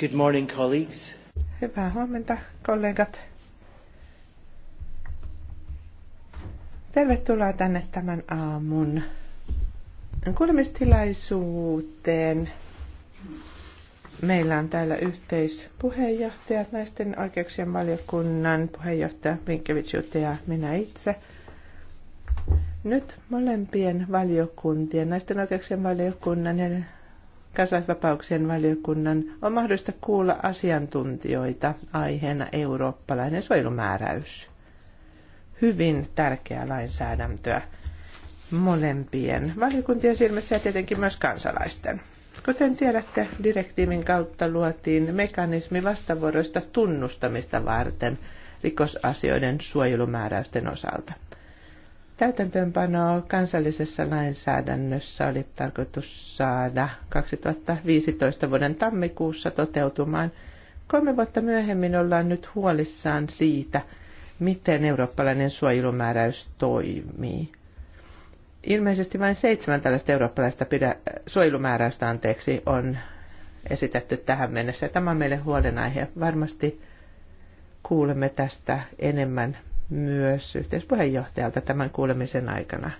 Good morning, colleagues. Hyvää huomenta, kollegat. Tervetuloa tänne tämän aamun kuulemistilaisuuteen. Meillä on täällä yhteispuheenjohtajat, naisten oikeuksien valiokunnan puheenjohtaja Vinkevitsiutta ja minä itse. Nyt molempien valiokuntien, naisten oikeuksien valiokunnan ja kansalaisvapauksien valiokunnan on mahdollista kuulla asiantuntijoita aiheena eurooppalainen suojelumääräys. Hyvin tärkeää lainsäädäntöä molempien valiokuntien silmissä ja tietenkin myös kansalaisten. Kuten tiedätte, direktiivin kautta luotiin mekanismi vastavuoroista tunnustamista varten rikosasioiden suojelumääräysten osalta – Täytäntöönpano kansallisessa lainsäädännössä oli tarkoitus saada 2015 vuoden tammikuussa toteutumaan. Kolme vuotta myöhemmin ollaan nyt huolissaan siitä, miten eurooppalainen suojelumääräys toimii. Ilmeisesti vain seitsemän tällaista eurooppalaista pidä, suojelumääräystä anteeksi on esitetty tähän mennessä. Tämä on meille huolenaihe. Varmasti kuulemme tästä enemmän myös yhteispuheenjohtajalta tämän kuulemisen aikana.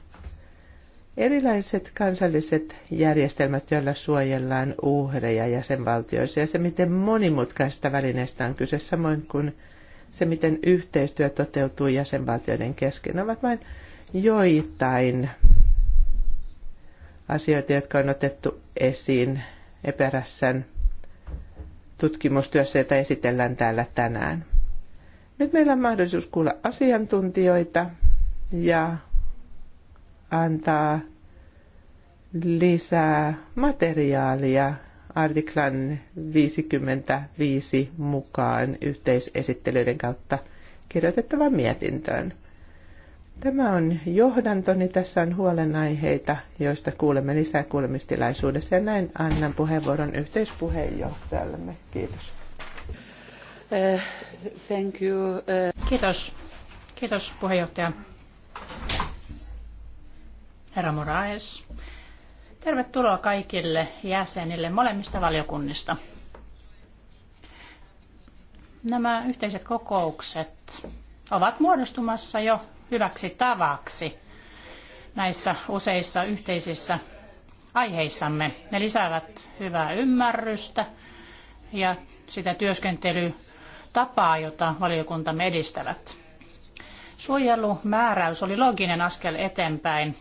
Erilaiset kansalliset järjestelmät, joilla suojellaan uhreja jäsenvaltioissa ja se, miten monimutkaista välineistä on kyse, samoin kuin se, miten yhteistyö toteutuu jäsenvaltioiden kesken, ovat vain joitain asioita, jotka on otettu esiin epärässän tutkimustyössä, jota esitellään täällä tänään. Nyt meillä on mahdollisuus kuulla asiantuntijoita ja antaa lisää materiaalia artiklan 55 mukaan yhteisesittelyiden kautta kirjoitettavaan mietintöön. Tämä on johdantoni. Tässä on huolenaiheita, joista kuulemme lisää kuulemistilaisuudessa. Ja näin annan puheenvuoron yhteispuheenjohtajallemme. Kiitos. Eh, Thank you. Uh, Kiitos. Kiitos puheenjohtaja. Herra Moraes. Tervetuloa kaikille jäsenille molemmista valiokunnista. Nämä yhteiset kokoukset ovat muodostumassa jo hyväksi tavaksi näissä useissa yhteisissä aiheissamme. Ne lisäävät hyvää ymmärrystä ja sitä työskentelyä tapaa, jota valiokuntamme edistävät. Suojelumääräys oli looginen askel eteenpäin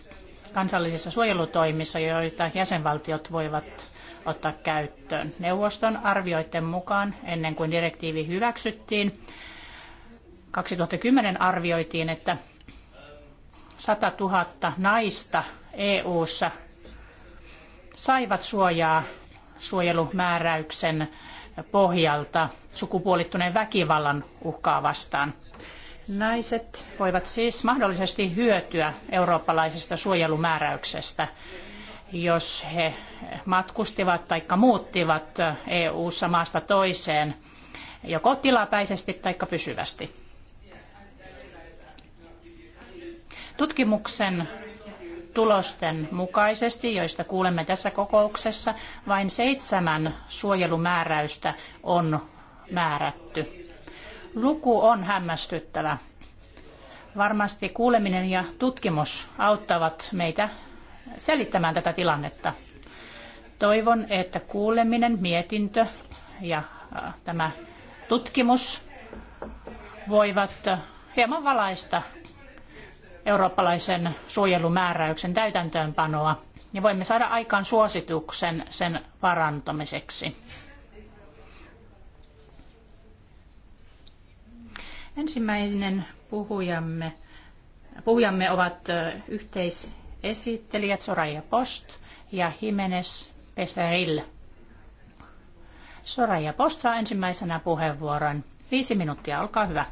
kansallisissa suojelutoimissa, joita jäsenvaltiot voivat ottaa käyttöön. Neuvoston arvioiden mukaan, ennen kuin direktiivi hyväksyttiin, 2010 arvioitiin, että 100 000 naista EU-ssa saivat suojaa suojelumääräyksen pohjalta sukupuolittuneen väkivallan uhkaa vastaan. Naiset voivat siis mahdollisesti hyötyä eurooppalaisesta suojelumääräyksestä, jos he matkustivat tai muuttivat EU-ssa maasta toiseen, joko tilapäisesti tai pysyvästi. Tutkimuksen tulosten mukaisesti, joista kuulemme tässä kokouksessa, vain seitsemän suojelumääräystä on määrätty. Luku on hämmästyttävä. Varmasti kuuleminen ja tutkimus auttavat meitä selittämään tätä tilannetta. Toivon, että kuuleminen, mietintö ja tämä tutkimus voivat hieman valaista eurooppalaisen suojelumääräyksen täytäntöönpanoa ja voimme saada aikaan suosituksen sen parantamiseksi. Ensimmäinen puhujamme, puhujamme ovat yhteisesittelijät Soraya Post ja Jimenez Peseril. Soraya Post saa ensimmäisenä puheenvuoron. Viisi minuuttia, olkaa hyvä.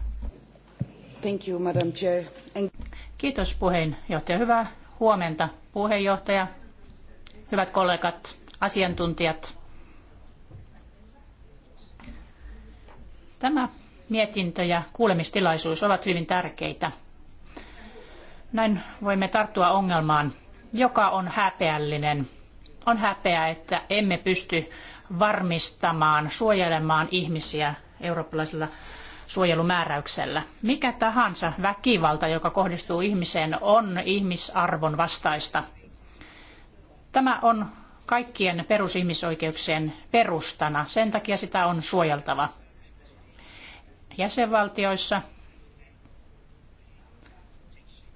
Kiitos puheenjohtaja. Hyvää huomenta puheenjohtaja, hyvät kollegat, asiantuntijat. Tämä mietintö ja kuulemistilaisuus ovat hyvin tärkeitä. Näin voimme tarttua ongelmaan, joka on häpeällinen. On häpeä, että emme pysty varmistamaan, suojelemaan ihmisiä eurooppalaisella suojelumääräyksellä. Mikä tahansa väkivalta, joka kohdistuu ihmiseen, on ihmisarvon vastaista. Tämä on kaikkien perusihmisoikeuksien perustana. Sen takia sitä on suojeltava. Jäsenvaltioissa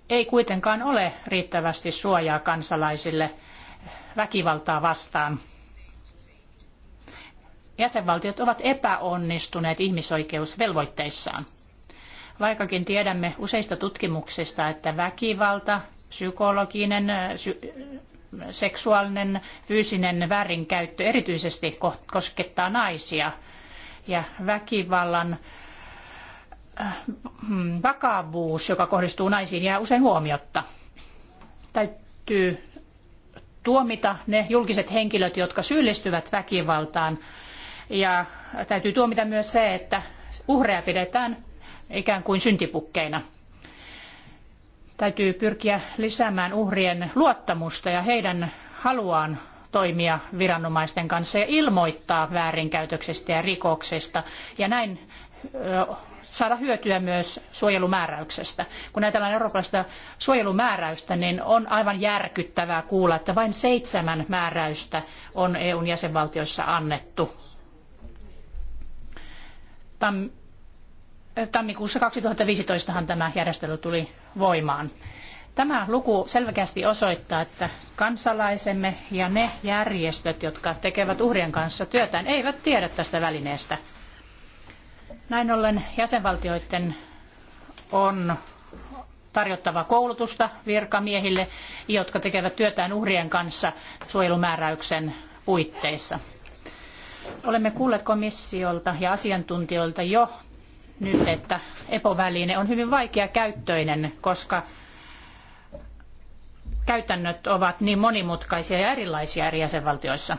ei kuitenkaan ole riittävästi suojaa kansalaisille väkivaltaa vastaan jäsenvaltiot ovat epäonnistuneet ihmisoikeusvelvoitteissaan. Vaikkakin tiedämme useista tutkimuksista, että väkivalta, psykologinen, seksuaalinen, fyysinen väärinkäyttö erityisesti koskettaa naisia ja väkivallan äh, mm, vakavuus, joka kohdistuu naisiin, jää usein huomiotta. Täytyy tuomita ne julkiset henkilöt, jotka syyllistyvät väkivaltaan ja täytyy tuomita myös se, että uhreja pidetään ikään kuin syntipukkeina. Täytyy pyrkiä lisäämään uhrien luottamusta ja heidän haluaan toimia viranomaisten kanssa ja ilmoittaa väärinkäytöksistä ja rikoksista ja näin saada hyötyä myös suojelumääräyksestä. Kun ajatellaan eurooppalaista suojelumääräystä, niin on aivan järkyttävää kuulla, että vain seitsemän määräystä on EUn jäsenvaltioissa annettu tam, tammikuussa 2015han tämä järjestely tuli voimaan. Tämä luku selkeästi osoittaa, että kansalaisemme ja ne järjestöt, jotka tekevät uhrien kanssa työtään, eivät tiedä tästä välineestä. Näin ollen jäsenvaltioiden on tarjottava koulutusta virkamiehille, jotka tekevät työtään uhrien kanssa suojelumääräyksen puitteissa. Olemme kuulleet komissiolta ja asiantuntijoilta jo nyt, että EPO-väline on hyvin vaikea käyttöinen, koska käytännöt ovat niin monimutkaisia ja erilaisia eri jäsenvaltioissa.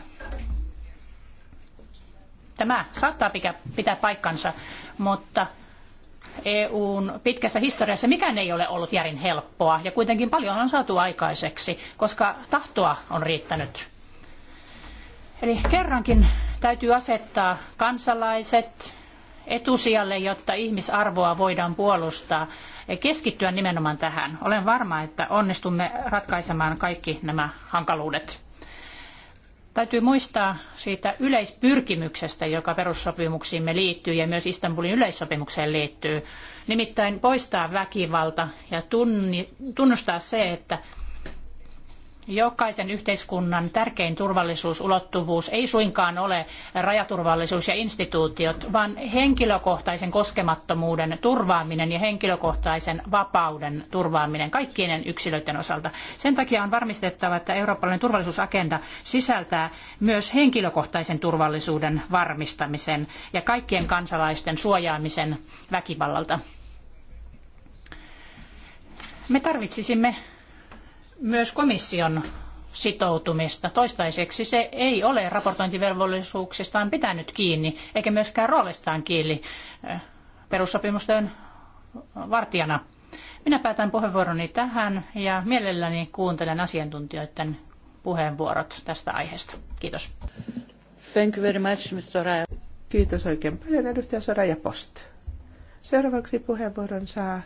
Tämä saattaa pitää paikkansa, mutta EUn pitkässä historiassa mikään ei ole ollut järin helppoa ja kuitenkin paljon on saatu aikaiseksi, koska tahtoa on riittänyt. Eli kerrankin täytyy asettaa kansalaiset etusijalle, jotta ihmisarvoa voidaan puolustaa ja keskittyä nimenomaan tähän. Olen varma, että onnistumme ratkaisemaan kaikki nämä hankaluudet. Täytyy muistaa siitä yleispyrkimyksestä, joka perussopimuksiimme liittyy ja myös Istanbulin yleissopimukseen liittyy. Nimittäin poistaa väkivalta ja tunnustaa se, että Jokaisen yhteiskunnan tärkein turvallisuusulottuvuus ei suinkaan ole rajaturvallisuus ja instituutiot, vaan henkilökohtaisen koskemattomuuden turvaaminen ja henkilökohtaisen vapauden turvaaminen kaikkien yksilöiden osalta. Sen takia on varmistettava, että eurooppalainen turvallisuusagenda sisältää myös henkilökohtaisen turvallisuuden varmistamisen ja kaikkien kansalaisten suojaamisen väkivallalta. Me tarvitsisimme myös komission sitoutumista. Toistaiseksi se ei ole raportointivelvollisuuksistaan pitänyt kiinni, eikä myöskään roolistaan kiinni eh, perussopimusten vartijana. Minä päätän puheenvuoroni tähän ja mielelläni kuuntelen asiantuntijoiden puheenvuorot tästä aiheesta. Kiitos. Thank you very much, Mr. Raja. Kiitos oikein paljon, edustaja Soraya Post. Seuraavaksi puheenvuoron saa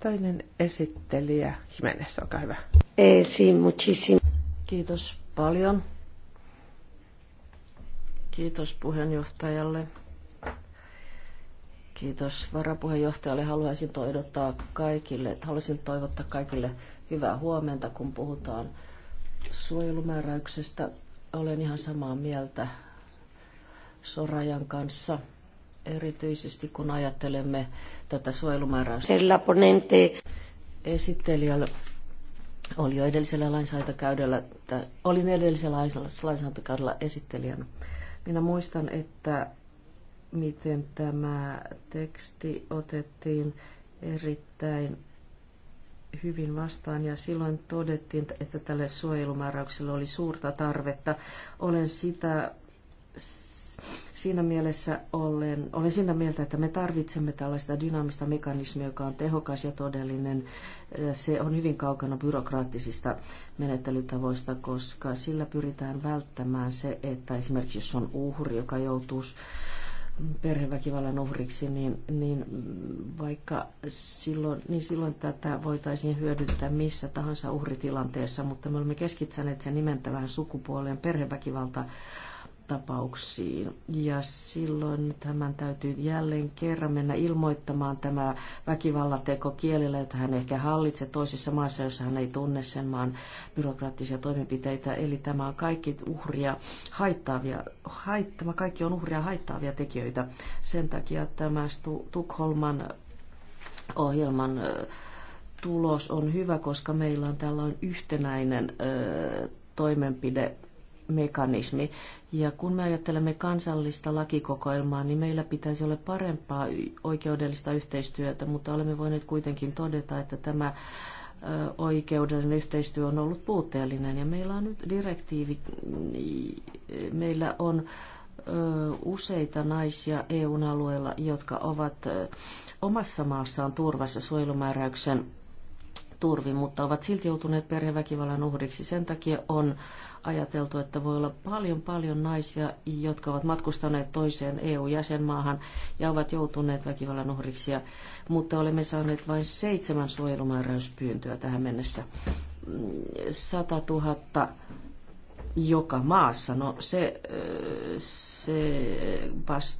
Toinen esittelijä, Jimenez, olkaa hyvä. Eh, Kiitos paljon. Kiitos puheenjohtajalle. Kiitos varapuheenjohtajalle. Haluaisin toivottaa kaikille, haluaisin toivottaa kaikille hyvää huomenta, kun puhutaan suojelumääräyksestä. Olen ihan samaa mieltä Sorajan kanssa erityisesti kun ajattelemme tätä suojelumääräystä. Esittelijällä oli jo edellisellä lainsäädäntökaudella, olin edellisellä lainsäädäntökaudella esittelijänä. Minä muistan, että miten tämä teksti otettiin erittäin hyvin vastaan ja silloin todettiin, että tälle suojelumääräykselle oli suurta tarvetta. Olen sitä Siinä mielessä olen, olen siinä mieltä, että me tarvitsemme tällaista dynaamista mekanismia, joka on tehokas ja todellinen. Se on hyvin kaukana byrokraattisista menettelytavoista, koska sillä pyritään välttämään se, että esimerkiksi jos on uhri, joka joutuu perheväkivallan uhriksi, niin, niin vaikka silloin, niin silloin tätä voitaisiin hyödyntää missä tahansa uhritilanteessa, mutta me olemme keskittäneet sen nimen tähän sukupuoleen perheväkivalta tapauksiin. Ja silloin tämän täytyy jälleen kerran mennä ilmoittamaan tämä väkivallateko kielellä, jota hän ehkä hallitsee toisessa maassa, jossa hän ei tunne sen maan byrokraattisia toimenpiteitä. Eli tämä on kaikki uhria haittaavia, haitt- tämä kaikki on uhria haittaavia tekijöitä. Sen takia tämä Tukholman ohjelman tulos on hyvä, koska meillä on tällainen yhtenäinen ö, toimenpide mekanismi. Ja kun me ajattelemme kansallista lakikokoelmaa, niin meillä pitäisi olla parempaa oikeudellista yhteistyötä, mutta olemme voineet kuitenkin todeta, että tämä oikeudellinen yhteistyö on ollut puutteellinen ja meillä on nyt direktiivi, niin, meillä on useita naisia eu alueella, jotka ovat omassa maassaan turvassa suojelumääräyksen turvin, mutta ovat silti joutuneet perheväkivallan uhriksi. Sen takia on ajateltu, että voi olla paljon paljon naisia, jotka ovat matkustaneet toiseen EU-jäsenmaahan ja ovat joutuneet väkivallan uhriksi, mutta olemme saaneet vain seitsemän suojelumääräyspyyntöä tähän mennessä. 100 mm, 000 joka maassa. No se, äh, se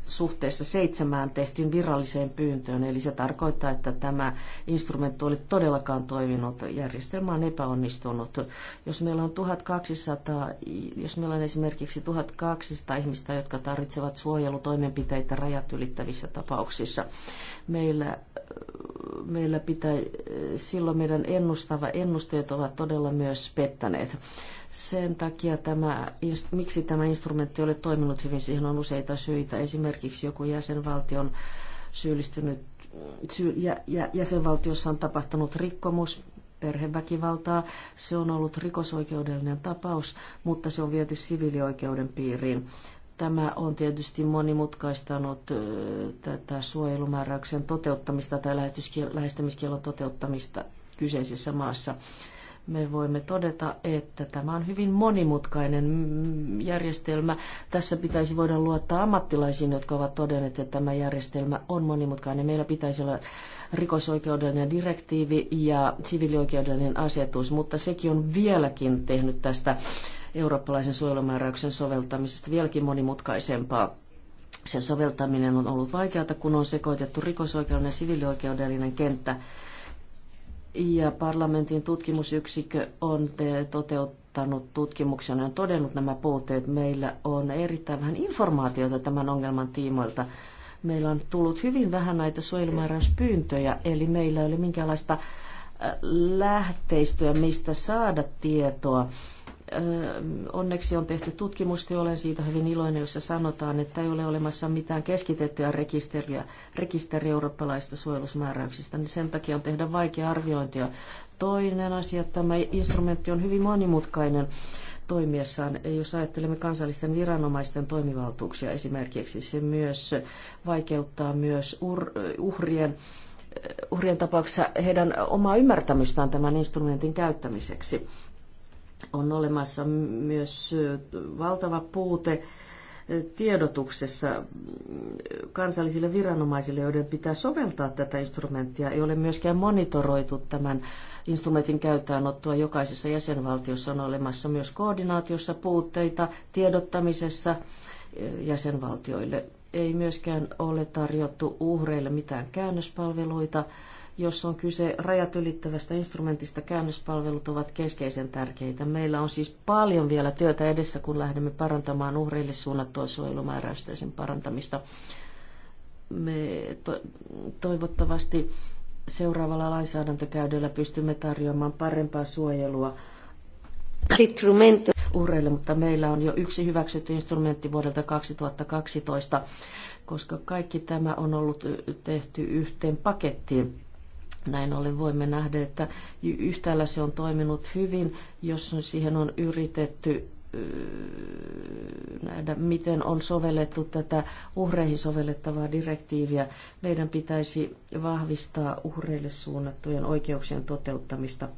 suhteessa seitsemään tehtiin viralliseen pyyntöön, eli se tarkoittaa, että tämä instrumentti oli todellakaan toiminut. Järjestelmä on epäonnistunut. Jos meillä on 1200, jos meillä on esimerkiksi 1200 ihmistä, jotka tarvitsevat suojelutoimenpiteitä rajat ylittävissä tapauksissa, meillä meillä pitää, silloin meidän ennustava ennusteet ovat todella myös pettäneet. Sen takia tämä, miksi tämä instrumentti ole toiminut hyvin, siihen on useita syitä. Esimerkiksi joku jäsenvaltio on syyllistynyt, sy, jä, jä, jäsenvaltiossa on tapahtunut rikkomus, perheväkivaltaa. Se on ollut rikosoikeudellinen tapaus, mutta se on viety siviilioikeuden piiriin. Tämä on tietysti monimutkaistanut tätä suojelumääräyksen toteuttamista tai lähestymiskielon toteuttamista kyseisessä maassa me voimme todeta, että tämä on hyvin monimutkainen järjestelmä. Tässä pitäisi voida luottaa ammattilaisiin, jotka ovat todenneet, että tämä järjestelmä on monimutkainen. Meillä pitäisi olla rikosoikeudellinen direktiivi ja sivilioikeudellinen asetus, mutta sekin on vieläkin tehnyt tästä eurooppalaisen suojelumääräyksen soveltamisesta vieläkin monimutkaisempaa. Sen soveltaminen on ollut vaikeata, kun on sekoitettu rikosoikeudellinen ja sivilioikeudellinen kenttä ja parlamentin tutkimusyksikkö on toteuttanut tutkimuksen ja on todennut nämä puutteet. Meillä on erittäin vähän informaatiota tämän ongelman tiimoilta. Meillä on tullut hyvin vähän näitä suojelumääräyspyyntöjä, eli meillä ei ole minkäänlaista äh, lähteistöä, mistä saada tietoa Onneksi on tehty tutkimusta, olen siitä hyvin iloinen, jossa sanotaan, että ei ole olemassa mitään keskitettyä rekisteriä, rekisteri eurooppalaista suojelusmääräyksistä, niin sen takia on tehdä vaikea arviointia. Toinen asia, että tämä instrumentti on hyvin monimutkainen toimiessaan, jos ajattelemme kansallisten viranomaisten toimivaltuuksia esimerkiksi, se myös vaikeuttaa myös uhrien uhrien tapauksessa heidän omaa ymmärtämystään tämän instrumentin käyttämiseksi on olemassa myös valtava puute tiedotuksessa kansallisille viranomaisille, joiden pitää soveltaa tätä instrumenttia. Ei ole myöskään monitoroitu tämän instrumentin käyttöönottoa jokaisessa jäsenvaltiossa. On olemassa myös koordinaatiossa puutteita tiedottamisessa jäsenvaltioille. Ei myöskään ole tarjottu uhreille mitään käännöspalveluita jos on kyse rajat ylittävästä instrumentista, käännöspalvelut ovat keskeisen tärkeitä. Meillä on siis paljon vielä työtä edessä, kun lähdemme parantamaan uhreille suunnattua suojelumääräystä ja sen parantamista. Me to- toivottavasti seuraavalla lainsäädäntökäydellä pystymme tarjoamaan parempaa suojelua uhreille, mutta meillä on jo yksi hyväksytty instrumentti vuodelta 2012, koska kaikki tämä on ollut tehty yhteen pakettiin. Näin ollen voimme nähdä, että yhtäällä se on toiminut hyvin, jos siihen on yritetty nähdä, miten on sovellettu tätä uhreihin sovellettavaa direktiiviä. Meidän pitäisi vahvistaa uhreille suunnattujen oikeuksien toteuttamista –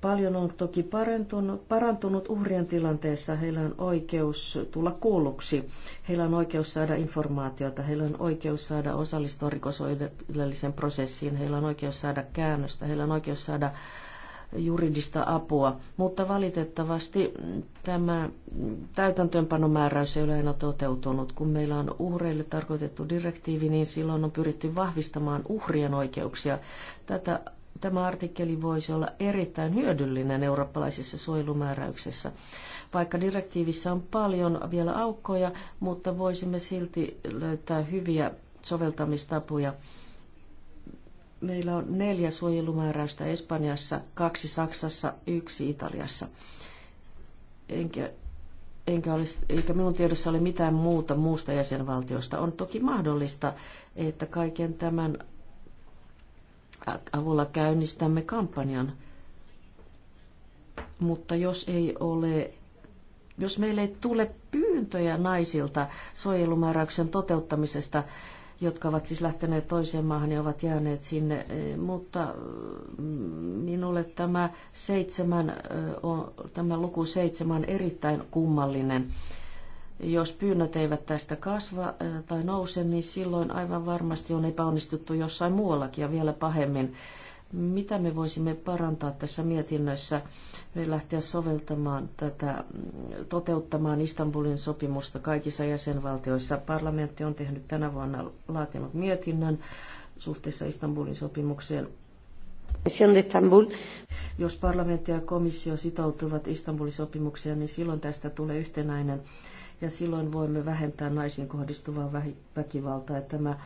Paljon on toki parantunut, parantunut uhrien tilanteessa. Heillä on oikeus tulla kuulluksi, heillä on oikeus saada informaatiota, heillä on oikeus saada osallistua rikosoikeudelliseen prosessiin, heillä on oikeus saada käännöstä, heillä on oikeus saada juridista apua, mutta valitettavasti tämä täytäntöönpanomääräys ei ole aina toteutunut. Kun meillä on uhreille tarkoitettu direktiivi, niin silloin on pyritty vahvistamaan uhrien oikeuksia. Tätä tämä artikkeli voisi olla erittäin hyödyllinen eurooppalaisessa suojelumääräyksessä. Vaikka direktiivissä on paljon vielä aukkoja, mutta voisimme silti löytää hyviä soveltamistapoja. Meillä on neljä suojelumääräystä Espanjassa, kaksi Saksassa, yksi Italiassa. Enkä, enkä, olisi, eikä minun tiedossa ole mitään muuta muusta jäsenvaltiosta. On toki mahdollista, että kaiken tämän avulla käynnistämme kampanjan. Mutta jos ei ole jos meille ei tule pyyntöjä naisilta suojelumääräyksen toteuttamisesta, jotka ovat siis lähteneet toiseen maahan ja ovat jääneet sinne. E, mutta mm, minulle tämä, seitsemän, e, tämä luku seitsemän on erittäin kummallinen. Jos pyynnöt eivät tästä kasva tai nouse, niin silloin aivan varmasti on epäonnistuttu jossain muuallakin ja vielä pahemmin. Mitä me voisimme parantaa tässä mietinnössä, lähteä soveltamaan tätä, mm, toteuttamaan Istanbulin sopimusta kaikissa jäsenvaltioissa? Parlamentti on tehnyt tänä vuonna laatinut mietinnön suhteessa Istanbulin sopimukseen. Jos parlamentti ja komissio sitoutuvat Istanbulin sopimukseen, niin silloin tästä tulee yhtenäinen ja silloin voimme vähentää naisiin kohdistuvaa väkivaltaa. Ja tämä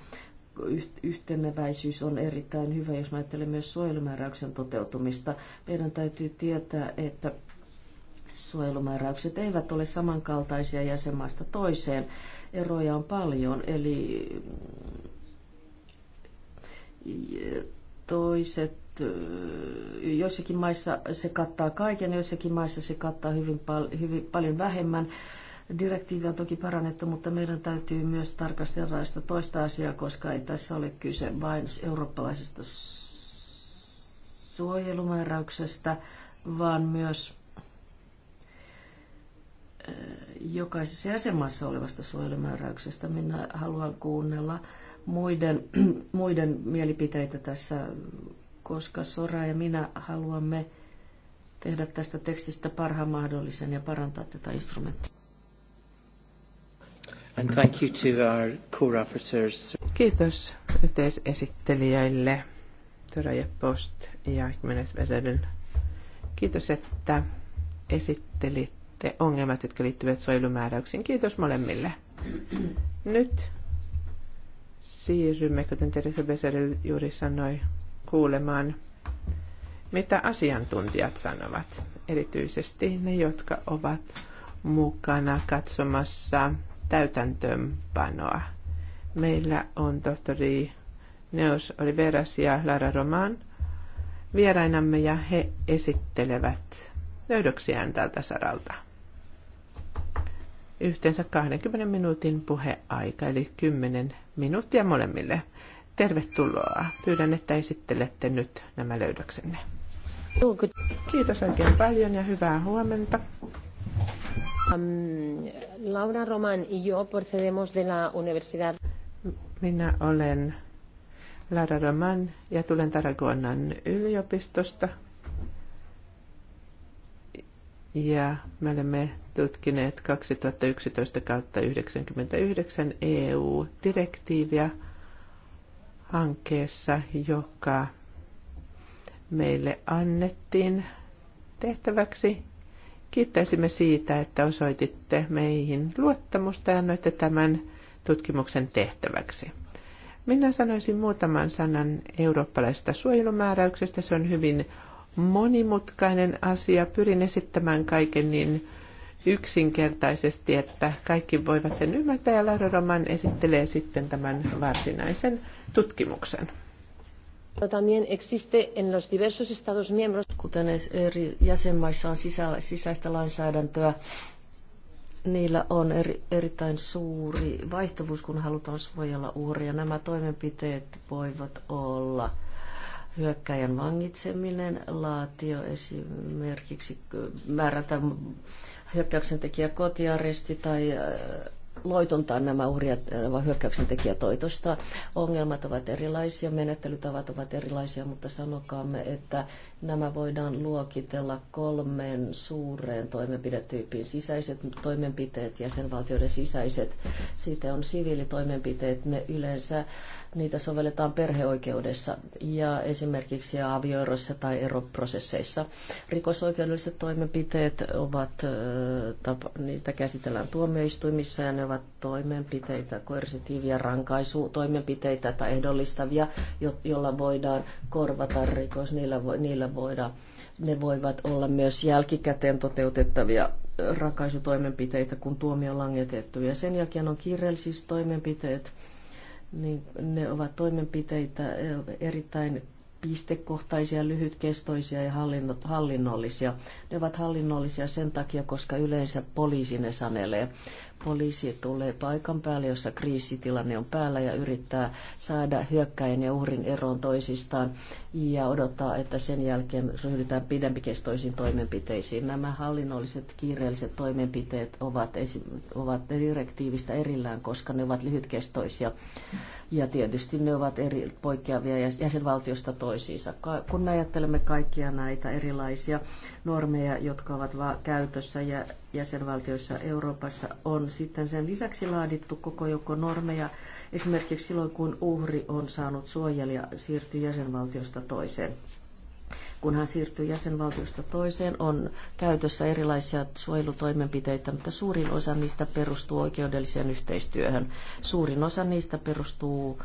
yhteneväisyys on erittäin hyvä, jos me myös suojelumääräyksen toteutumista. Meidän täytyy tietää, että suojelumääräykset eivät ole samankaltaisia jäsenmaasta toiseen. Eroja on paljon, eli toiset, joissakin maissa se kattaa kaiken, joissakin maissa se kattaa hyvin, pal- hyvin paljon vähemmän. Direktiivi on toki parannettu, mutta meidän täytyy myös tarkastella sitä toista asiaa, koska ei tässä ole kyse vain eurooppalaisesta suojelumääräyksestä, vaan myös eh, jokaisessa jäsenmaassa olevasta suojelumääräyksestä. Minä haluan kuunnella muiden, muiden mielipiteitä tässä, koska Sora ja minä haluamme tehdä tästä tekstistä parhaan mahdollisen ja parantaa tätä instrumenttia. And thank you to our co-rapporteurs. Kiitos yhteisesittelijöille Tora Post ja Jimenez Vesedyn. Kiitos, että esittelitte ongelmat, jotka liittyvät suojelumääräyksiin. Kiitos molemmille. Nyt siirrymme, kuten Teresa Beseri juuri sanoi, kuulemaan, mitä asiantuntijat sanovat, erityisesti ne, jotka ovat mukana katsomassa täytäntöönpanoa. Meillä on tohtori Neos Oliveras ja Lara Roman vierainamme ja he esittelevät löydöksiään tältä saralta. Yhteensä 20 minuutin puheaika, eli 10 minuuttia molemmille. Tervetuloa. Pyydän, että esittelette nyt nämä löydöksenne. Kiitos oikein paljon ja hyvää huomenta. Um, Laura Roman y yo procedemos de la universidad. Minä olen Laura Roman ja tulen Tarragonan yliopistosta. Ja me olemme tutkineet 2011 kautta 99 EU-direktiiviä hankkeessa, joka meille annettiin tehtäväksi Kiittäisimme siitä, että osoititte meihin luottamusta ja annoitte tämän tutkimuksen tehtäväksi. Minä sanoisin muutaman sanan eurooppalaisesta suojelumääräyksestä. Se on hyvin monimutkainen asia. Pyrin esittämään kaiken niin yksinkertaisesti, että kaikki voivat sen ymmärtää ja Laura Roman esittelee sitten tämän varsinaisen tutkimuksen. Kuten eri jäsenmaissa on sisä, sisäistä lainsäädäntöä, niillä on eri, erittäin suuri vaihtuvuus, kun halutaan suojella uhria. Nämä toimenpiteet voivat olla hyökkäjän vangitseminen, laatio esimerkiksi määrätä hyökkäyksen tekijä kotiaresti tai loitontaa nämä uhriat, nämä hyökkäyksen tekijät toitosta. Ongelmat ovat erilaisia, menettelytavat ovat erilaisia, mutta sanokaamme, että nämä voidaan luokitella kolmeen suureen toimenpidetyyppiin. Sisäiset toimenpiteet, jäsenvaltioiden sisäiset, siitä on siviilitoimenpiteet, ne yleensä Niitä sovelletaan perheoikeudessa ja esimerkiksi avioeroissa tai eroprosesseissa. Rikosoikeudelliset toimenpiteet ovat, tapa, niitä käsitellään tuomioistuimissa ja ne ovat toimenpiteitä, koersitiivia rankaisutoimenpiteitä tai ehdollistavia, jo, joilla voidaan korvata rikos. Niillä, vo, niillä voidaan, ne voivat olla myös jälkikäteen toteutettavia rankaisutoimenpiteitä, kun tuomio on langetettu. Ja sen jälkeen on kiireelliset toimenpiteet, niin ne ovat toimenpiteitä erittäin pistekohtaisia, lyhytkestoisia ja hallinnollisia. Ne ovat hallinnollisia sen takia, koska yleensä poliisi ne sanelee. Poliisi tulee paikan päälle, jossa kriisitilanne on päällä ja yrittää saada hyökkäin ja uhrin eroon toisistaan ja odottaa, että sen jälkeen ryhdytään pidempikestoisiin toimenpiteisiin. Nämä hallinnolliset kiireelliset toimenpiteet ovat, ovat direktiivistä erillään, koska ne ovat lyhytkestoisia. Ja tietysti ne ovat eri, poikkeavia jäsenvaltiosta toisiinsa. Kun ajattelemme kaikkia näitä erilaisia normeja, jotka ovat va- käytössä ja jäsenvaltioissa Euroopassa on. Sitten sen lisäksi laadittu koko joukko normeja, esimerkiksi silloin kun uhri on saanut suojelija siirtyy jäsenvaltiosta toiseen. Kun hän siirtyy jäsenvaltiosta toiseen, on käytössä erilaisia suojelutoimenpiteitä, mutta suurin osa niistä perustuu oikeudelliseen yhteistyöhön. Suurin osa niistä perustuu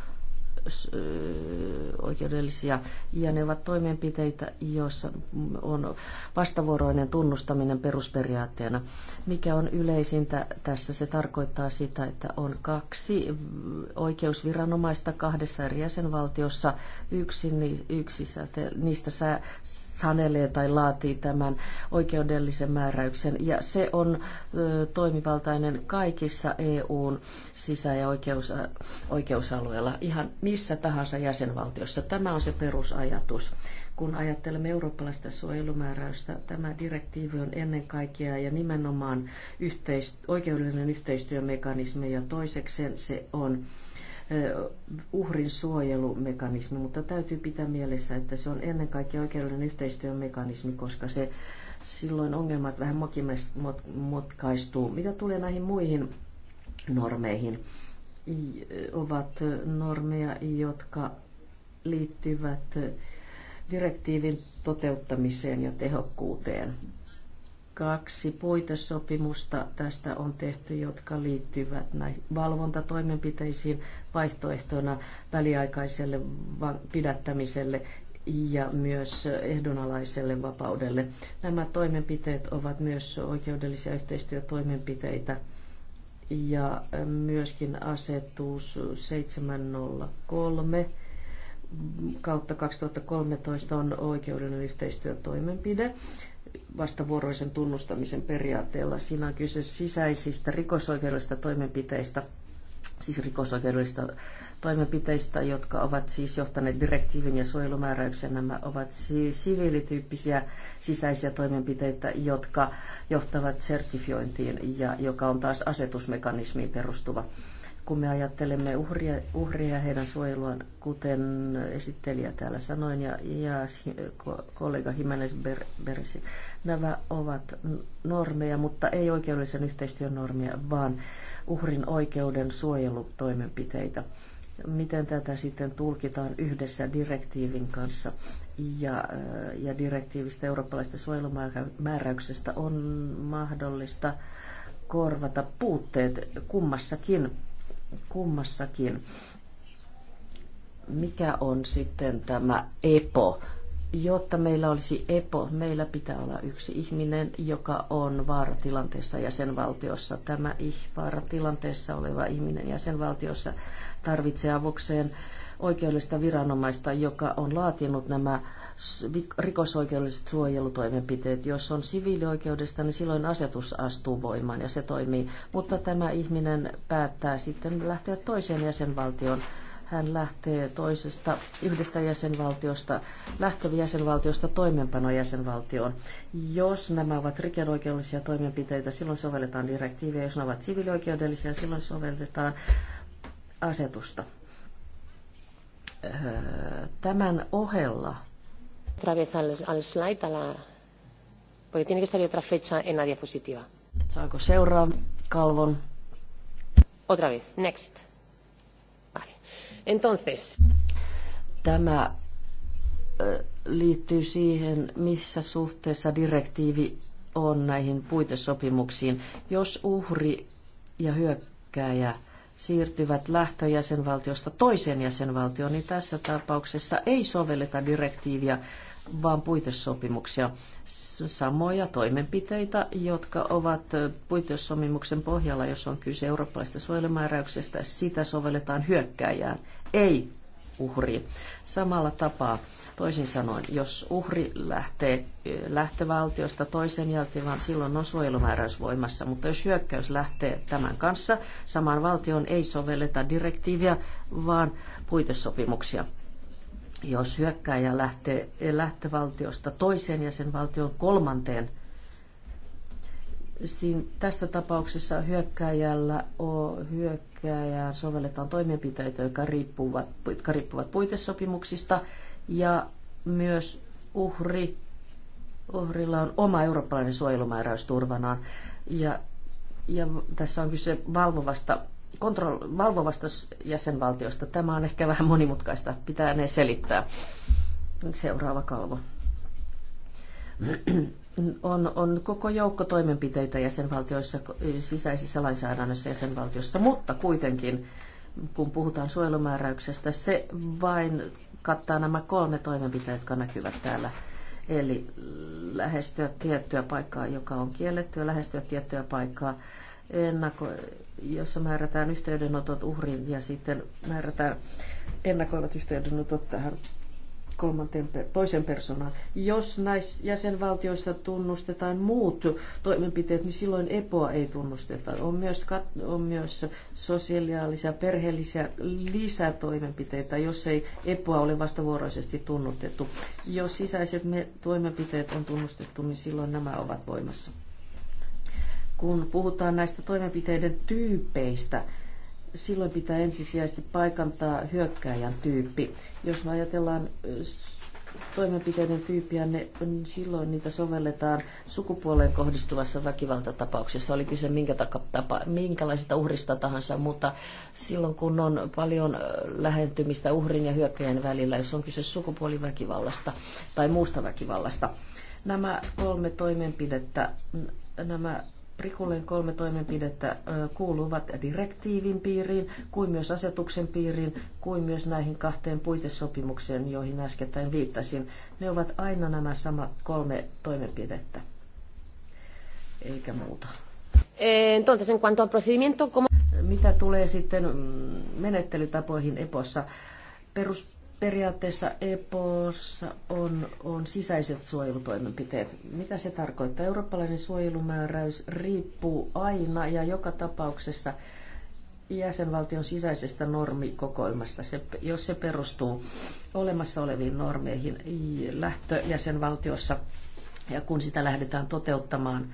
oikeudellisia ja ne ovat toimenpiteitä, joissa on vastavuoroinen tunnustaminen perusperiaatteena. Mikä on yleisintä tässä? Se tarkoittaa sitä, että on kaksi oikeusviranomaista kahdessa eri jäsenvaltiossa. Yksi, yksi niistä sä, sanelee tai laatii tämän oikeudellisen määräyksen ja se on toimivaltainen kaikissa EUn sisä- ja oikeus, oikeusalueilla. ihan missä missä tahansa jäsenvaltiossa. Tämä on se perusajatus. Kun ajattelemme eurooppalaista suojelumääräystä, tämä direktiivi on ennen kaikkea ja nimenomaan yhteist- oikeudellinen yhteistyömekanismi ja toisekseen se on uhrin suojelumekanismi, mutta täytyy pitää mielessä, että se on ennen kaikkea oikeudellinen yhteistyömekanismi, koska se silloin ongelmat vähän motkaistuu. Mitä tulee näihin muihin normeihin, Eh, ovat eh, normeja, jotka liittyvät eh, direktiivin toteuttamiseen ja tehokkuuteen. Kaksi puitesopimusta tästä on tehty, jotka liittyvät näihin valvontatoimenpiteisiin vaihtoehtona väliaikaiselle pidättämiselle ja myös ehdonalaiselle vapaudelle. Nämä toimenpiteet ovat myös oikeudellisia yhteistyötoimenpiteitä ja myöskin asetus 703 kautta 2013 on oikeudellinen yhteistyötoimenpide vastavuoroisen tunnustamisen periaatteella. Siinä on kyse sisäisistä rikosoikeudellisista toimenpiteistä, siis rikosoikeudellisista toimenpiteistä, jotka ovat siis johtaneet direktiivin ja suojelumääräyksen, Nämä ovat siis siviilityyppisiä sisäisiä toimenpiteitä, jotka johtavat sertifiointiin ja joka on taas asetusmekanismiin perustuva. Kun me ajattelemme uhria, uhria ja heidän suojeluaan, kuten esittelijä täällä sanoi ja, ja kollega Jimenez Beresi, nämä ovat normeja, mutta ei oikeudellisen yhteistyön normeja, vaan uhrin oikeuden suojelutoimenpiteitä miten tätä sitten tulkitaan yhdessä direktiivin kanssa. Ja, äh, ja direktiivistä eurooppalaisesta suojelumääräyksestä on mahdollista korvata puutteet kummassakin. kummassakin. Mikä on sitten tämä EPO? Jotta meillä olisi EPO, meillä pitää olla yksi ihminen, joka on vaaratilanteessa jäsenvaltiossa. Tämä vaaratilanteessa oleva ihminen jäsenvaltiossa tarvitsee avukseen oikeudellista viranomaista, joka on laatinut nämä rikosoikeudelliset suojelutoimenpiteet. Jos on siviilioikeudesta, niin silloin asetus astuu voimaan ja se toimii. Mutta tämä ihminen päättää sitten lähteä toiseen jäsenvaltioon. Hän lähtee toisesta, yhdestä jäsenvaltiosta, lähtevi jäsenvaltiosta jäsenvaltioon. Jos nämä ovat rikosoikeudellisia toimenpiteitä, silloin sovelletaan direktiiviä. Jos ne ovat siviilioikeudellisia, silloin sovelletaan asetusta. Öö, tämän ohella Saako seuraa kalvon? Otra vez, next. Vale. Entonces. Tämä liittyy siihen, missä suhteessa direktiivi on näihin puitesopimuksiin. Jos uhri ja hyökkääjä siirtyvät lähtöjäsenvaltiosta toiseen jäsenvaltioon, niin tässä tapauksessa ei sovelleta direktiiviä, vaan puitesopimuksia. Samoja toimenpiteitä, jotka ovat puitesopimuksen pohjalla, jos on kyse eurooppalaisesta suojelumääräyksestä, sitä sovelletaan hyökkääjään, ei Uhri Samalla tapaa, toisin sanoen, jos uhri lähtee eh, lähtövaltiosta toisen jälkeen, vaan silloin on suojelumääräys voimassa. Mutta jos hyökkäys lähtee tämän kanssa, samaan valtioon ei sovelleta direktiiviä, vaan puitesopimuksia jos hyökkäjä lähtee eh, lähtövaltiosta toiseen valtion kolmanteen Siin, tässä tapauksessa hyökkääjällä on hyökkääjää sovelletaan toimenpiteitä, jotka riippuvat, jotka riippuvat puitesopimuksista ja myös uhri, uhrilla on oma eurooppalainen suojelumääräys turvanaan. Ja, ja tässä on kyse valvovasta kontrol, valvovasta jäsenvaltiosta. Tämä on ehkä vähän monimutkaista, pitää ne selittää. Seuraava kalvo on, on koko joukko toimenpiteitä jäsenvaltioissa, sisäisissä lainsäädännössä jäsenvaltiossa, mutta kuitenkin, kun puhutaan suojelumääräyksestä, se vain kattaa nämä kolme toimenpiteitä, jotka näkyvät täällä. Eli lähestyä tiettyä paikkaa, joka on ja lähestyä tiettyä paikkaa, ennako, jossa määrätään yhteydenotot uhrin, ja sitten määrätään ennakoivat yhteydenotot tähän kolmanteen, toisen persoonan. Jos näissä jäsenvaltioissa tunnustetaan muut toimenpiteet, niin silloin EPOa ei tunnusteta. On myös, on myös sosiaalisia, perheellisiä lisätoimenpiteitä, jos ei EPOa ole vastavuoroisesti tunnustettu. Jos sisäiset me, toimenpiteet on tunnustettu, niin silloin nämä ovat voimassa kun puhutaan näistä toimenpiteiden tyypeistä, silloin pitää ensisijaisesti paikantaa hyökkääjän tyyppi. Jos me ajatellaan äh, toimenpiteiden tyyppiä, ne, niin silloin niitä sovelletaan sukupuoleen kohdistuvassa väkivaltatapauksessa. Oli kyse minkä tapa, minkälaisesta uhrista tahansa, mutta silloin kun on paljon äh, lähentymistä uhrin ja hyökkäjän välillä, jos on kyse sukupuoliväkivallasta tai muusta väkivallasta. Nämä kolme toimenpidettä, nämä Prikulleen kolme toimenpidettä kuuluvat direktiivin piiriin, kuin myös asetuksen piiriin, kuin myös näihin kahteen puitesopimukseen, joihin äskettäin viittasin. Ne ovat aina nämä samat kolme toimenpidettä, eikä muuta. Eh, entonces, en cuanto al procedimiento, como... Mitä tulee sitten mm, menettelytapoihin EPOssa? Perus periaatteessa EPOssa on, on sisäiset suojelutoimenpiteet. Mitä se tarkoittaa? Eurooppalainen suojelumääräys riippuu aina ja joka tapauksessa jäsenvaltion sisäisestä normikokoelmasta, se, jos se perustuu olemassa oleviin normeihin lähtöjäsenvaltiossa ja kun sitä lähdetään toteuttamaan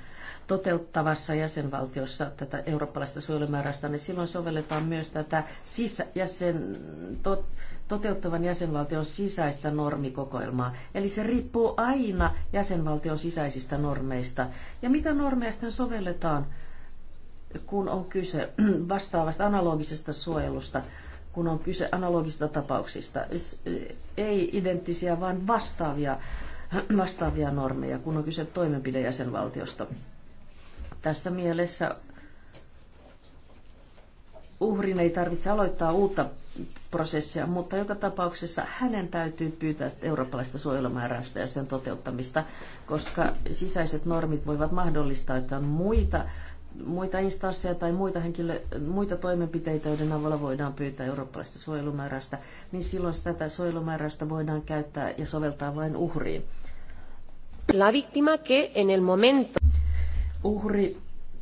toteuttavassa jäsenvaltiossa tätä eurooppalaista suojelumääräystä, niin silloin sovelletaan myös tätä sisä, jäsen, tot, toteuttavan jäsenvaltion sisäistä normikokoelmaa. Eli se riippuu aina jäsenvaltion sisäisistä normeista. Ja mitä normeja sitten sovelletaan, kun on kyse vastaavasta analogisesta suojelusta, kun on kyse analogisista tapauksista. Siis, eh, ei identtisiä, vaan vastaavia, vastaavia normeja, kun on kyse toimenpidejäsenvaltiosta. Tässä mielessä uhrin ei tarvitse aloittaa uutta prosessia, mutta joka tapauksessa hänen täytyy pyytää eurooppalaista suojelumääräystä ja sen toteuttamista, koska sisäiset normit voivat mahdollistaa, että on muita, muita instansseja tai muita, henkilö, muita toimenpiteitä, joiden avulla voidaan pyytää eurooppalaista suojelumääräystä, niin silloin tätä suojelumääräystä voidaan käyttää ja soveltaa vain uhriin. La víctima que en el momento uhri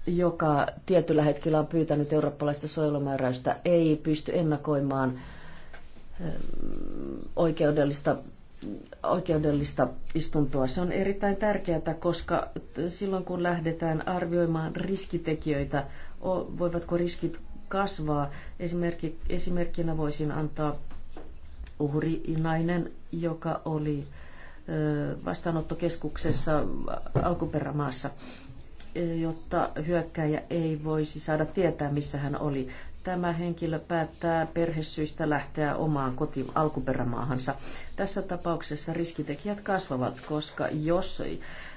joka tietyllä hetkellä on pyytänyt eurooppalaista suojelumääräystä, ei pysty ennakoimaan eh, oikeudellista, oikeudellista istuntoa. Se on erittäin tärkeää, koska silloin kun lähdetään arvioimaan riskitekijöitä, voivatko riskit kasvaa. Esimerkki, esimerkkinä voisin antaa uhrinainen, joka oli eh, vastaanottokeskuksessa alkuperämaassa jotta hyökkäjä ei voisi saada tietää, missä hän oli. Tämä henkilö päättää perhesyistä lähteä omaan koti alkuperämaahansa. Tässä tapauksessa riskitekijät kasvavat, koska jos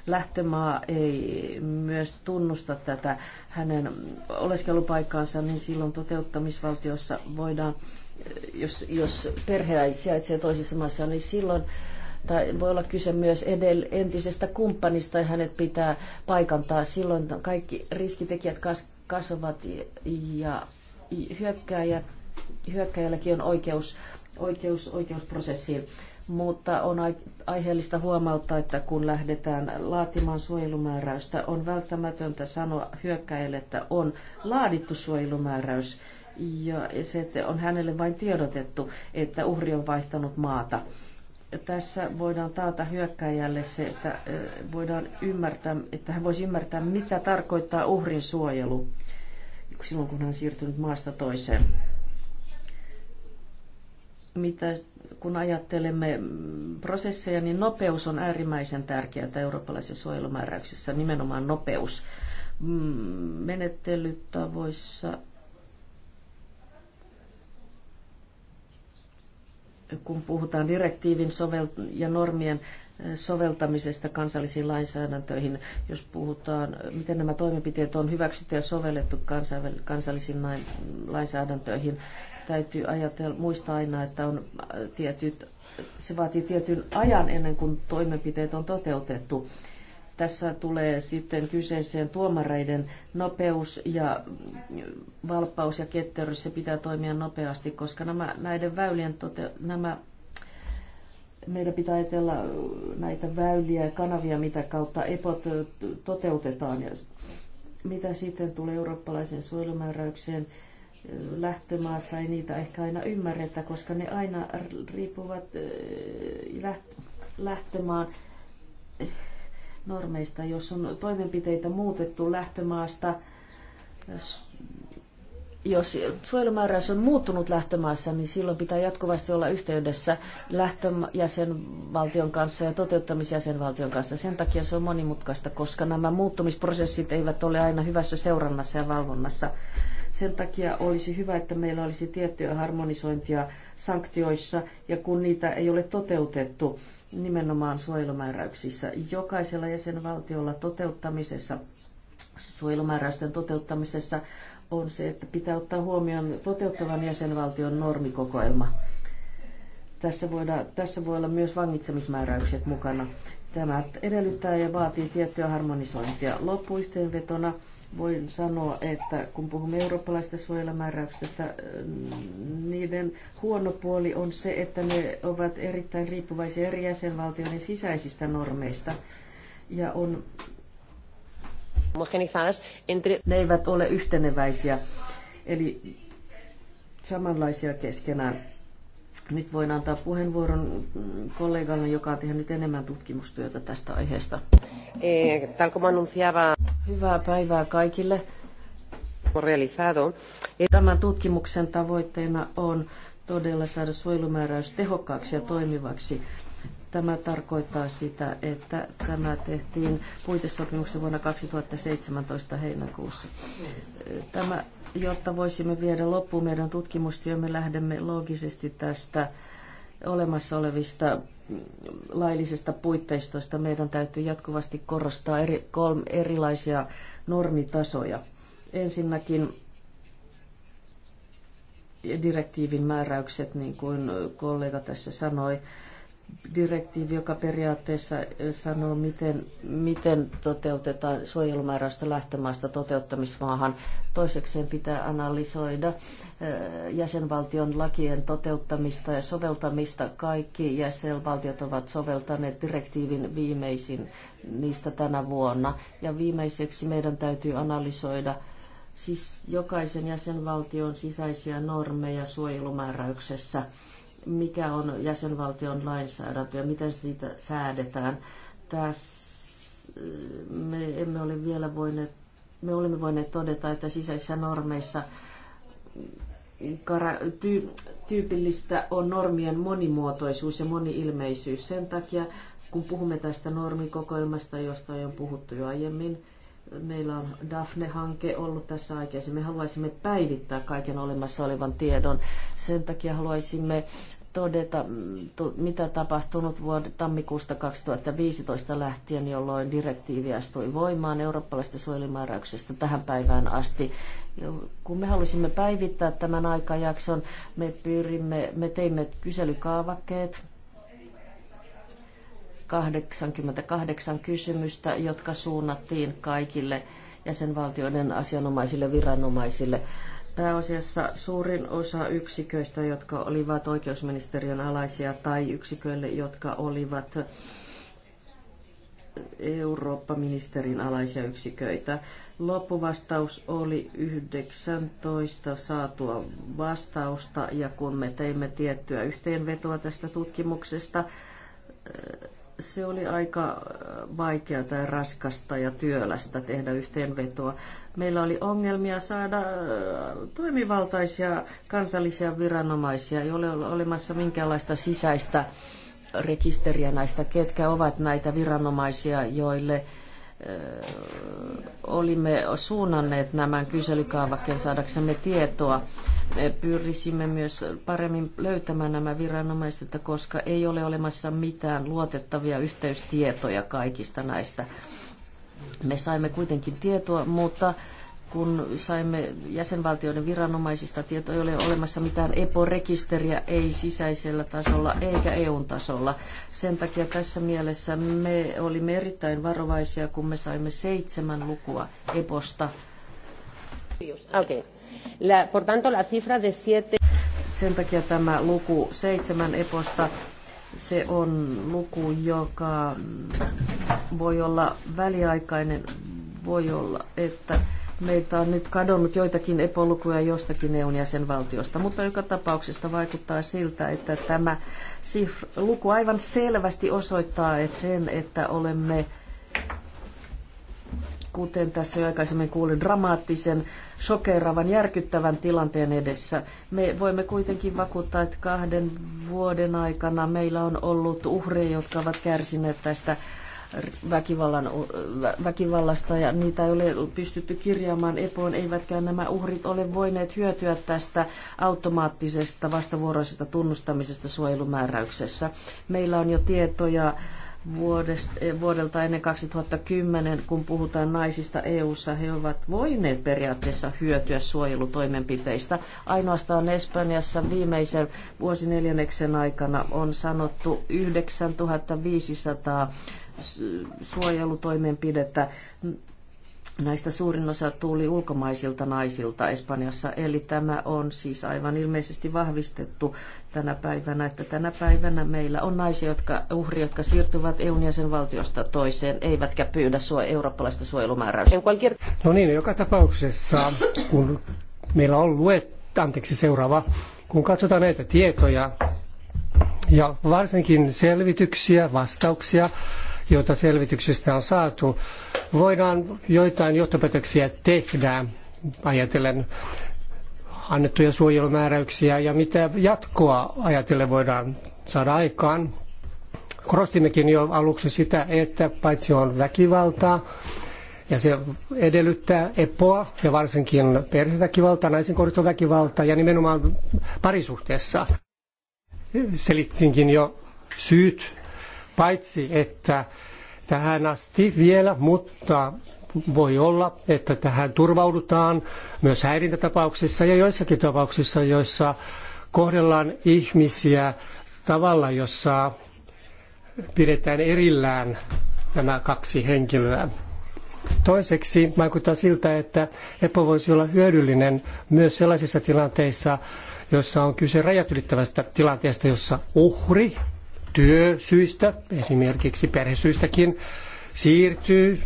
lähtömaa ei myös tunnusta tätä hänen oleskelupaikkaansa, niin silloin toteuttamisvaltiossa voidaan, jos, jos perhe sijaitsee toisessa maassa, niin silloin tai voi olla kyse myös edell- entisestä kumppanista ja hänet pitää paikantaa. Silloin kaikki riskitekijät kas- kasvavat ja hyökkääjä, hyökkääjälläkin on oikeus, oikeus oikeusprosessiin. Mutta on aiheellista huomauttaa, että kun lähdetään laatimaan suojelumääräystä, on välttämätöntä sanoa hyökkäjälle, että on laadittu suojelumääräys ja se, että on hänelle vain tiedotettu, että uhri on vaihtanut maata tässä voidaan taata hyökkäjälle se, että voidaan ymmärtää, että hän voisi ymmärtää, mitä tarkoittaa uhrin suojelu silloin, kun hän on siirtynyt maasta toiseen. Mitä, kun ajattelemme prosesseja, niin nopeus on äärimmäisen tärkeää eurooppalaisessa suojelumääräyksessä, nimenomaan nopeus. Mm, menettelytavoissa kun puhutaan direktiivin sovel- ja normien eh, soveltamisesta kansallisiin lainsäädäntöihin, jos puhutaan, miten nämä toimenpiteet on hyväksytty ja sovellettu kansallisiin lainsäädäntöihin, täytyy ajatella, muistaa aina, että on eh, tietyt, se vaatii tietyn ajan ennen kuin toimenpiteet on toteutettu. Tässä tulee sitten kyseiseen tuomareiden nopeus ja valppaus ja ketteryys. Se pitää toimia nopeasti, koska nämä, näiden väylien tote, nämä meidän pitää ajatella näitä väyliä ja kanavia, mitä kautta EPOT toteutetaan. Ja mitä sitten tulee eurooppalaisen suojelumääräykseen lähtömaassa, ei niitä ehkä aina ymmärretä, koska ne aina riippuvat eh, lähtömaan normeista, jos on toimenpiteitä muutettu lähtömaasta jos suojelumääräys on muuttunut lähtömaassa, niin silloin pitää jatkuvasti olla yhteydessä lähtöjäsenvaltion kanssa ja toteuttamisjäsenvaltion kanssa. Sen takia se on monimutkaista, koska nämä muuttumisprosessit eivät ole aina hyvässä seurannassa ja valvonnassa. Sen takia olisi hyvä, että meillä olisi tiettyä harmonisointia sanktioissa ja kun niitä ei ole toteutettu nimenomaan suojelumääräyksissä, jokaisella jäsenvaltiolla toteuttamisessa suojelumääräysten toteuttamisessa on se, että pitää ottaa huomioon toteuttavan jäsenvaltion normikokoelma. Tässä, voida, tässä voi olla myös vangitsemismääräykset mukana. Tämä edellyttää ja vaatii tiettyä harmonisointia. Loppuyhteenvetona voin sanoa, että kun puhumme eurooppalaisista suojelamääräyksistä, mm, niiden huono puoli on se, että ne ovat erittäin riippuvaisia eri jäsenvaltioiden sisäisistä normeista. Ja on ne eivät ole yhteneväisiä, eli samanlaisia keskenään. Nyt voin antaa puheenvuoron kollegalle, joka on tehnyt enemmän tutkimustyötä tästä aiheesta. Eh, Hyvää päivää kaikille. Eh, tämän tutkimuksen tavoitteena on todella saada suojelumääräys tehokkaaksi ja toimivaksi. Tämä tarkoittaa sitä, että tämä tehtiin puitesopimuksen vuonna 2017 heinäkuussa. Tämä, jotta voisimme viedä loppuun meidän tutkimustyömme, lähdemme loogisesti tästä olemassa olevista laillisesta puitteistoista. Meidän täytyy jatkuvasti korostaa eri, kolme erilaisia normitasoja. Ensinnäkin direktiivin määräykset, niin kuin kollega tässä sanoi, direktiivi, joka periaatteessa eh, sanoo, miten, miten toteutetaan suojelumääräystä lähtömaasta toteuttamismaahan. Toisekseen pitää analysoida eh, jäsenvaltion lakien toteuttamista ja soveltamista. Kaikki jäsenvaltiot ovat soveltaneet direktiivin viimeisin niistä tänä vuonna. Ja viimeiseksi meidän täytyy analysoida siis jokaisen jäsenvaltion sisäisiä normeja suojelumääräyksessä mikä on jäsenvaltion lainsäädäntö ja miten siitä säädetään. Tässä me emme ole vielä voineet, me olemme voineet todeta, että sisäisissä normeissa tyypillistä on normien monimuotoisuus ja moniilmeisyys. Sen takia, kun puhumme tästä normikokoelmasta, josta on puhuttu jo aiemmin, meillä on Daphne-hanke ollut tässä aikaisemmin. Me haluaisimme päivittää kaiken olemassa olevan tiedon. Sen takia haluaisimme todeta, mitä tapahtunut vuoden tammikuusta 2015 lähtien, jolloin direktiivi astui voimaan eurooppalaisesta suojelumääräyksestä tähän päivään asti. Kun me halusimme päivittää tämän aikajakson, me, pyrimme, me teimme kyselykaavakkeet, 88 kysymystä, jotka suunnattiin kaikille jäsenvaltioiden asianomaisille viranomaisille pääasiassa suurin osa yksiköistä, jotka olivat oikeusministeriön alaisia tai yksiköille, jotka olivat Eurooppa-ministerin alaisia yksiköitä. Loppuvastaus oli 19 saatua vastausta ja kun me teimme tiettyä yhteenvetoa tästä tutkimuksesta, se oli aika äh, vaikeaa tai raskasta ja työlästä tehdä yhteenvetoa. Meillä oli ongelmia saada äh, toimivaltaisia kansallisia viranomaisia, ei ole olemassa minkäänlaista sisäistä rekisteriä näistä, ketkä ovat näitä viranomaisia, joille olimme suunnanneet nämä kyselykaavakkeen saadaksemme tietoa. Pyrisimme myös paremmin löytämään nämä viranomaiset, koska ei ole olemassa mitään luotettavia yhteystietoja kaikista näistä. Me saimme kuitenkin tietoa, mutta kun saimme jäsenvaltioiden viranomaisista tietoa, ei ole olemassa mitään EPO-rekisteriä, ei sisäisellä tasolla eikä EU-tasolla. Sen takia tässä mielessä me olimme erittäin varovaisia, kun me saimme seitsemän lukua EPOsta. Okay. La, por tanto, la cifra de siete... Sen takia tämä luku seitsemän EPOsta se on luku, joka voi olla väliaikainen, voi olla, että Meiltä on nyt kadonnut joitakin epolukuja jostakin EUn jäsenvaltiosta, mutta joka tapauksessa vaikuttaa siltä, että tämä luku aivan selvästi osoittaa että sen, että olemme kuten tässä jo aikaisemmin kuulin, dramaattisen, sokeravan, järkyttävän tilanteen edessä. Me voimme kuitenkin vakuuttaa, että kahden vuoden aikana meillä on ollut uhreja, jotka ovat kärsineet tästä väkivallan, väkivallasta ja niitä ei ole pystytty kirjaamaan epoon, eivätkä nämä uhrit ole voineet hyötyä tästä automaattisesta vastavuoroisesta tunnustamisesta suojelumääräyksessä. Meillä on jo tietoja vuodesta, eh, vuodelta ennen 2010, kun puhutaan naisista EU-ssa, he ovat voineet periaatteessa hyötyä suojelutoimenpiteistä. Ainoastaan Espanjassa viimeisen vuosineljänneksen aikana on sanottu 9500 suojelutoimenpidettä Näistä suurin osa tuli ulkomaisilta naisilta Espanjassa, eli tämä on siis aivan ilmeisesti vahvistettu tänä päivänä, että tänä päivänä meillä on naisia, jotka, uhri, jotka siirtyvät EUn jäsenvaltiosta toiseen, eivätkä pyydä suo, eurooppalaista suojelumääräystä. No niin, joka tapauksessa, kun meillä on luet, anteeksi seuraava, kun katsotaan näitä tietoja ja varsinkin selvityksiä, vastauksia, joita selvityksistä on saatu, voidaan joitain johtopäätöksiä tehdä ajatellen annettuja suojelumääräyksiä ja mitä jatkoa ajatellen voidaan saada aikaan. Korostimmekin jo aluksi sitä, että paitsi on väkivaltaa, ja se edellyttää epoa ja varsinkin perheväkivaltaa, naisen kohdistuva väkivaltaa ja nimenomaan parisuhteessa. Selittinkin jo syyt Paitsi, että tähän asti vielä, mutta voi olla, että tähän turvaudutaan myös häirintätapauksissa ja joissakin tapauksissa, joissa kohdellaan ihmisiä tavalla, jossa pidetään erillään nämä kaksi henkilöä. Toiseksi vaikuttaa siltä, että EPO voisi olla hyödyllinen myös sellaisissa tilanteissa, joissa on kyse rajat ylittävästä tilanteesta, jossa uhri työsyistä, esimerkiksi perhesyistäkin, siirtyy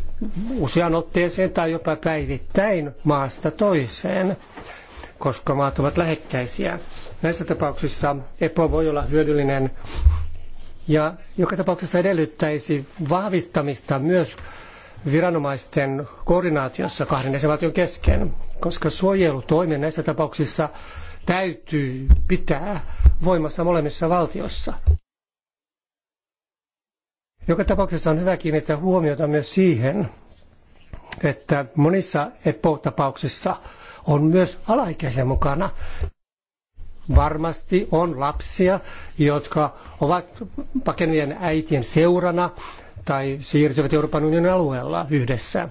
usean otteeseen tai jopa päivittäin maasta toiseen, koska maat ovat lähekkäisiä. Näissä tapauksissa EPO voi olla hyödyllinen ja joka tapauksessa edellyttäisi vahvistamista myös viranomaisten koordinaatiossa kahden jäsenvaltion kesken, koska suojelutoimen näissä tapauksissa täytyy pitää voimassa molemmissa valtioissa. Joka tapauksessa on hyvä kiinnittää huomiota myös siihen, että monissa EPO-tapauksissa on myös alaikäisiä mukana. Varmasti on lapsia, jotka ovat pakenevien äitien seurana tai siirtyvät Euroopan unionin alueella yhdessä.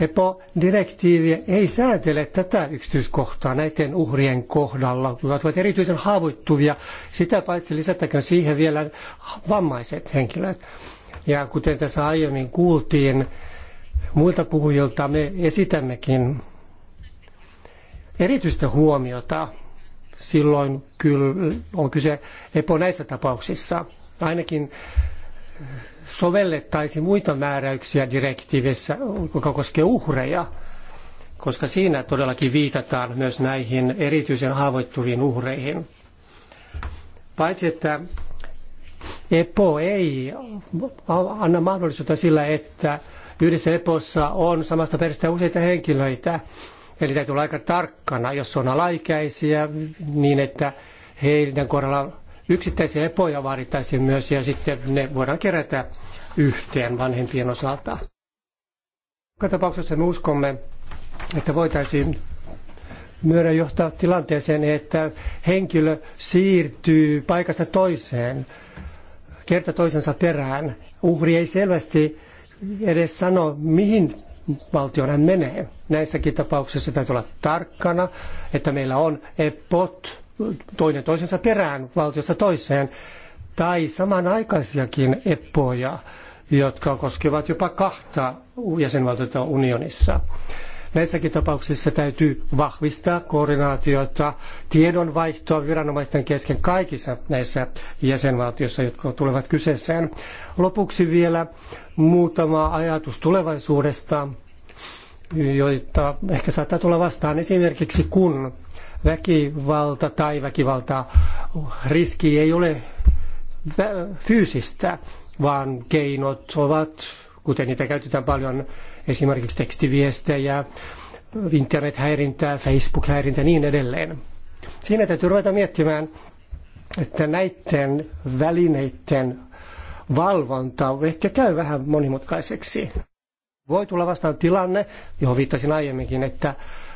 EPO-direktiivi ei säätele tätä yksityiskohtaa näiden uhrien kohdalla, jotka ovat erityisen haavoittuvia. Sitä paitsi lisättäköön siihen vielä vammaiset henkilöt. Ja kuten tässä aiemmin kuultiin muilta puhujilta, me esitämmekin erityistä huomiota silloin kyllä on kyse EPO näissä tapauksissa. Ainakin sovellettaisiin muita määräyksiä direktiivissä, joka koskee uhreja, koska siinä todellakin viitataan myös näihin erityisen haavoittuviin uhreihin. Paitsi että EPO ei anna mahdollisuutta sillä, että yhdessä EPOssa on samasta perheestä useita henkilöitä. Eli täytyy olla aika tarkkana, jos on alaikäisiä, niin että heidän kohdallaan yksittäisiä epoja vaadittaisiin myös ja sitten ne voidaan kerätä yhteen vanhempien osalta. Joka tapauksessa me uskomme, että voitaisiin myöden johtaa tilanteeseen, että henkilö siirtyy paikasta toiseen kerta toisensa perään. Uhri ei selvästi edes sano, mihin valtioon hän menee. Näissäkin tapauksissa täytyy olla tarkkana, että meillä on EPOT toinen toisensa perään valtiosta toiseen, tai samanaikaisiakin EPOja, jotka koskevat jopa kahta jäsenvaltiota unionissa. Näissäkin tapauksissa täytyy vahvistaa koordinaatiota, tiedonvaihtoa viranomaisten kesken kaikissa näissä jäsenvaltioissa, jotka tulevat kyseessään. Lopuksi vielä muutama ajatus tulevaisuudesta, joita ehkä saattaa tulla vastaan esimerkiksi kun väkivalta tai väkivalta riski ei ole fyysistä, vaan keinot ovat, kuten niitä käytetään paljon esimerkiksi tekstiviestejä, internethäirintää, Facebook-häirintää ja niin edelleen. Siinä täytyy ruveta miettimään, että näiden välineiden valvonta ehkä käy vähän monimutkaiseksi. Voi tulla vastaan tilanne, johon viittasin aiemminkin, että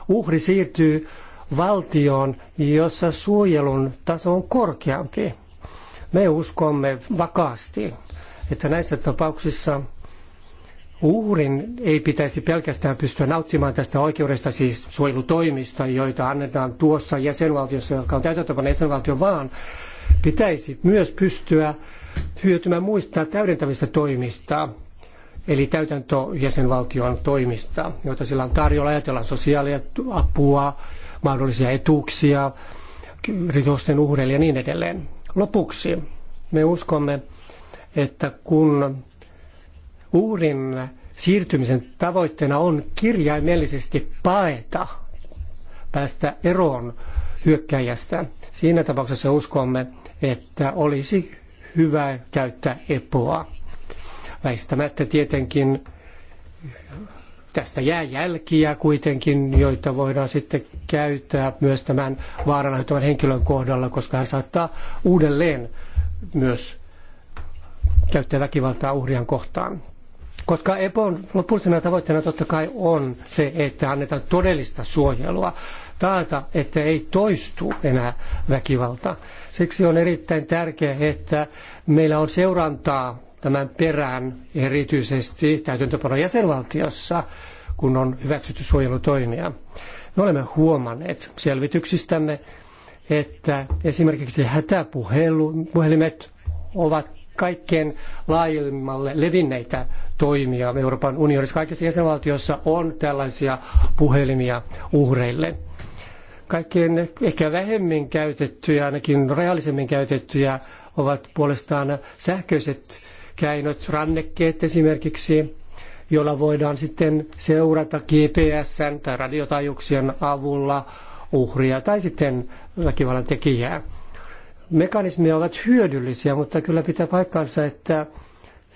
uhri siirtyy valtioon, jossa suojelun taso on korkeampi. Me uskomme vakaasti, että näissä tapauksissa Uhrin ei pitäisi pelkästään pystyä nauttimaan tästä oikeudesta, siis suojelutoimista, joita annetaan tuossa jäsenvaltiossa, joka on täytäntöpano jäsenvaltio, vaan pitäisi myös pystyä hyötymään muista täydentävistä toimista, eli täytäntö jäsenvaltion toimista, joita sillä on tarjolla. Ajatellaan sosiaaliapua, mahdollisia etuuksia, rikosten uhreille ja niin edelleen. Lopuksi me uskomme, että kun Uurin siirtymisen tavoitteena on kirjaimellisesti paeta, päästä eroon hyökkäjästä. Siinä tapauksessa uskomme, että olisi hyvä käyttää epoa. Väistämättä tietenkin tästä jää jälkiä kuitenkin, joita voidaan sitten käyttää myös tämän vaaran henkilön kohdalla, koska hän saattaa uudelleen myös käyttää väkivaltaa uhrian kohtaan. Koska EPOn lopullisena tavoitteena totta kai on se, että annetaan todellista suojelua, taata, että ei toistu enää väkivalta. Siksi on erittäin tärkeää, että meillä on seurantaa tämän perään erityisesti täytäntöpanon jäsenvaltiossa, kun on hyväksytty suojelutoimia. Me olemme huomanneet selvityksistämme, että esimerkiksi hätäpuhelimet ovat kaikkein laajimmalle levinneitä toimia Euroopan unionissa. Kaikissa jäsenvaltioissa on tällaisia puhelimia uhreille. Kaikkein ehkä vähemmin käytettyjä, ainakin rajallisemmin käytettyjä, ovat puolestaan sähköiset käinnöt, rannekkeet esimerkiksi, joilla voidaan sitten seurata GPSn tai radiotajuuksien avulla uhria tai sitten väkivallan tekijää mekanismia ovat hyödyllisiä, mutta kyllä pitää paikkansa, että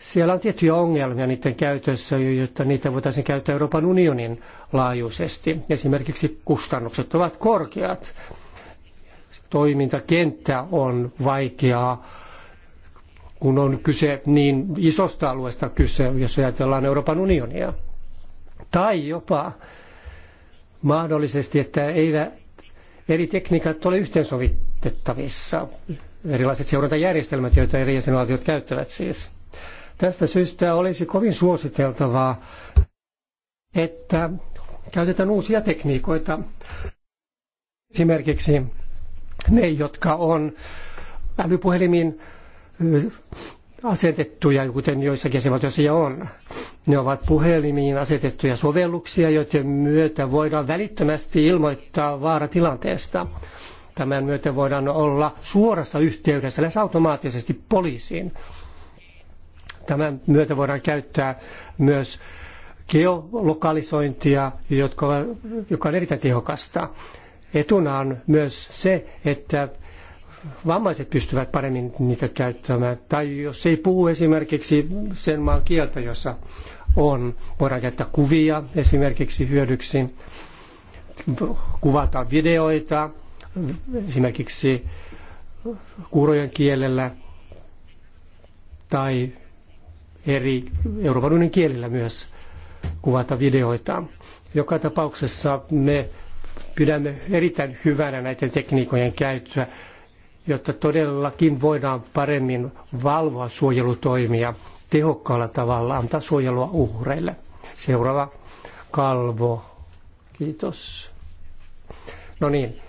siellä on tiettyjä ongelmia niiden käytössä, jotta niitä voitaisiin käyttää Euroopan unionin laajuisesti. Esimerkiksi kustannukset ovat korkeat. Toimintakenttä on vaikeaa, kun on kyse niin isosta alueesta kyse, jos ajatellaan Euroopan unionia. Tai jopa mahdollisesti, että eivät eri tekniikat ole yhteensovittuja saavutettavissa. Erilaiset seurantajärjestelmät, joita eri jäsenvaltiot käyttävät siis. Tästä syystä olisi kovin suositeltavaa, että käytetään uusia tekniikoita. Esimerkiksi ne, jotka on älypuhelimiin asetettuja, kuten joissakin jäsenvaltioissa jo on. Ne ovat puhelimiin asetettuja sovelluksia, joiden myötä voidaan välittömästi ilmoittaa vaaratilanteesta. tilanteesta Tämän myöten voidaan olla suorassa yhteydessä lähes automaattisesti poliisiin. Tämän myötä voidaan käyttää myös geolokalisointia, jotka, joka on erittäin tehokasta. Etuna on myös se, että vammaiset pystyvät paremmin niitä käyttämään. Tai jos ei puhu esimerkiksi sen maan kieltä, jossa on, voidaan käyttää kuvia esimerkiksi hyödyksi, kuvata videoita, esimerkiksi kuurojen kielellä tai eri Euroopan unionin kielillä myös kuvata videoita. Joka tapauksessa me pidämme erittäin hyvänä näiden tekniikojen käyttöä, jotta todellakin voidaan paremmin valvoa suojelutoimia tehokkaalla tavalla, antaa suojelua uhreille. Seuraava kalvo. Kiitos. No niin,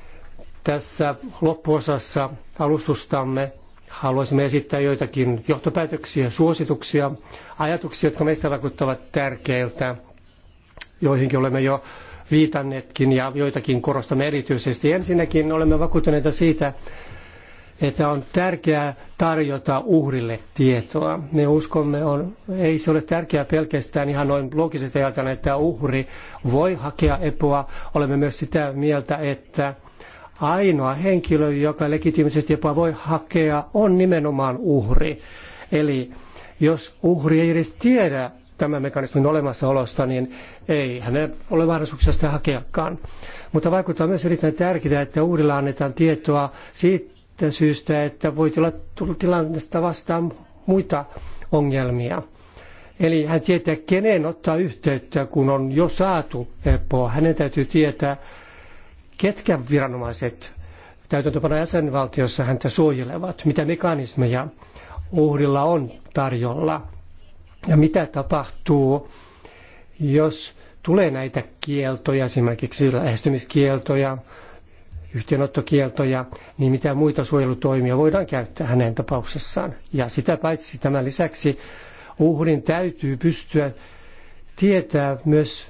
tässä loppuosassa alustustamme haluaisimme esittää joitakin johtopäätöksiä, suosituksia, ajatuksia, jotka meistä vaikuttavat tärkeiltä, joihinkin olemme jo viitanneetkin ja joitakin korostamme erityisesti. Ensinnäkin olemme vakuuttuneita siitä, että on tärkeää tarjota uhrille tietoa. Me uskomme, on, ei se ole tärkeää pelkästään ihan noin loogisesti ajatellen, että uhri voi hakea epoa. Olemme myös sitä mieltä, että ainoa henkilö, joka legitiimisesti jopa voi hakea, on nimenomaan uhri. Eli jos uhri ei edes tiedä tämän mekanismin olemassaolosta, niin ei hänellä ole mahdollisuuksia sitä hakeakaan. Mutta vaikuttaa myös erittäin tärkeää, että uhrilla annetaan tietoa siitä syystä, että voi tulla tullut tilanteesta vastaan muita ongelmia. Eli hän tietää, keneen ottaa yhteyttä, kun on jo saatu epoa. Hänen täytyy tietää, ketkä viranomaiset täytäntöpano jäsenvaltiossa häntä suojelevat, mitä mekanismeja uhrilla on tarjolla ja mitä tapahtuu, jos tulee näitä kieltoja, esimerkiksi lähestymiskieltoja, yhteenottokieltoja, niin mitä muita suojelutoimia voidaan käyttää hänen tapauksessaan. Ja sitä paitsi tämän lisäksi uhrin täytyy pystyä tietää myös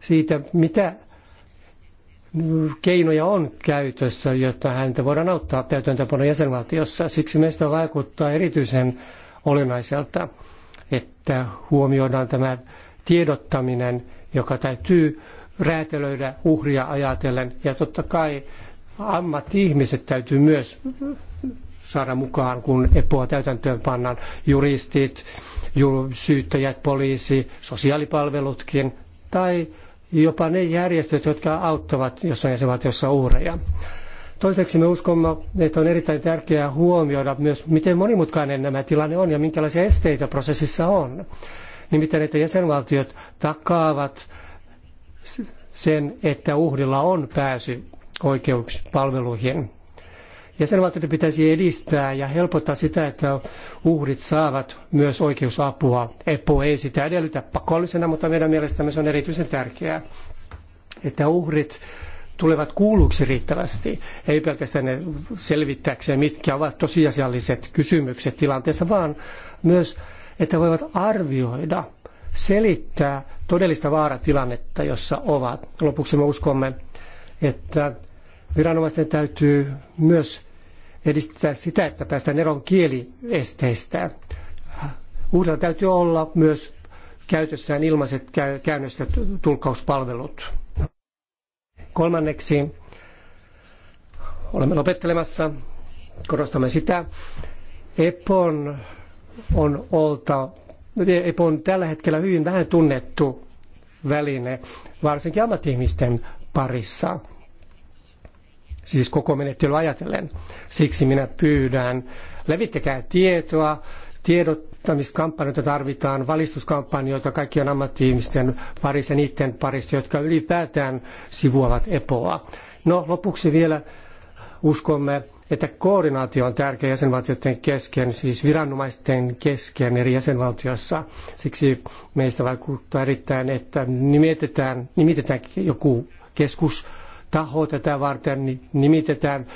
siitä, mitä keinoja on käytössä, jotta häntä voidaan auttaa täytäntöpanon jäsenvaltiossa. Siksi meistä vaikuttaa erityisen olennaiselta, että huomioidaan tämä tiedottaminen, joka täytyy räätälöidä uhria ajatellen. Ja totta kai ammatti-ihmiset täytyy myös saada mukaan, kun epoa täytäntöön pannaan. Juristit, syyttäjät, poliisi, sosiaalipalvelutkin tai jopa ne järjestöt, jotka auttavat jossain jäsenvaltiossa uhreja. Toiseksi me uskomme, että on erittäin tärkeää huomioida myös, miten monimutkainen nämä tilanne on ja minkälaisia esteitä prosessissa on. Nimittäin, että jäsenvaltiot takaavat sen, että uhrilla on pääsy oikeuspalveluihin Jäsenvaltioiden pitäisi edistää ja helpottaa sitä, että uhrit saavat myös oikeusapua. EPO ei sitä edellytä pakollisena, mutta meidän mielestämme se on erityisen tärkeää, että uhrit tulevat kuulluksi riittävästi, ei pelkästään selvittääkseen, mitkä ovat tosiasialliset kysymykset tilanteessa, vaan myös, että voivat arvioida, selittää todellista vaaratilannetta, jossa ovat. Lopuksi me uskomme, että Viranomaisten täytyy myös edistää sitä, että päästään eroon kieliesteistä. Uudella täytyy olla myös käytössään ilmaiset käynnistä tulkkauspalvelut. Kolmanneksi olemme lopettelemassa. Korostamme sitä. EPON on olta, Epon tällä hetkellä hyvin vähän tunnettu väline, varsinkin ammattiihmisten parissa siis koko menettelyä ajatellen. Siksi minä pyydän, levittäkää tietoa, tiedottamiskampanjoita tarvitaan, valistuskampanjoita kaikkien ammatti-ihmisten parissa ja niiden parissa, jotka ylipäätään sivuavat EPOa. No lopuksi vielä uskomme, että koordinaatio on tärkeä jäsenvaltioiden kesken, siis viranomaisten kesken eri jäsenvaltiossa. Siksi meistä vaikuttaa erittäin, että nimitetään, nimitetään joku keskus taho tätä varten niin nimitetään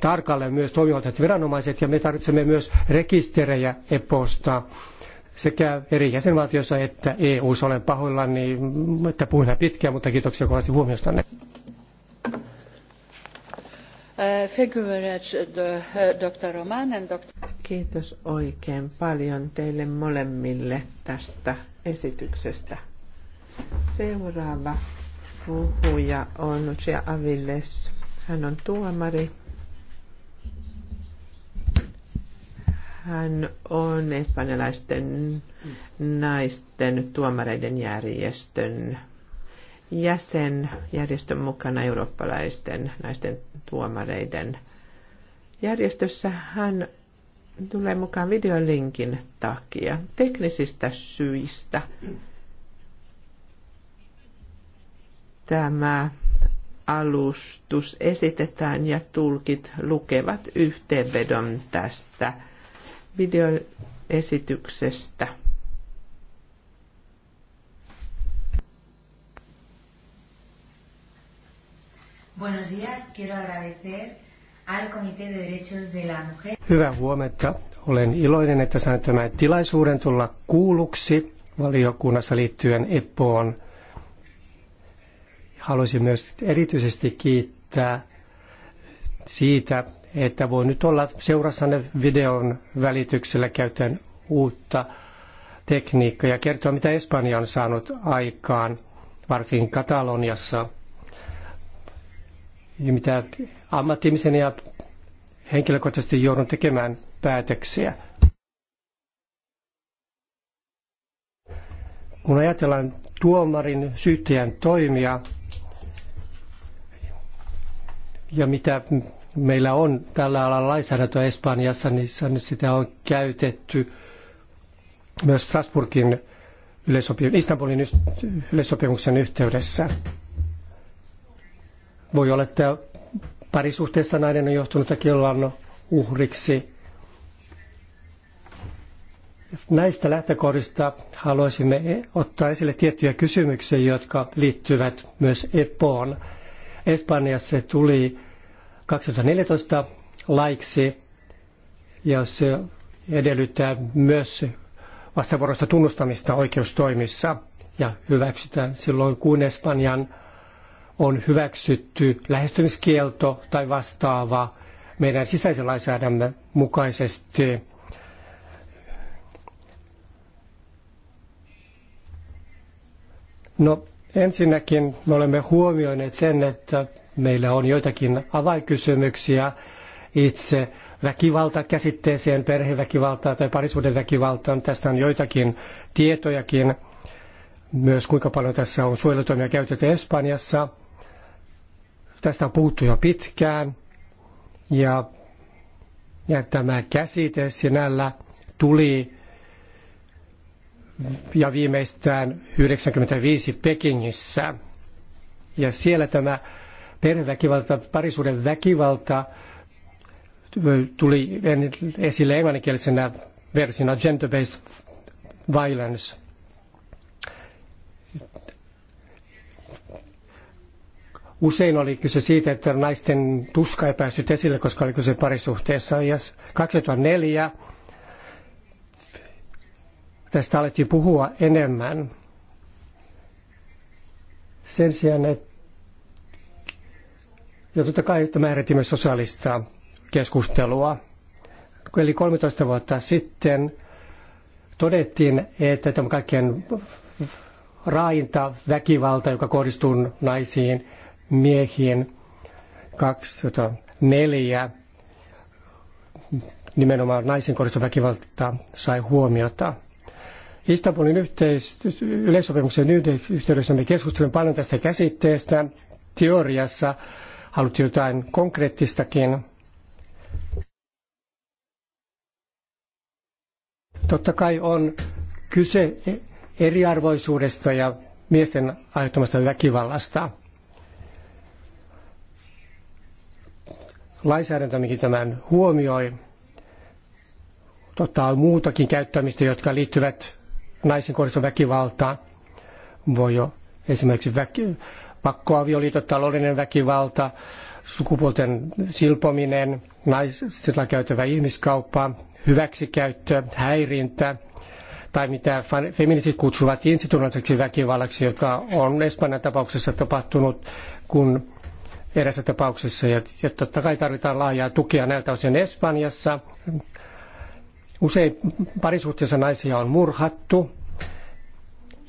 tarkalleen myös toimivaltaiset viranomaiset ja me tarvitsemme myös rekisterejä EPOsta sekä eri jäsenvaltioissa että EU-ssa. Olen pahoillani, että puhun pitkään, mutta kiitoksia kovasti huomiostanne. Uh, uh, uh, Kiitos oikein paljon teille molemmille tästä esityksestä. Seuraava puhuja on Lucia Avilles. Hän on tuomari. Hän on espanjalaisten naisten tuomareiden järjestön jäsen, järjestön mukana eurooppalaisten naisten tuomareiden järjestössä. Hän tulee mukaan videolinkin takia, teknisistä syistä. tämä alustus esitetään ja tulkit lukevat yhteenvedon tästä videoesityksestä. Buenos días, quiero agradecer al Comité de Derechos de la Mujer. Hyvää huomenta. Olen iloinen, että sain tämän tilaisuuden tulla kuulluksi valiokunnassa liittyen EPOon – Haluaisin myös erityisesti kiittää siitä, että voi nyt olla seurassanne videon välityksellä käyttäen uutta tekniikkaa ja kertoa, mitä Espanja on saanut aikaan, varsinkin Kataloniassa, ja mitä ammattimisen ja henkilökohtaisesti joudun tekemään päätöksiä. Kun ajatellaan tuomarin syyttäjän toimia, ja mitä meillä on tällä alalla lainsäädäntöä Espanjassa, niin sitä on käytetty myös Strasburgin yleissopi- Istanbulin yleissopimuksen yhteydessä. Voi olla, että parisuhteessa nainen on johtunut väkivallan uhriksi. Näistä lähtökohdista haluaisimme ottaa esille tiettyjä kysymyksiä, jotka liittyvät myös EPOon Espanjassa se tuli 2014 laiksi ja se edellyttää myös vastavuoroista tunnustamista oikeustoimissa ja hyväksytään silloin, kun Espanjan on hyväksytty lähestymiskielto tai vastaava meidän sisäisen lainsäädännön mukaisesti. No, Ensinnäkin me olemme huomioineet sen, että meillä on joitakin avainkysymyksiä itse väkivaltakäsitteeseen, perheväkivaltaan tai parisuuden väkivaltaan. Tästä on joitakin tietojakin, myös kuinka paljon tässä on suojelutoimia käytetty Espanjassa. Tästä on puhuttu jo pitkään ja, ja tämä käsite sinällä tuli ja viimeistään 95 Pekingissä. Ja siellä tämä perheväkivalta, parisuuden väkivalta tuli esille englanninkielisenä versiona gender-based violence. Usein oli kyse siitä, että naisten tuska ei päässyt esille, koska oli kyse parisuhteessa. Ja 2004 tästä alettiin puhua enemmän. Sen sijaan, että ja totta kai tämä herätti myös sosiaalista keskustelua. Eli 13 vuotta sitten todettiin, että tämä kaikkien raainta väkivalta, joka kohdistuu naisiin, miehiin, 2004 nimenomaan naisen kohdistuva väkivalta sai huomiota. Istanbulin yhteis- yleissopimuksen yhteydessä me keskustelimme paljon tästä käsitteestä. Teoriassa haluttiin jotain konkreettistakin. Totta kai on kyse e-, eriarvoisuudesta ja miesten aiheuttamasta väkivallasta. mikä tämän huomioi. Totta on muutakin käyttämistä, jotka liittyvät naisen kohdistuva väkivalta. Voi jo esimerkiksi väki, pakkoavioliitot, taloudellinen väkivalta, sukupuolten silpominen, naisilla käytävä ihmiskauppa, hyväksikäyttö, häirintä tai mitä feministit kutsuvat institutionaaliseksi väkivallaksi, joka on Espanjan tapauksessa tapahtunut, kun erässä tapauksessa. Ja, ja totta kai tarvitaan laajaa tukea näiltä osin Espanjassa. Usein parisuhteessa naisia on murhattu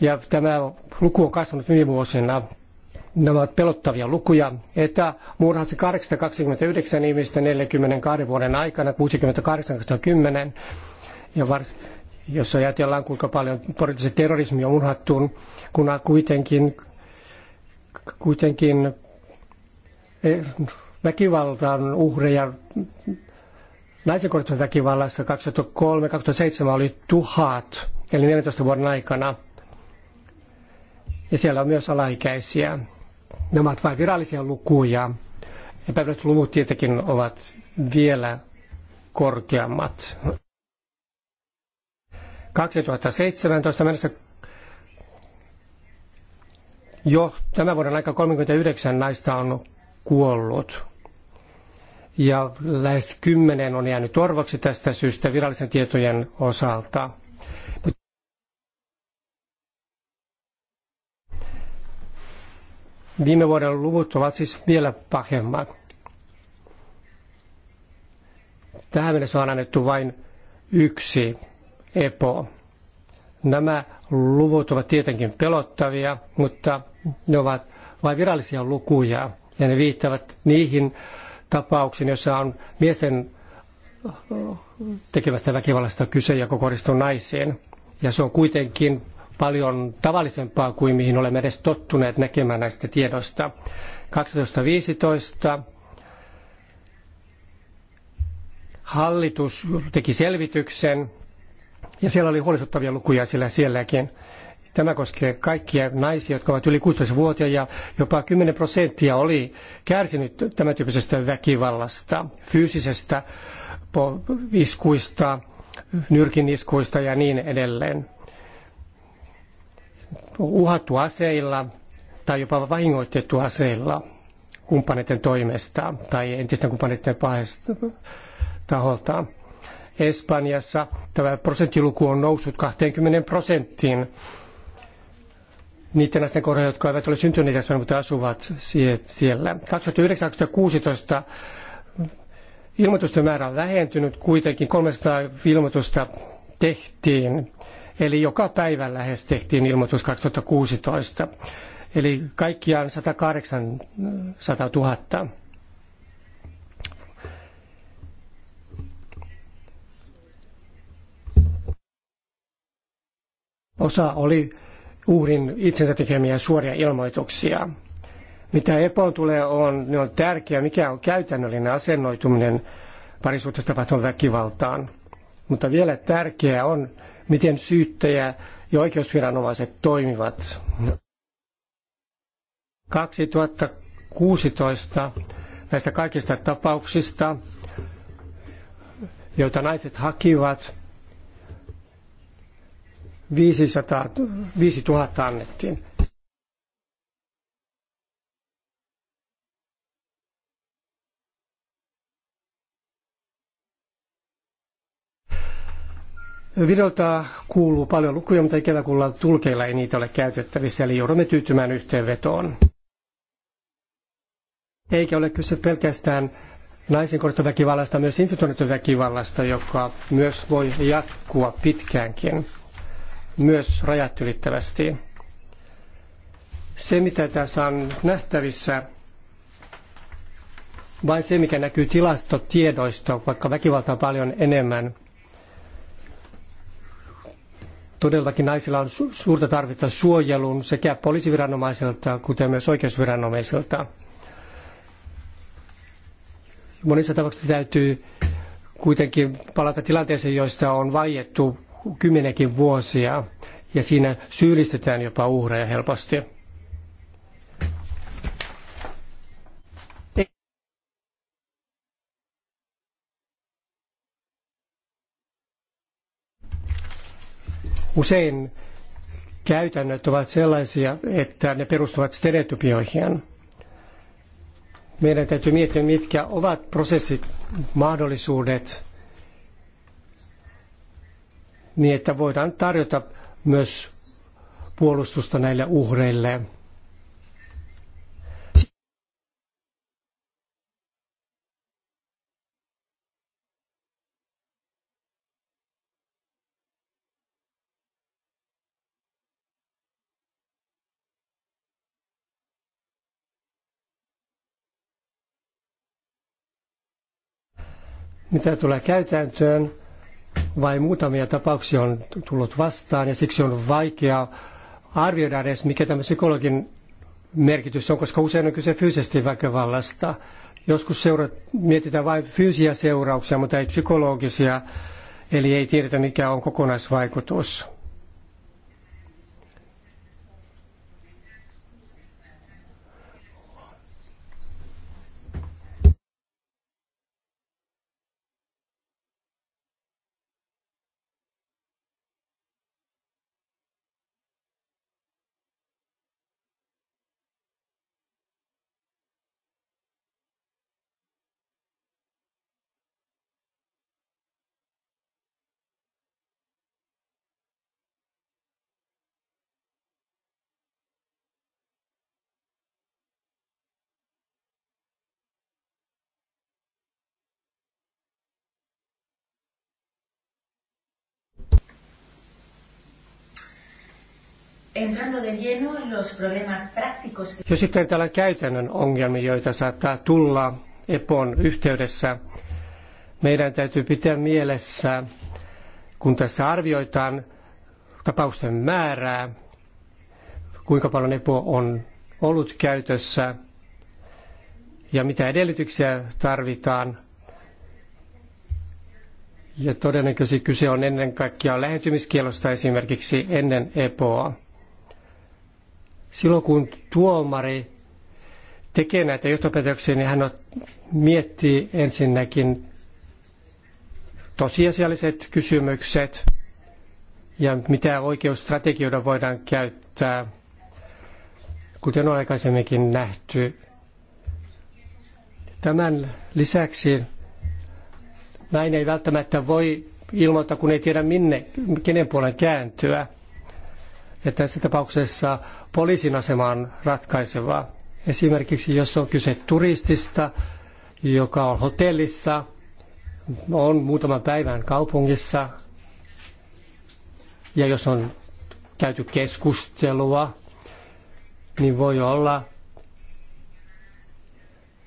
ja tämä luku on kasvanut viime vuosina. Nämä ovat pelottavia lukuja, että murhasi 829 ihmistä 42 vuoden aikana, 68-10, ja vars, jos ajatellaan kuinka paljon poliittisen terrorismi on murhattu, kun kuitenkin, kuitenkin eh, väkivaltaan uhreja naisen kohdistuvassa väkivallassa 2003-2007 oli tuhat, eli 14 vuoden aikana. Ja siellä on myös alaikäisiä. Nämä ovat vain virallisia lukuja. Epäviralliset luvut tietenkin ovat vielä korkeammat. 2017 mennessä jo tämän vuoden aika 39 naista on kuollut ja lähes kymmenen on jäänyt orvoksi tästä syystä virallisen tietojen osalta. Viime vuoden luvut ovat siis vielä pahemmat. Tähän mennessä on annettu vain yksi EPO. Nämä luvut ovat tietenkin pelottavia, mutta ne ovat vain virallisia lukuja ja ne viittavat niihin tapauksen, jossa on miesten tekemästä väkivallasta kyse ja kohdistuu naisiin. Ja se on kuitenkin paljon tavallisempaa kuin mihin olemme edes tottuneet näkemään näistä tiedoista. 2015 hallitus teki selvityksen ja siellä oli huolestuttavia lukuja sillä sielläkin. Tämä koskee kaikkia naisia, jotka ovat yli 16-vuotiaita ja jopa 10 prosenttia oli kärsinyt tämän tyyppisestä väkivallasta, fyysisestä iskuista, iskuista ja niin edelleen. Uhattu aseilla tai jopa vahingoitettu aseilla kumppaneiden toimesta tai entisten kumppaneiden pahesta taholta. Espanjassa tämä prosenttiluku on noussut 20 prosenttiin niiden lasten kohdalla, jotka eivät ole syntyneet Espanjaan, mutta asuvat siellä. 2009-2016 ilmoitusten määrä on vähentynyt, kuitenkin 300 ilmoitusta tehtiin, eli joka päivä lähes tehtiin ilmoitus 2016, eli kaikkiaan 180 000. Osa oli uhrin itsensä tekemiä suoria ilmoituksia. Mitä EPOon tulee, on, ne on tärkeää, mikä on käytännöllinen asennoituminen parisuhteessa tapahtuvan väkivaltaan. Mutta vielä tärkeää on, miten syyttäjä ja oikeusviranomaiset toimivat. 2016 näistä kaikista tapauksista, joita naiset hakivat, 500, 5000 annettiin. Videolta kuuluu paljon lukuja, mutta ikävä kuulla tulkeilla ei niitä ole käytettävissä, eli joudumme tyytymään yhteenvetoon. Eikä ole kyse pelkästään naisen väkivallasta, myös instituutioiden väkivallasta, joka myös voi jatkua pitkäänkin myös rajat ylittävästi. Se, mitä tässä on nähtävissä, vain se, mikä näkyy tilastotiedoista, vaikka väkivaltaa paljon enemmän, todellakin naisilla on suurta tarvetta suojelun sekä poliisiviranomaisilta, kuten myös oikeusviranomaisilta. Monissa tapauksissa täytyy kuitenkin palata tilanteeseen, joista on vaiettu Kymmenekin vuosia ja siinä syyllistetään jopa uhreja helposti. Usein käytännöt ovat sellaisia, että ne perustuvat stereotypioihin. Meidän täytyy miettiä, mitkä ovat prosessit, mahdollisuudet niin että voidaan tarjota myös puolustusta näille uhreille. Mitä tulee käytäntöön, vain muutamia tapauksia on tullut vastaan ja siksi on vaikea arvioida edes, mikä tämä psykologin merkitys on, koska usein on kyse fyysisesti väkivallasta. Joskus seura- mietitään vain fyysisiä seurauksia, mutta ei psykologisia, eli ei tiedetä mikä on kokonaisvaikutus. Jos sitten täällä käytännön ongelmia, joita saattaa tulla EPON yhteydessä, meidän täytyy pitää mielessä, kun tässä arvioitaan tapausten määrää, kuinka paljon EPO on ollut käytössä ja mitä edellytyksiä tarvitaan. Ja todennäköisesti kyse on ennen kaikkea lähetymiskielosta esimerkiksi ennen EPOa. Silloin kun tuomari tekee näitä johtopäätöksiä, niin hän miettii ensinnäkin tosiasialliset kysymykset ja mitä oikeusstrategioita voidaan käyttää. Kuten on aikaisemminkin nähty, Tämän lisäksi näin ei välttämättä voi ilmoittaa, kun ei tiedä minne, kenen puolen kääntyä. Ja tässä tapauksessa poliisin asema on ratkaisevaa. Esimerkiksi jos on kyse turistista, joka on hotellissa, on muutaman päivän kaupungissa, ja jos on käyty keskustelua, niin voi olla,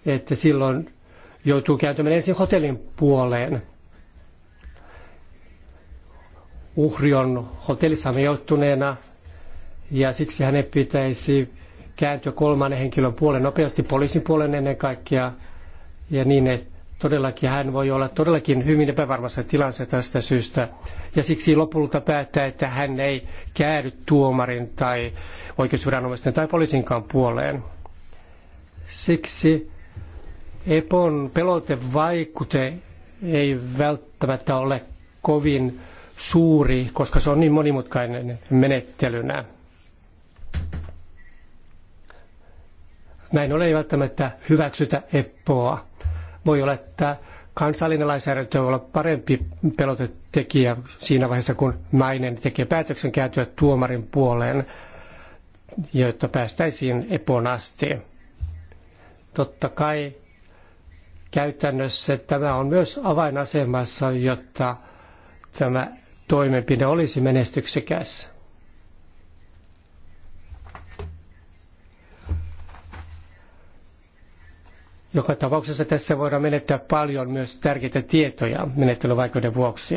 että silloin joutuu kääntymään ensin hotellin puoleen. Uhri on hotellissa majoittuneena – ja siksi hänen pitäisi kääntyä kolmannen henkilön puolen nopeasti poliisin puolen ennen kaikkea ja niin, että todellakin hän voi olla todellakin hyvin epävarmassa tilassa tästä syystä. Ja siksi lopulta päättää, että hän ei käänny tuomarin tai oikeusviranomaisten tai poliisinkaan puoleen. Siksi Epon pelotevaikute ei välttämättä ole kovin suuri, koska se on niin monimutkainen menettelynä. Näin ollen ei välttämättä hyväksytä EPPOa. Voi olla, että kansallinen lainsäädäntö voi olla parempi pelotetekijä siinä vaiheessa, kun nainen tekee päätöksen kääntyä tuomarin puoleen, jotta päästäisiin EPOon asti. Totta kai käytännössä tämä on myös avainasemassa, jotta tämä toimenpide olisi menestyksekäs. Joka tapauksessa tässä voidaan menettää paljon myös tärkeitä tietoja menettelyvaikeuden vuoksi.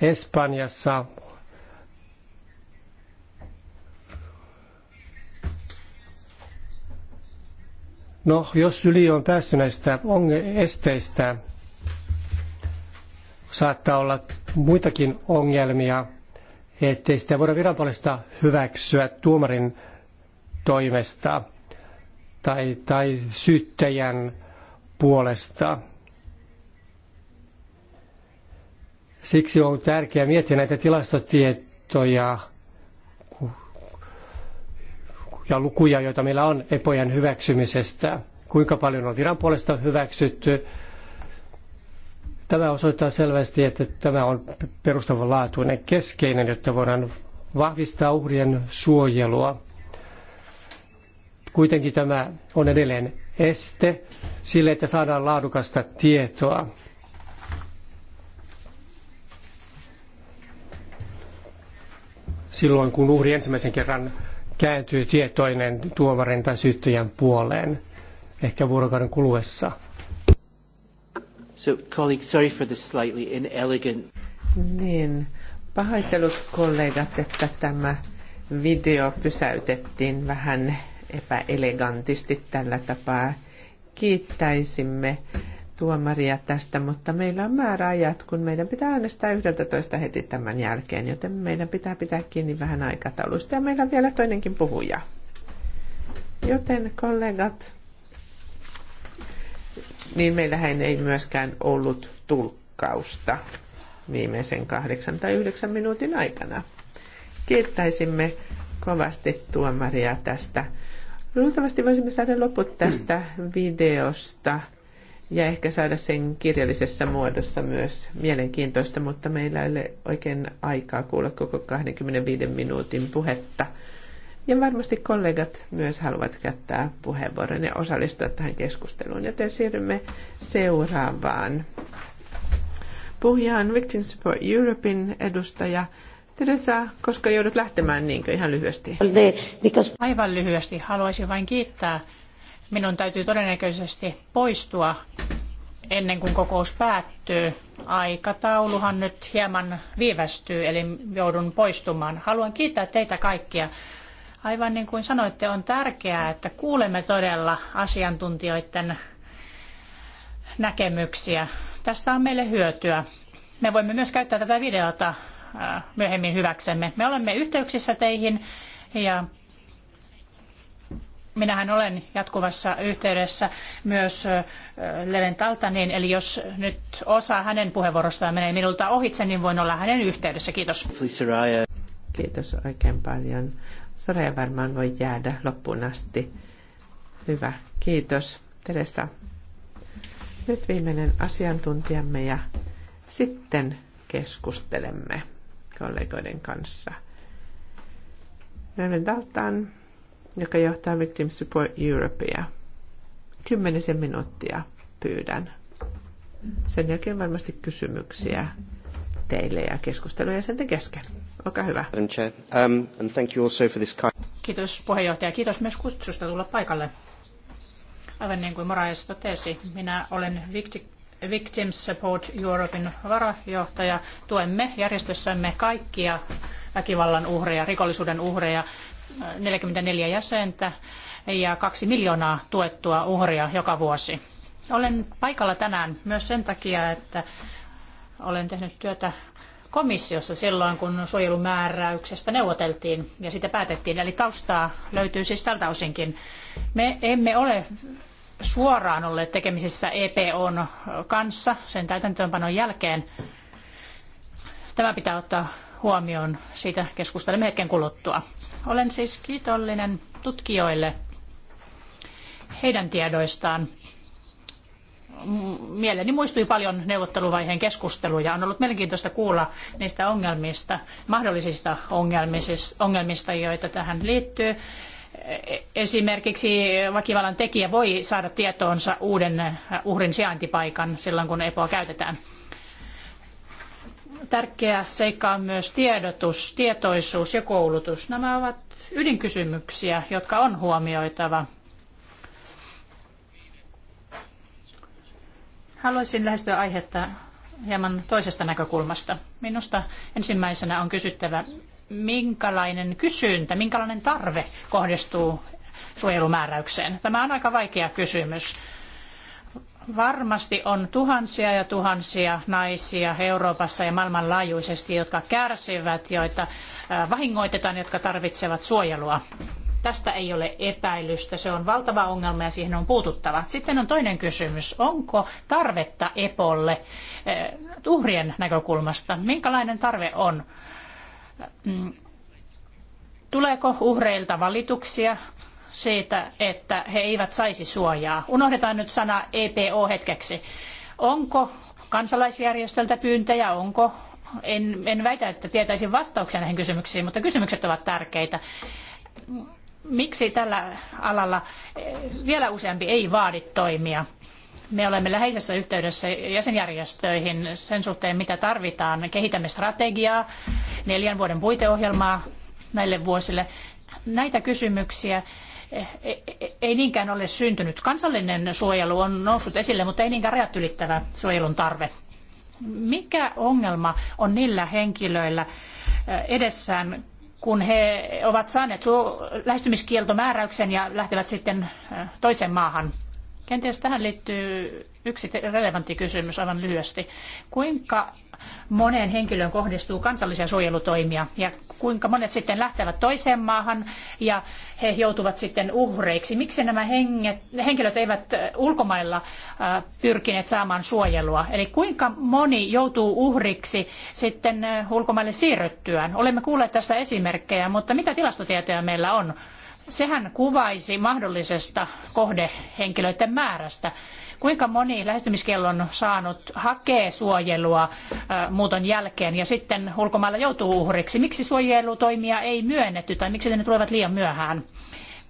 Espanjassa No, jos yli on päästy näistä esteistä, saattaa olla muitakin ongelmia, ettei sitä voida viran puolesta hyväksyä tuomarin toimesta tai, tai syyttäjän puolesta. Siksi on tärkeää miettiä näitä tilastotietoja ja lukuja, joita meillä on epojen hyväksymisestä, kuinka paljon on viran puolesta hyväksytty. Tämä osoittaa selvästi, että tämä on perustavanlaatuinen, keskeinen, jotta voidaan vahvistaa uhrien suojelua. Kuitenkin tämä on edelleen este sille, että saadaan laadukasta tietoa. Silloin kun uhri ensimmäisen kerran kääntyy tietoinen tuomarin tai syyttäjän puoleen, ehkä vuorokauden kuluessa. So, colleague, sorry for the slightly inelegant... Niin, pahoittelut kollegat, että tämä video pysäytettiin vähän epäelegantisti tällä tapaa. Kiittäisimme tuomaria tästä, mutta meillä on määräajat, kun meidän pitää äänestää 11 heti tämän jälkeen, joten meidän pitää pitää kiinni vähän aikataulusta ja meillä on vielä toinenkin puhuja. Joten kollegat, niin meillähän ei myöskään ollut tulkkausta viimeisen kahdeksan tai yhdeksän minuutin aikana. Kiittäisimme kovasti tuomaria tästä Luultavasti voisimme saada loput tästä videosta ja ehkä saada sen kirjallisessa muodossa myös mielenkiintoista, mutta meillä ei ole oikein aikaa kuulla koko 25 minuutin puhetta. Ja varmasti kollegat myös haluavat käyttää puheenvuoron ja osallistua tähän keskusteluun, joten siirrymme seuraavaan. Puhuja on Victim Europein edustaja Teresa, koska joudut lähtemään niinkö ihan lyhyesti? Aivan lyhyesti. Haluaisin vain kiittää. Minun täytyy todennäköisesti poistua ennen kuin kokous päättyy. Aikatauluhan nyt hieman viivästyy, eli joudun poistumaan. Haluan kiittää teitä kaikkia. Aivan niin kuin sanoitte, on tärkeää, että kuulemme todella asiantuntijoiden näkemyksiä. Tästä on meille hyötyä. Me voimme myös käyttää tätä videota Äh, myöhemmin hyväksemme. Me olemme yhteyksissä teihin ja minähän olen jatkuvassa yhteydessä myös äh, Leven Taltanin, eli jos nyt osa hänen puheenvuorostaan menee minulta ohitse, niin voin olla hänen yhteydessä. Kiitos. Kiitos oikein paljon. Soraya varmaan voi jäädä loppuun asti. Hyvä, kiitos. Teresa, nyt viimeinen asiantuntijamme ja sitten keskustelemme kollegoiden kanssa. Reverend Daltan, joka johtaa Victim Support Europea. Kymmenisen minuuttia pyydän. Sen jälkeen varmasti kysymyksiä teille ja keskusteluja te kesken. Olkaa hyvä. Um, Kiitos puheenjohtaja. Kiitos myös kutsusta tulla paikalle. Aivan niin kuin Moraes totesi, minä olen Victims Support Europein varajohtaja. Tuemme järjestössämme kaikkia väkivallan uhreja, rikollisuuden uhreja, 44 jäsentä ja kaksi miljoonaa tuettua uhria joka vuosi. Olen paikalla tänään myös sen takia, että olen tehnyt työtä komissiossa silloin, kun suojelumääräyksestä neuvoteltiin ja sitä päätettiin. Eli taustaa löytyy siis tältä osinkin. Me emme ole suoraan olleet tekemisissä EPOn kanssa sen täytäntöönpanon jälkeen. Tämä pitää ottaa huomioon. Siitä keskustelemme hetken kuluttua. Olen siis kiitollinen tutkijoille heidän tiedoistaan. Mieleeni muistui paljon neuvotteluvaiheen keskusteluja. On ollut mielenkiintoista kuulla niistä ongelmista, mahdollisista ongelmista, joita tähän liittyy esimerkiksi väkivallan tekijä voi saada tietoonsa uuden uhrin sijaintipaikan silloin, kun EPOa käytetään. Tärkeä seikka on myös tiedotus, tietoisuus ja koulutus. Nämä ovat ydinkysymyksiä, jotka on huomioitava. Haluaisin lähestyä aihetta hieman toisesta näkökulmasta. Minusta ensimmäisenä on kysyttävä, minkälainen kysyntä, minkälainen tarve kohdistuu suojelumääräykseen? Tämä on aika vaikea kysymys. Varmasti on tuhansia ja tuhansia naisia Euroopassa ja maailmanlaajuisesti, jotka kärsivät, joita vahingoitetaan, jotka tarvitsevat suojelua. Tästä ei ole epäilystä. Se on valtava ongelma ja siihen on puututtava. Sitten on toinen kysymys. Onko tarvetta EPOlle uhrien näkökulmasta? Minkälainen tarve on? Mm. Tuleeko uhreilta valituksia siitä, että he eivät saisi suojaa? Unohdetaan nyt sana EPO hetkeksi. Onko kansalaisjärjestöltä pyyntöjä, onko en, en väitä, että tietäisin vastauksia näihin kysymyksiin, mutta kysymykset ovat tärkeitä. Miksi tällä alalla eh, vielä useampi ei vaadi toimia? Me olemme läheisessä yhteydessä jäsenjärjestöihin sen suhteen, mitä tarvitaan. Me kehitämme strategiaa, neljän vuoden puiteohjelmaa näille vuosille. Näitä kysymyksiä e, e, e, ei niinkään ole syntynyt. Kansallinen suojelu on noussut esille, mutta ei niinkään rajat ylittävä suojelun tarve. Mikä ongelma on niillä henkilöillä edessään, kun he ovat saaneet lähestymiskieltomääräyksen ja lähtevät sitten toiseen maahan? Kenties tähän liittyy yksi relevantti kysymys aivan lyhyesti. Kuinka moneen henkilöön kohdistuu kansallisia suojelutoimia ja kuinka monet sitten lähtevät toiseen maahan ja he joutuvat sitten uhreiksi? Miksi nämä henget, henkilöt eivät ulkomailla pyrkineet saamaan suojelua? Eli kuinka moni joutuu uhriksi sitten ulkomaille siirryttyään? Olemme kuulleet tästä esimerkkejä, mutta mitä tilastotietoja meillä on? sehän kuvaisi mahdollisesta kohdehenkilöiden määrästä. Kuinka moni lähestymiskiellon saanut hakee suojelua muuton jälkeen ja sitten ulkomailla joutuu uhriksi? Miksi suojelutoimia ei myönnetty tai miksi ne tulevat liian myöhään?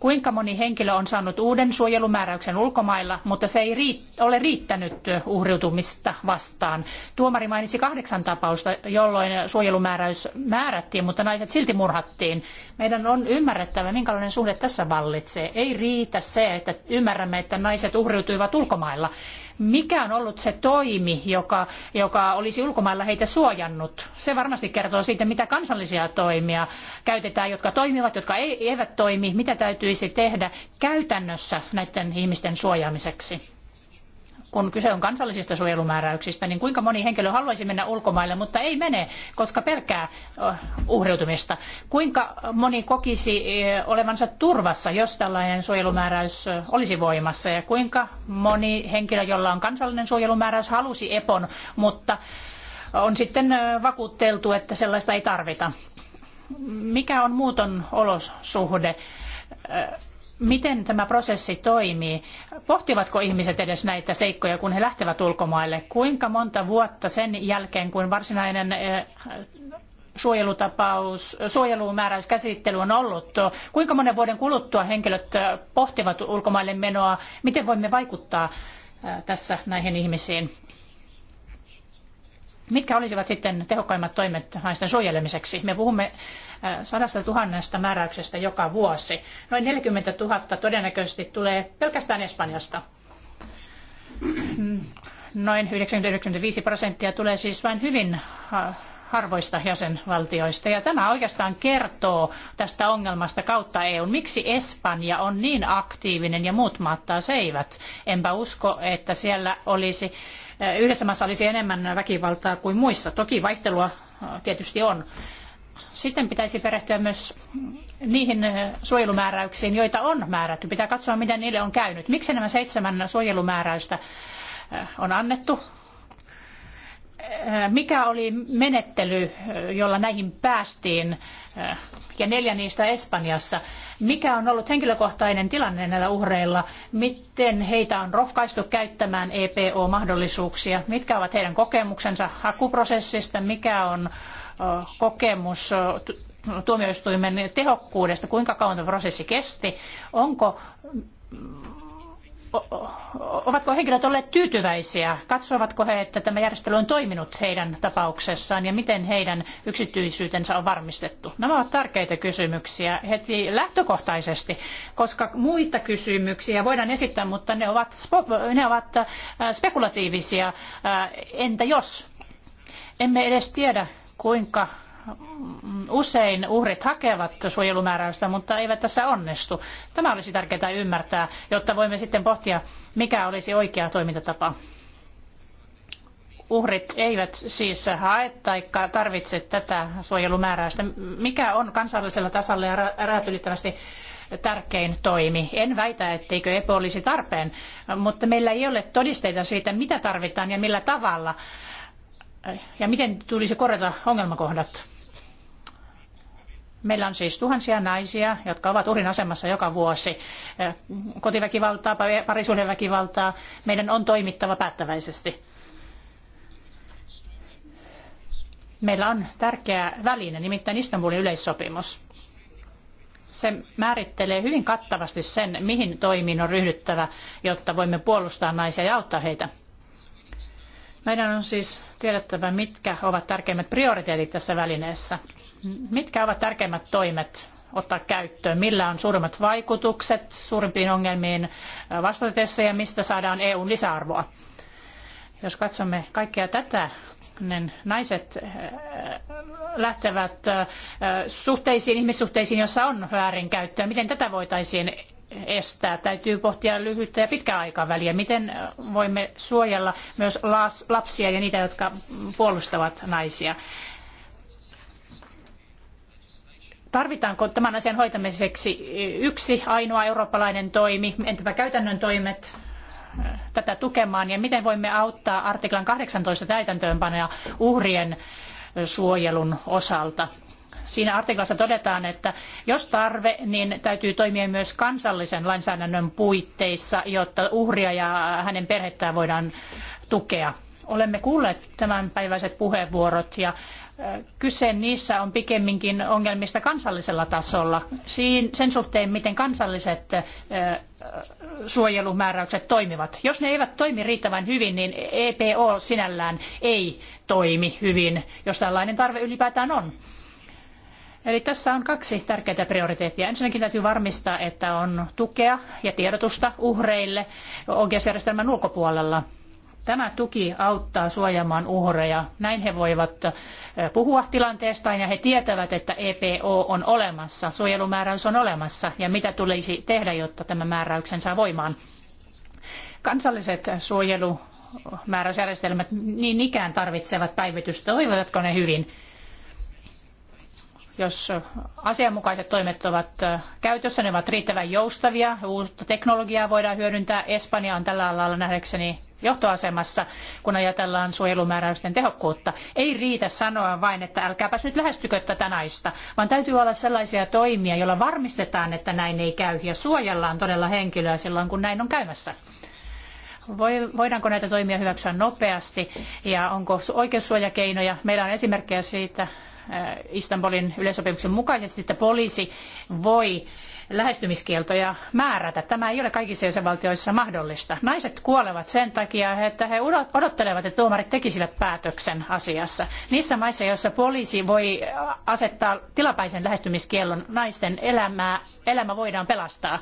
kuinka moni henkilö on saanut uuden suojelumääräyksen ulkomailla, mutta se ei ole riittänyt uhriutumista vastaan. Tuomari mainitsi kahdeksan tapausta, jolloin suojelumääräys määrättiin, mutta naiset silti murhattiin. Meidän on ymmärrettävä, minkälainen suhde tässä vallitsee. Ei riitä se, että ymmärrämme, että naiset uhriutuivat ulkomailla mikä on ollut se toimi, joka, joka olisi ulkomailla heitä suojannut. Se varmasti kertoo siitä, mitä kansallisia toimia käytetään, jotka toimivat, jotka eivät toimi, mitä täytyisi tehdä käytännössä näiden ihmisten suojaamiseksi kun kyse on kansallisista suojelumääräyksistä, niin kuinka moni henkilö haluaisi mennä ulkomaille, mutta ei mene, koska pelkää uhreutumista. Kuinka moni kokisi olevansa turvassa, jos tällainen suojelumääräys olisi voimassa, ja kuinka moni henkilö, jolla on kansallinen suojelumääräys, halusi EPON, mutta on sitten vakuutteltu, että sellaista ei tarvita. Mikä on muuton olosuhde? miten tämä prosessi toimii? Pohtivatko ihmiset edes näitä seikkoja, kun he lähtevät ulkomaille? Kuinka monta vuotta sen jälkeen, kun varsinainen eh, suojelutapaus, suojelumääräyskäsittely on ollut, kuinka monen vuoden kuluttua henkilöt eh, pohtivat ulkomaille menoa? Miten voimme vaikuttaa eh, tässä näihin ihmisiin? Mitkä olisivat sitten tehokkaimmat toimet naisten suojelemiseksi? Me puhumme sadasta tuhannesta määräyksestä joka vuosi. Noin 40 000 todennäköisesti tulee pelkästään Espanjasta. Mm, noin 90-95 prosenttia tulee siis vain hyvin harvoista jäsenvaltioista. Ja tämä oikeastaan kertoo tästä ongelmasta kautta EUn. Miksi Espanja on niin aktiivinen ja muut maat taas eivät? Enpä usko, että siellä olisi, yhdessä maassa olisi enemmän väkivaltaa kuin muissa. Toki vaihtelua tietysti on. Sitten pitäisi perehtyä myös niihin suojelumääräyksiin, joita on määrätty. Pitää katsoa, miten niille on käynyt. Miksi nämä seitsemän suojelumääräystä on annettu? Äh, mikä oli menettely, jolla näihin päästiin, äh, ja neljä niistä Espanjassa. Mikä on ollut henkilökohtainen tilanne näillä uhreilla? Miten heitä on rohkaistu käyttämään EPO-mahdollisuuksia? Mitkä ovat heidän kokemuksensa hakuprosessista? Mikä on kokemus tuomioistuimen tehokkuudesta? Kuinka kauan tämä prosessi kesti? Onko ovatko henkilöt olleet tyytyväisiä? Katsovatko he, että tämä järjestely on toiminut heidän tapauksessaan ja miten heidän yksityisyytensä on varmistettu? Nämä ovat tärkeitä kysymyksiä heti lähtökohtaisesti, koska muita kysymyksiä voidaan esittää, mutta ne ovat, ne ovat äh, spekulatiivisia. Äh, entä jos? Emme edes tiedä, kuinka usein uhrit hakevat suojelumääräystä, mutta eivät tässä onnistu. Tämä olisi tärkeää ymmärtää, jotta voimme sitten pohtia, mikä olisi oikea toimintatapa. Uhrit eivät siis hae tai tarvitse tätä suojelumääräystä. Mikä on kansallisella tasolla ja rajat ylittävästi tärkein toimi. En väitä, etteikö EPO olisi tarpeen, mutta meillä ei ole todisteita siitä, mitä tarvitaan ja millä tavalla ja miten tulisi korjata ongelmakohdat. Meillä on siis tuhansia naisia, jotka ovat uhrin asemassa joka vuosi. Kotiväkivaltaa, parisuhdeväkivaltaa. Meidän on toimittava päättäväisesti. Meillä on tärkeä väline, nimittäin Istanbulin yleissopimus. Se määrittelee hyvin kattavasti sen, mihin toimiin on ryhdyttävä, jotta voimme puolustaa naisia ja auttaa heitä. Meidän on siis tiedettävä, mitkä ovat tärkeimmät prioriteetit tässä välineessä. Mitkä ovat tärkeimmät toimet ottaa käyttöön? Millä on suurimmat vaikutukset suurimpiin ongelmiin vastatessa ja mistä saadaan EUn lisäarvoa? Jos katsomme kaikkea tätä, niin naiset äh, lähtevät äh, suhteisiin, ihmissuhteisiin, jossa on väärinkäyttöä. Miten tätä voitaisiin estää? Täytyy pohtia lyhyttä ja pitkää aikaväliä. Miten äh, voimme suojella myös lapsia ja niitä, jotka puolustavat naisia? Tarvitaanko tämän asian hoitamiseksi yksi ainoa eurooppalainen toimi? Entäpä käytännön toimet äh, tätä tukemaan ja miten voimme auttaa artiklan 18 täytäntöönpanoja uhrien suojelun osalta? Siinä artiklassa todetaan, että jos tarve, niin täytyy toimia myös kansallisen lainsäädännön puitteissa, jotta uhria ja hänen perhettään voidaan tukea olemme kuulleet tämänpäiväiset puheenvuorot ja kyse niissä on pikemminkin ongelmista kansallisella tasolla sen suhteen, miten kansalliset suojelumääräykset toimivat. Jos ne eivät toimi riittävän hyvin, niin EPO sinällään ei toimi hyvin, jos tällainen tarve ylipäätään on. Eli tässä on kaksi tärkeää prioriteettia. Ensinnäkin täytyy varmistaa, että on tukea ja tiedotusta uhreille oikeusjärjestelmän ulkopuolella Tämä tuki auttaa suojaamaan uhreja. Näin he voivat puhua tilanteestaan ja he tietävät, että EPO on olemassa, suojelumääräys on olemassa ja mitä tulisi tehdä, jotta tämä määräyksen saa voimaan. Kansalliset suojelumääräysjärjestelmät niin ikään tarvitsevat päivitystä. Toivovatko ne hyvin? jos asianmukaiset toimet ovat käytössä, ne ovat riittävän joustavia, uutta teknologiaa voidaan hyödyntää. Espanja on tällä alalla nähdäkseni johtoasemassa, kun ajatellaan suojelumääräysten tehokkuutta. Ei riitä sanoa vain, että älkääpäs nyt lähestykö tätä naista, vaan täytyy olla sellaisia toimia, joilla varmistetaan, että näin ei käy ja suojellaan todella henkilöä silloin, kun näin on käymässä. Voidaanko näitä toimia hyväksyä nopeasti ja onko oikeussuojakeinoja? Meillä on esimerkkejä siitä, Äh, Istanbulin yleisopimuksen mukaisesti, että poliisi voi lähestymiskieltoja määrätä. Tämä ei ole kaikissa jäsenvaltioissa mahdollista. Naiset kuolevat sen takia, että he odottelevat, että tuomarit tekisivät päätöksen asiassa. Niissä maissa, joissa poliisi voi asettaa tilapäisen lähestymiskiellon, naisten elämää, elämä voidaan pelastaa.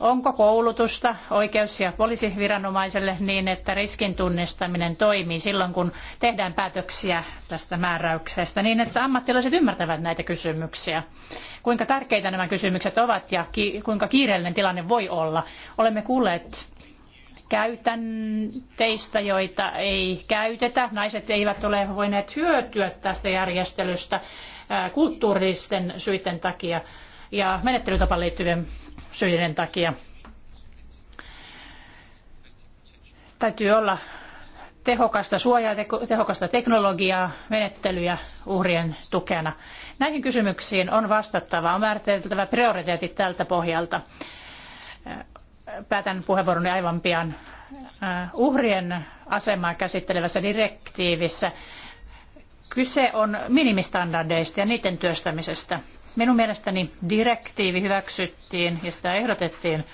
Onko koulutusta oikeus- ja poliisiviranomaiselle niin, että riskin tunnistaminen toimii silloin, kun tehdään päätöksiä tästä määräyksestä, niin että ammattilaiset ymmärtävät näitä kysymyksiä? Kuinka tärkeitä nämä kysymykset ovat ja kuinka kiireellinen tilanne voi olla? Olemme kuulleet käytänteistä, joita ei käytetä. Naiset eivät ole voineet hyötyä tästä järjestelystä kulttuuristen syiden takia ja menettelytapaan liittyvien syiden takia. Täytyy olla tehokasta suojaa, tehokasta teknologiaa, menettelyjä uhrien tukena. Näihin kysymyksiin on vastattava, on määriteltävä prioriteetit tältä pohjalta. Päätän puheenvuoroni aivan pian. Uhrien asemaa käsittelevässä direktiivissä kyse on minimistandardeista ja niiden työstämisestä. Minun mielestäni direktiivi hyväksyttiin ja sitä ehdotettiin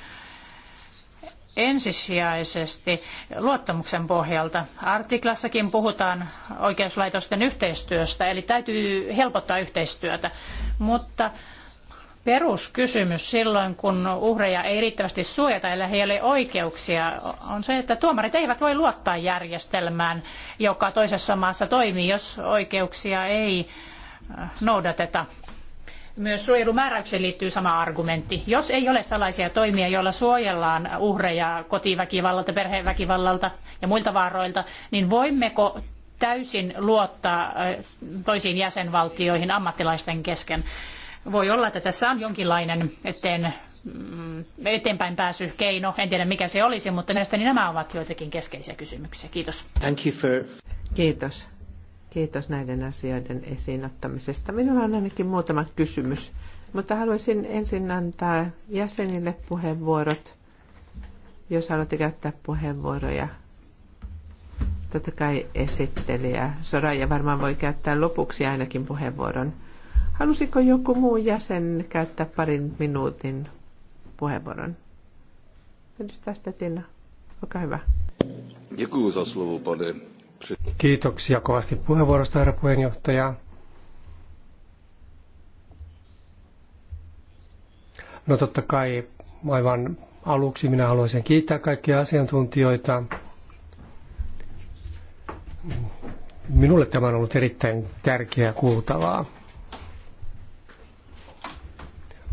ensisijaisesti luottamuksen pohjalta. Artiklassakin puhutaan oikeuslaitosten yhteistyöstä, eli täytyy helpottaa yhteistyötä. Mutta peruskysymys silloin, kun uhreja ei riittävästi suojata, eli heillä ei ole oikeuksia, on se, että tuomarit eivät voi luottaa järjestelmään, joka toisessa maassa toimii, jos oikeuksia ei noudateta. Myös suojelumääräykseen liittyy sama argumentti. Jos ei ole salaisia toimia, joilla suojellaan uhreja kotiväkivallalta, perheväkivallalta ja muilta vaaroilta, niin voimmeko täysin luottaa toisiin jäsenvaltioihin ammattilaisten kesken? Voi olla, että tässä on jonkinlainen eteen, mm, eteenpäin pääsy keino. En tiedä mikä se olisi, mutta mielestäni nämä ovat joitakin keskeisiä kysymyksiä. Kiitos. Thank you for... Kiitos Kiitos näiden asioiden esiin ottamisesta. Minulla on ainakin muutama kysymys, mutta haluaisin ensin antaa jäsenille puheenvuorot, jos haluatte käyttää puheenvuoroja. Totta kai esittelijä. Soraja varmaan voi käyttää lopuksi ainakin puheenvuoron. Halusiko joku muu jäsen käyttää parin minuutin puheenvuoron? sitä, Tina. olkaa hyvä. Děkuji za slovo, pane Kiitoksia kovasti puheenvuorosta, herra puheenjohtaja. No totta kai aivan aluksi minä haluaisin kiittää kaikkia asiantuntijoita. Minulle tämä on ollut erittäin tärkeää kuultavaa.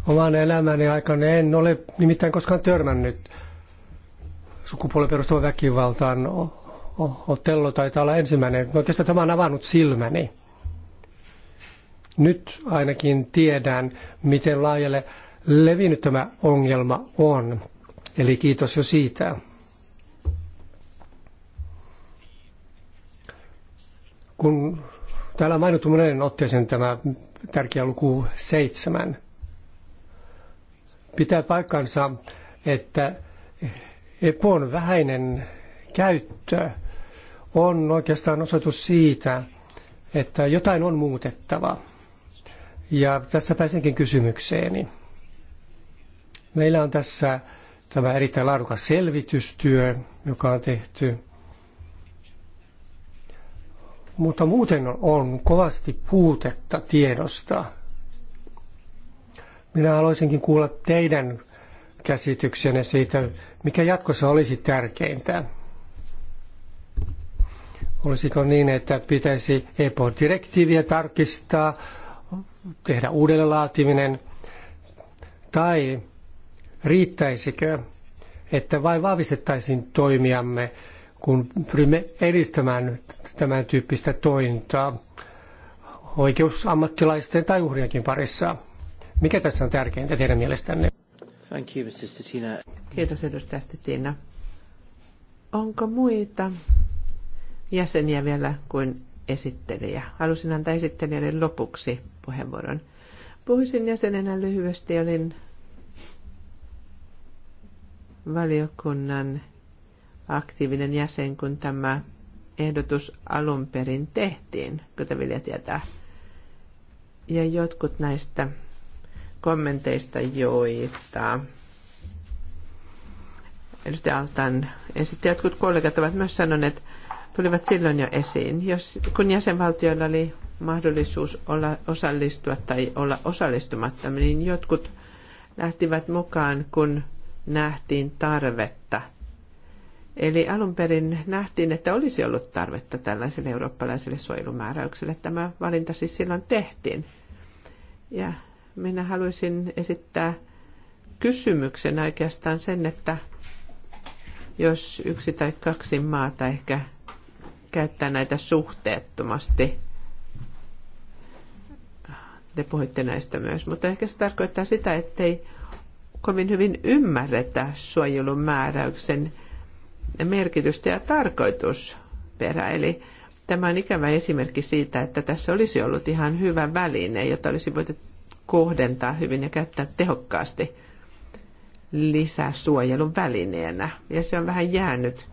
Oman elämäni aikana en ole nimittäin koskaan törmännyt sukupuolen perustuvan väkivaltaan Otello taitaa olla ensimmäinen. Oikeastaan tämä on avannut silmäni. Nyt ainakin tiedän, miten laajalle levinnyt tämä ongelma on. Eli kiitos jo siitä. Kun täällä on mainittu monen otteeseen tämä tärkeä luku seitsemän, pitää paikkansa, että epon vähäinen käyttö – on oikeastaan osoitus siitä, että jotain on muutettava. Ja tässä pääsenkin kysymykseeni. Meillä on tässä tämä erittäin laadukas selvitystyö, joka on tehty. Mutta muuten on kovasti puutetta tiedosta. Minä haluaisinkin kuulla teidän käsityksenne siitä, mikä jatkossa olisi tärkeintä. Olisiko niin, että pitäisi EPO-direktiiviä tarkistaa, tehdä uudelleenlaatiminen, tai riittäisikö, että vain vahvistettaisiin toimiamme, kun pyrimme edistämään tämän tyyppistä tointaa oikeusammattilaisten tai uhrienkin parissa. Mikä tässä on tärkeintä teidän mielestänne? Thank you, Mr. Kiitos edustaja Onko muita jäseniä vielä kuin esittelijä. Halusin antaa esittelijälle lopuksi puheenvuoron. Puhuisin jäsenenä lyhyesti, olin valiokunnan aktiivinen jäsen, kun tämä ehdotus alun perin tehtiin, kuten Vilja tietää. Ja jotkut näistä kommenteista, joita edustaja Altan esitti jotkut kollegat ovat myös sanoneet, tulivat silloin jo esiin. Jos, kun jäsenvaltioilla oli mahdollisuus olla osallistua tai olla osallistumatta, niin jotkut lähtivät mukaan, kun nähtiin tarvetta. Eli alun perin nähtiin, että olisi ollut tarvetta tällaiselle eurooppalaiselle suojelumääräykselle. Tämä valinta siis silloin tehtiin. Ja minä haluaisin esittää kysymyksen oikeastaan sen, että jos yksi tai kaksi maata ehkä käyttää näitä suhteettomasti. Te puhuitte näistä myös, mutta ehkä se tarkoittaa sitä, ettei kovin hyvin ymmärretä suojelun määräyksen merkitystä ja tarkoitusperä. Eli tämä on ikävä esimerkki siitä, että tässä olisi ollut ihan hyvä väline, jota olisi voitu kohdentaa hyvin ja käyttää tehokkaasti lisäsuojelun välineenä. Ja se on vähän jäänyt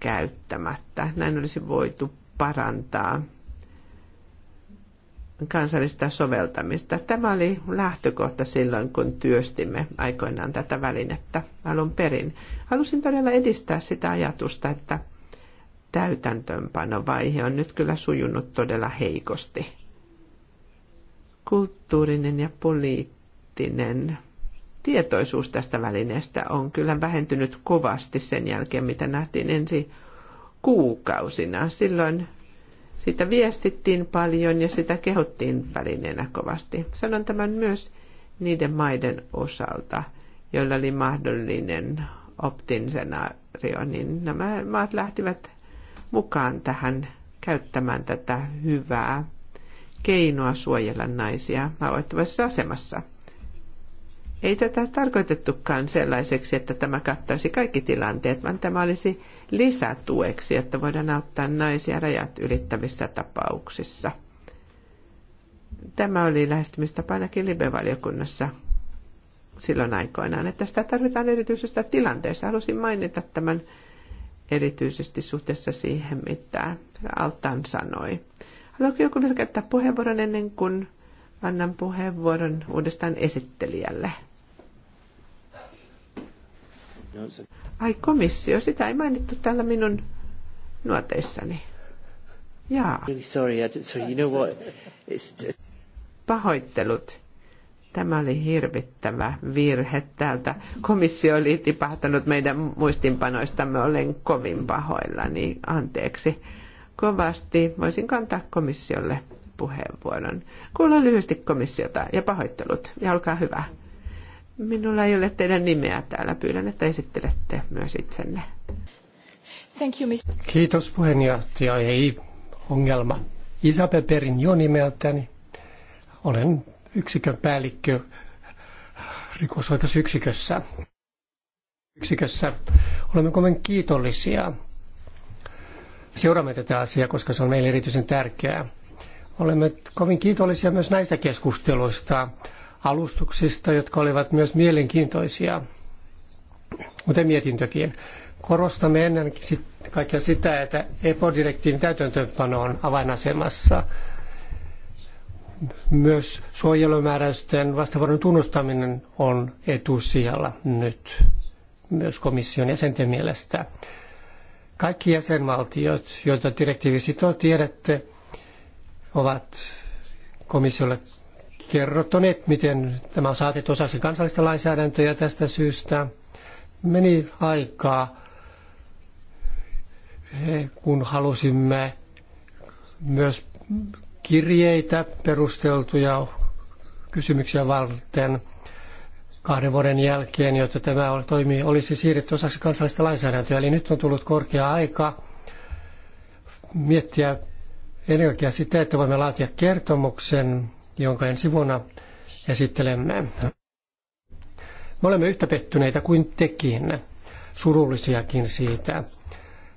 käyttämättä. Näin olisi voitu parantaa kansallista soveltamista. Tämä oli lähtökohta silloin, kun työstimme aikoinaan tätä välinettä alun perin. Halusin todella edistää sitä ajatusta, että täytäntöönpanovaihe on nyt kyllä sujunut todella heikosti. Kulttuurinen ja poliittinen tietoisuus tästä välineestä on kyllä vähentynyt kovasti sen jälkeen, mitä nähtiin ensi kuukausina. Silloin sitä viestittiin paljon ja sitä kehottiin välineenä kovasti. Sanon tämän myös niiden maiden osalta, joilla oli mahdollinen optin senaario, niin nämä maat lähtivät mukaan tähän käyttämään tätä hyvää keinoa suojella naisia haavoittuvassa asemassa. Ei tätä tarkoitettukaan sellaiseksi, että tämä kattaisi kaikki tilanteet, vaan tämä olisi lisätueksi, että voidaan auttaa naisia rajat ylittävissä tapauksissa. Tämä oli lähestymistapa ainakin Libe-valiokunnassa silloin aikoinaan, että sitä tarvitaan erityisestä tilanteessa. Halusin mainita tämän erityisesti suhteessa siihen, mitä Altan sanoi. Haluatko joku vielä käyttää puheenvuoron ennen kuin annan puheenvuoron uudestaan esittelijälle? Ai komissio, sitä ei mainittu täällä minun nuoteissani. Jaa. Really sorry, I sorry, you know what? It's... Pahoittelut. Tämä oli hirvittävä virhe täältä. Komissio oli tipahtanut meidän muistinpanoistamme. Olen kovin pahoillani. Anteeksi. Kovasti voisin kantaa komissiolle puheenvuoron. Kuulla lyhyesti komissiota ja pahoittelut. Ja olkaa hyvä. Minulla ei ole teidän nimeä täällä. Pyydän, että esittelette myös itsenne. Thank you, Mr. Kiitos puheenjohtaja. Ei ongelma. Isabel Perin jo nimeltäni. Olen yksikön päällikkö rikosoikeusyksikössä. Yksikössä olemme kovin kiitollisia. Seuraamme tätä asiaa, koska se on meille erityisen tärkeää. Olemme kovin kiitollisia myös näistä keskusteluista alustuksista, jotka olivat myös mielenkiintoisia, kuten mietintökin. Korostamme ennen kaikkea sitä, että EPO-direktiivin täytäntöönpano on avainasemassa. Myös suojelumääräysten vastavuoron tunnustaminen on etusijalla nyt, myös komission jäsenten mielestä. Kaikki jäsenvaltiot, joita direktiivi sitoo, tiedätte, ovat komissiolle kerrottaneet, miten tämä on osaksi kansallista lainsäädäntöä tästä syystä. Meni aikaa, kun halusimme myös kirjeitä perusteltuja kysymyksiä varten kahden vuoden jälkeen, jotta tämä toimi olisi siirretty osaksi kansallista lainsäädäntöä. Eli nyt on tullut korkea aika miettiä ennen kaikkea sitä, että voimme laatia kertomuksen jonka en vuonna esittelemme. Me olemme yhtä pettyneitä kuin tekin, surullisiakin siitä,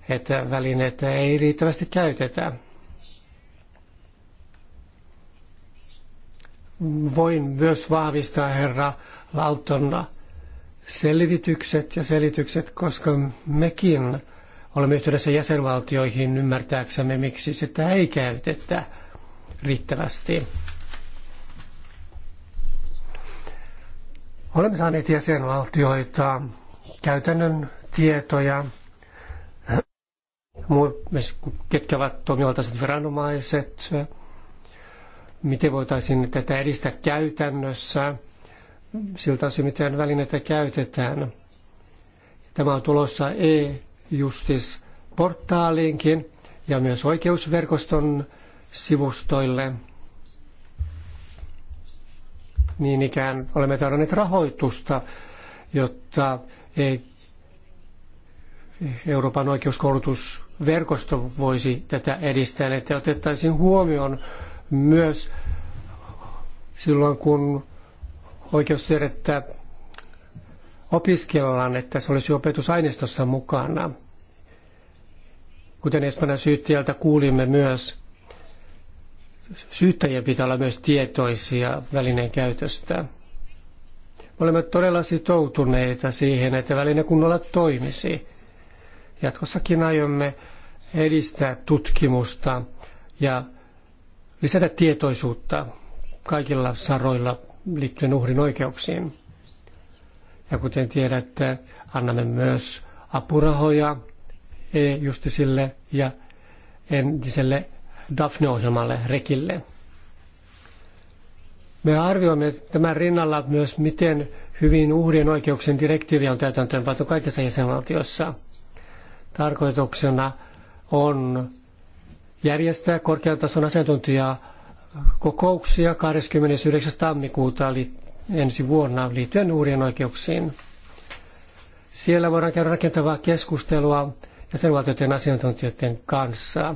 että välineitä ei riittävästi käytetä. Voin myös vahvistaa herra Lautonna selvitykset ja selitykset, koska mekin olemme yhteydessä jäsenvaltioihin ymmärtääksemme, miksi sitä ei käytetä riittävästi. Olemme saaneet jäsenvaltioita käytännön tietoja, ketkä ovat toimivaltaiset viranomaiset, miten voitaisiin tätä edistää käytännössä, siltä osin miten välineitä käytetään. Tämä on tulossa e-justis-portaaliinkin ja myös oikeusverkoston sivustoille – niin ikään olemme tarjonneet rahoitusta, jotta ei Euroopan oikeuskoulutusverkosto voisi tätä edistää, että otettaisiin huomioon myös silloin, kun oikeustiedettä opiskellaan, että se olisi opetusaineistossa mukana. Kuten Espanjan syyttäjältä kuulimme myös, syyttäjien pitää olla myös tietoisia välineen käytöstä. Olemme todella sitoutuneita siihen, että väline kunnolla toimisi. Jatkossakin aiomme edistää tutkimusta ja lisätä tietoisuutta kaikilla saroilla liittyen uhrin oikeuksiin. Ja kuten tiedätte, annamme myös apurahoja justisille ja entiselle Daphne-ohjelmalle Rekille. Me arvioimme tämän rinnalla myös, miten hyvin uhrien oikeuksien direktiivi on vaatu kaikissa jäsenvaltioissa. Tarkoituksena on järjestää korkean tason asiantuntijaa kokouksia 29. tammikuuta ensi vuonna liittyen uhrien oikeuksiin. Siellä voidaan käydä rakentavaa keskustelua jäsenvaltioiden asiantuntijoiden kanssa –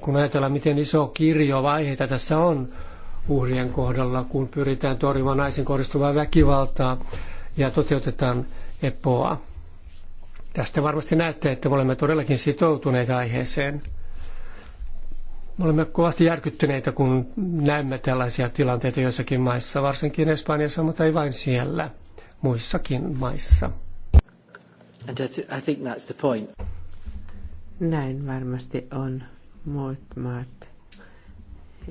kun ajatellaan, miten iso kirjo vaiheita tässä on uhrien kohdalla, kun pyritään torjumaan naisen kohdistuvaa väkivaltaa ja toteutetaan EPOa. Tästä varmasti näette, että me olemme todellakin sitoutuneita aiheeseen. Me olemme kovasti järkyttyneitä, kun näemme tällaisia tilanteita joissakin maissa, varsinkin Espanjassa, mutta ei vain siellä, muissakin maissa. And I, th- I think that's the point. Näin varmasti on muut maat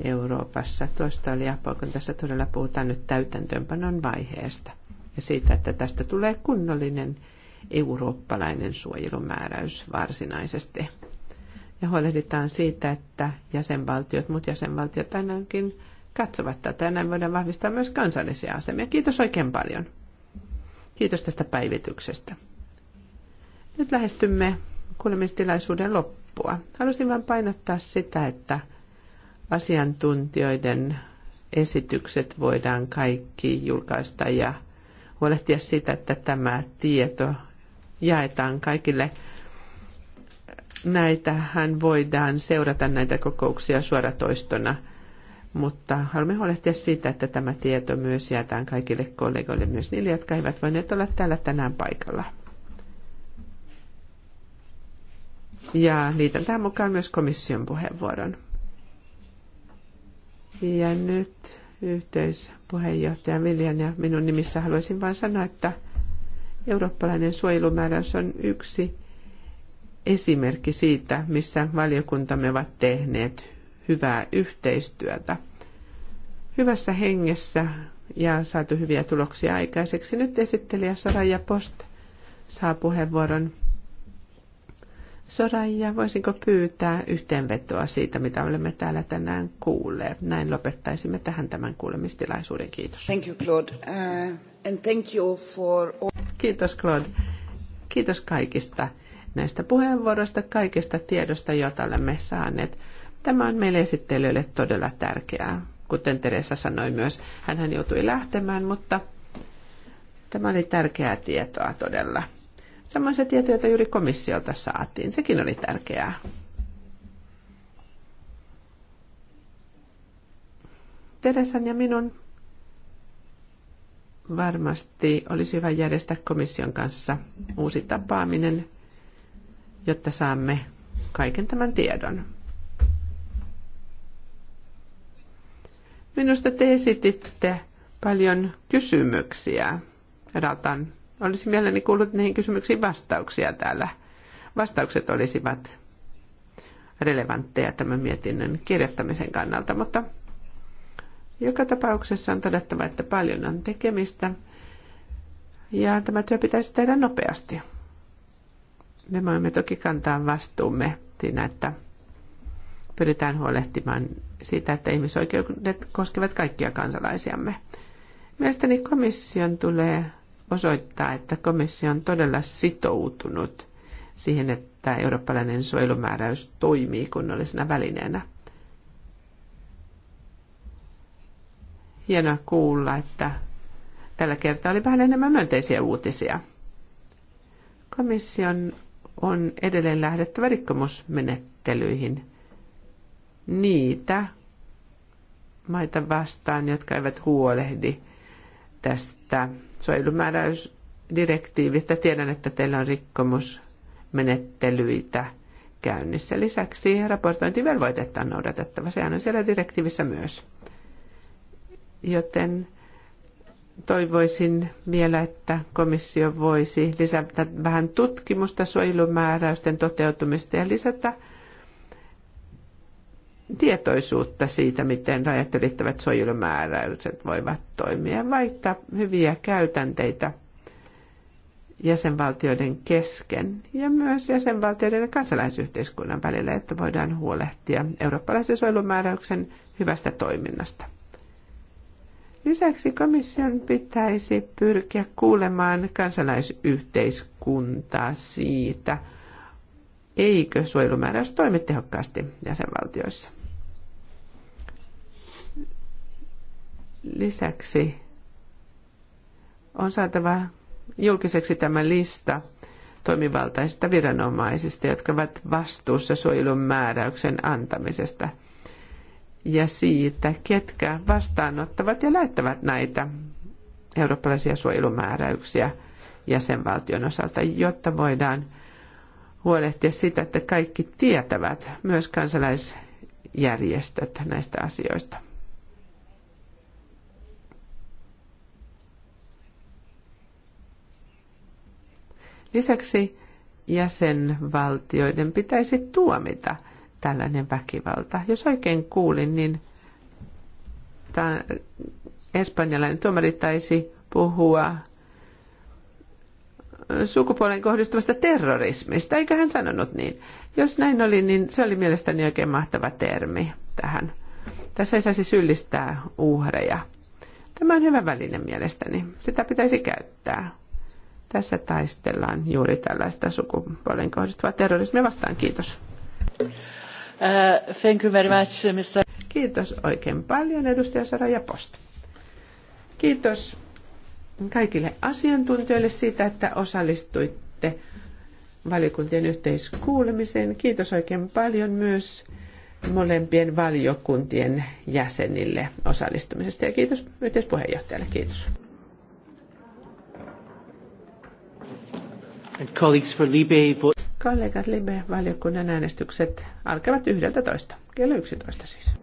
Euroopassa. Tuosta oli apua, kun tässä todella puhutaan nyt täytäntöönpanon vaiheesta ja siitä, että tästä tulee kunnollinen eurooppalainen suojelumääräys varsinaisesti. Ja huolehditaan siitä, että jäsenvaltiot, muut jäsenvaltiot ainakin katsovat tätä ja näin voidaan vahvistaa myös kansallisia asemia. Kiitos oikein paljon. Kiitos tästä päivityksestä. Nyt lähestymme kuulemistilaisuuden loppua. Halusin vain painottaa sitä, että asiantuntijoiden esitykset voidaan kaikki julkaista ja huolehtia siitä, että tämä tieto jaetaan kaikille. Näitähän voidaan seurata näitä kokouksia suoratoistona, mutta haluamme huolehtia siitä, että tämä tieto myös jaetaan kaikille kollegoille, myös niille, jotka eivät voineet olla täällä tänään paikalla. Ja liitän tähän mukaan myös komission puheenvuoron. Ja nyt yhteispuheenjohtaja Viljan ja minun nimissä haluaisin vain sanoa, että eurooppalainen suojelumääräys on yksi esimerkki siitä, missä valiokuntamme ovat tehneet hyvää yhteistyötä. Hyvässä hengessä ja saatu hyviä tuloksia aikaiseksi. Nyt esittelijä Soraya Post saa puheenvuoron Soraija, voisinko pyytää yhteenvetoa siitä, mitä olemme täällä tänään kuulleet? Näin lopettaisimme tähän tämän kuulemistilaisuuden. Kiitos. Thank you, Claude. Uh, and thank you for all... Kiitos, Claude. Kiitos kaikista näistä puheenvuoroista, kaikista tiedosta, jota olemme saaneet. Tämä on meille esittelijöille todella tärkeää. Kuten Teresa sanoi myös, hän joutui lähtemään, mutta tämä oli tärkeää tietoa todella. Samoin se tieto, jota juuri komissiolta saatiin, sekin oli tärkeää. Teresan ja minun varmasti olisi hyvä järjestää komission kanssa uusi tapaaminen, jotta saamme kaiken tämän tiedon. Minusta te esititte paljon kysymyksiä ratan olisi mielelläni kuullut niihin kysymyksiin vastauksia täällä. Vastaukset olisivat relevantteja tämän mietinnön kirjoittamisen kannalta, mutta joka tapauksessa on todettava, että paljon on tekemistä ja tämä työ pitäisi tehdä nopeasti. Me voimme toki kantaa vastuumme siinä, että pyritään huolehtimaan siitä, että ihmisoikeudet koskevat kaikkia kansalaisiamme. Mielestäni komission tulee osoittaa, että komissio on todella sitoutunut siihen, että eurooppalainen suojelumääräys toimii kunnollisena välineenä. Hienoa kuulla, että tällä kertaa oli vähän enemmän myönteisiä uutisia. Komission on edelleen lähdettävä rikkomusmenettelyihin niitä maita vastaan, jotka eivät huolehdi tästä suojelumääräysdirektiivistä. Tiedän, että teillä on rikkomusmenettelyitä käynnissä. Lisäksi raportointivelvoitetta on noudatettava. Sehän on siellä direktiivissä myös. Joten toivoisin vielä, että komissio voisi lisätä vähän tutkimusta suojelumääräysten toteutumista ja lisätä tietoisuutta siitä, miten rajat ylittävät suojelumääräykset voivat toimia, vaihtaa hyviä käytänteitä jäsenvaltioiden kesken ja myös jäsenvaltioiden ja kansalaisyhteiskunnan välillä, että voidaan huolehtia eurooppalaisen suojelumääräyksen hyvästä toiminnasta. Lisäksi komission pitäisi pyrkiä kuulemaan kansalaisyhteiskuntaa siitä, eikö suojelumääräys toimi tehokkaasti jäsenvaltioissa. Lisäksi on saatava julkiseksi tämä lista toimivaltaisista viranomaisista, jotka ovat vastuussa suojelun määräyksen antamisesta ja siitä, ketkä vastaanottavat ja lähettävät näitä eurooppalaisia suojelumääräyksiä jäsenvaltion osalta, jotta voidaan huolehtia sitä, että kaikki tietävät, myös kansalaisjärjestöt näistä asioista. Lisäksi jäsenvaltioiden pitäisi tuomita tällainen väkivalta. Jos oikein kuulin, niin tämä espanjalainen tuomari taisi puhua sukupuolen kohdistuvasta terrorismista. Eikö hän sanonut niin? Jos näin oli, niin se oli mielestäni oikein mahtava termi tähän. Tässä ei saisi syyllistää uhreja. Tämä on hyvä väline mielestäni. Sitä pitäisi käyttää. Tässä taistellaan juuri tällaista sukupuolen kohdistuvaa terrorismia vastaan. Kiitos. Uh, thank you very much, uh, Mr. Kiitos oikein paljon, edustaja Sara ja Post. Kiitos kaikille asiantuntijoille siitä, että osallistuitte valiokuntien yhteiskuulemiseen. Kiitos oikein paljon myös molempien valiokuntien jäsenille osallistumisesta ja kiitos yhteispuheenjohtajalle. Kiitos. Colleagues for Libe... Kollegat Libe-valiokunnan äänestykset alkavat 11. Kello 11 siis.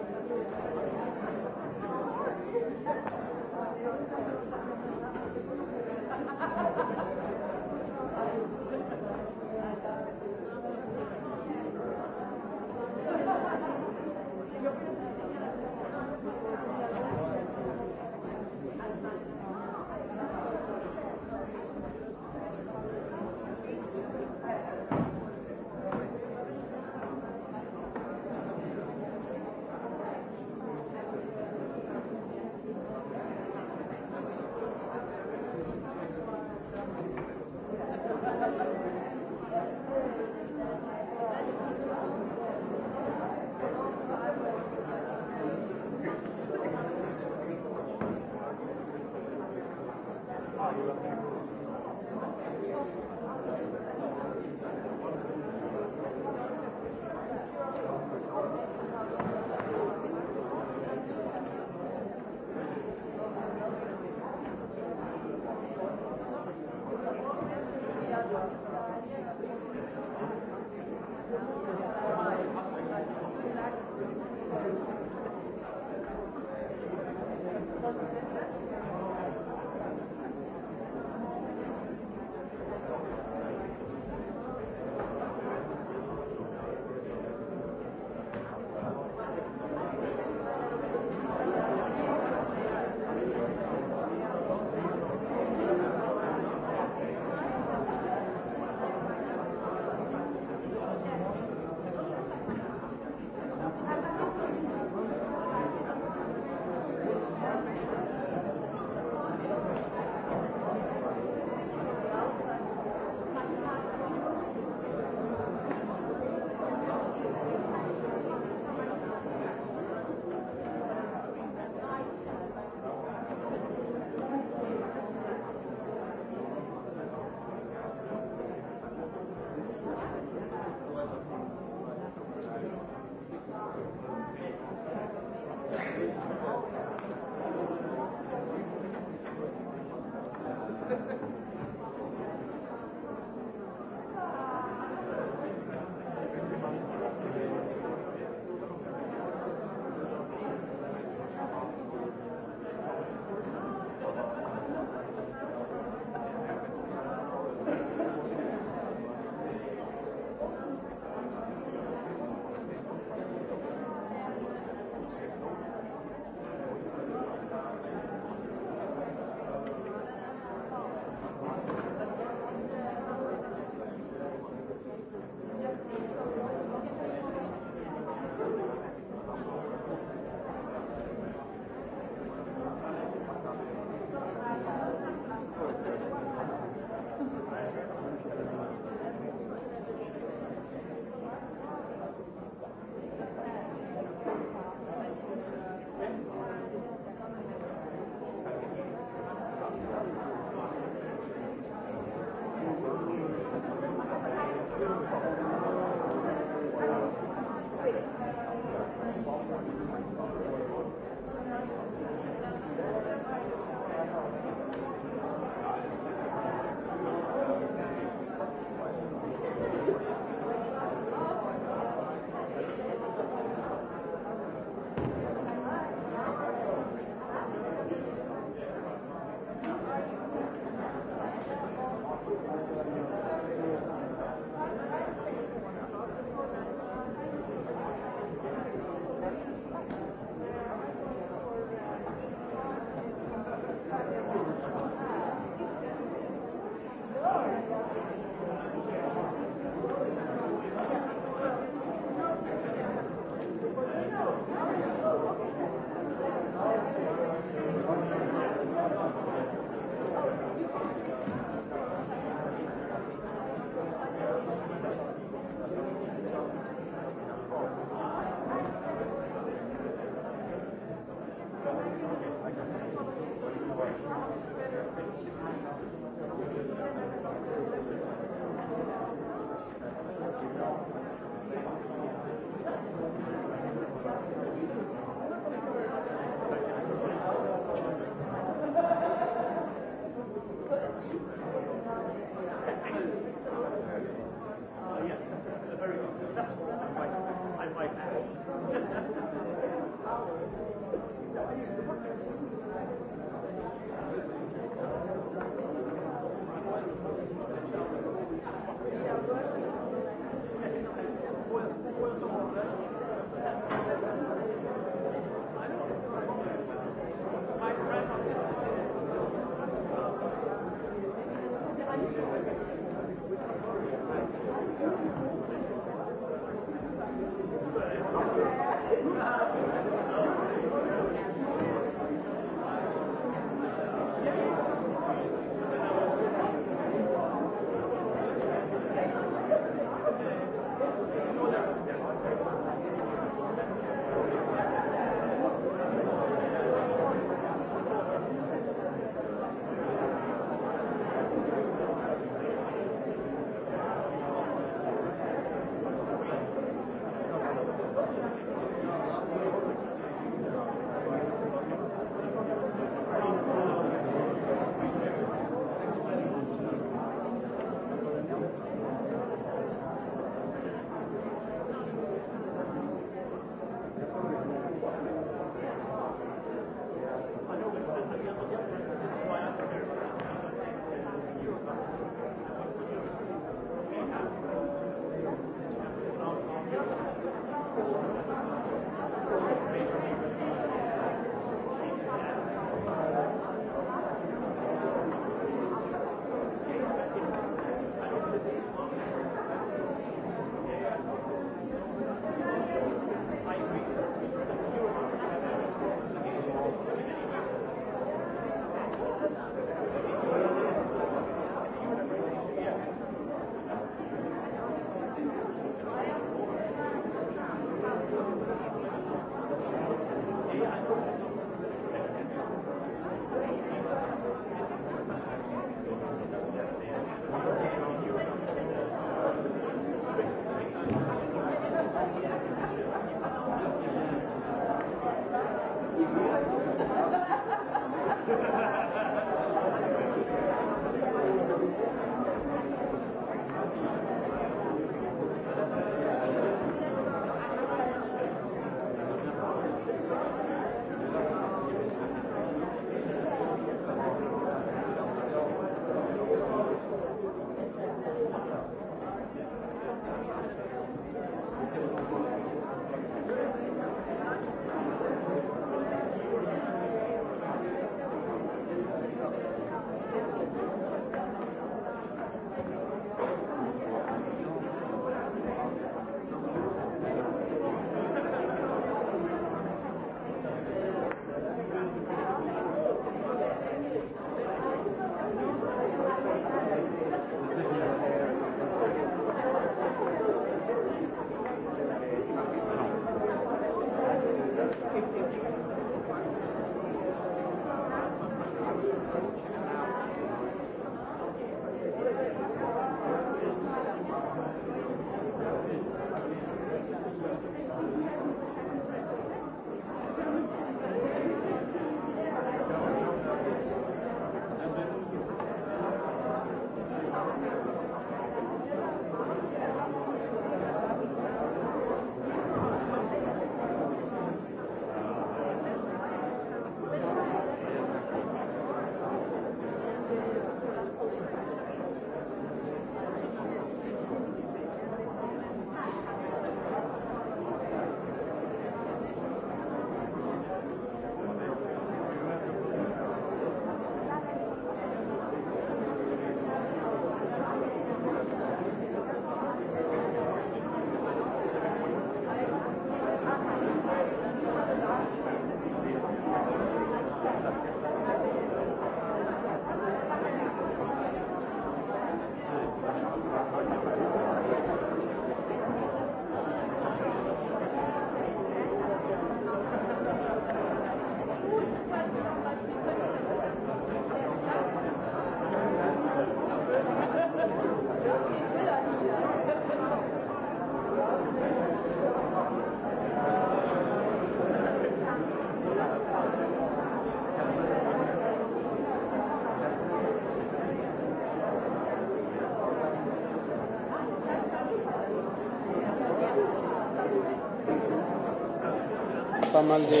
pas mal de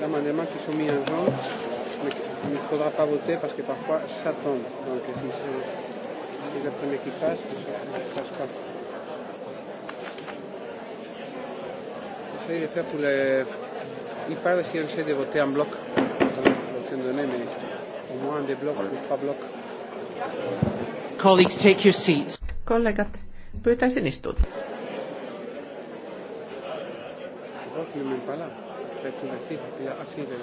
d'amendements qui sont mis en jaune, mais il ne faudra pas voter parce que parfois ça tombe. Donc si c'est si le premier qui passe, ça ne passe pas. J'essaie de faire pour les... Il parle si on essaie de voter en bloc, mais au moins des blocs ou trois blocs. Colleagues, take your seats. Kollegat, pyytäisin istuutua. Kyllä, palaa, Se tulee siihen, pitää asiille.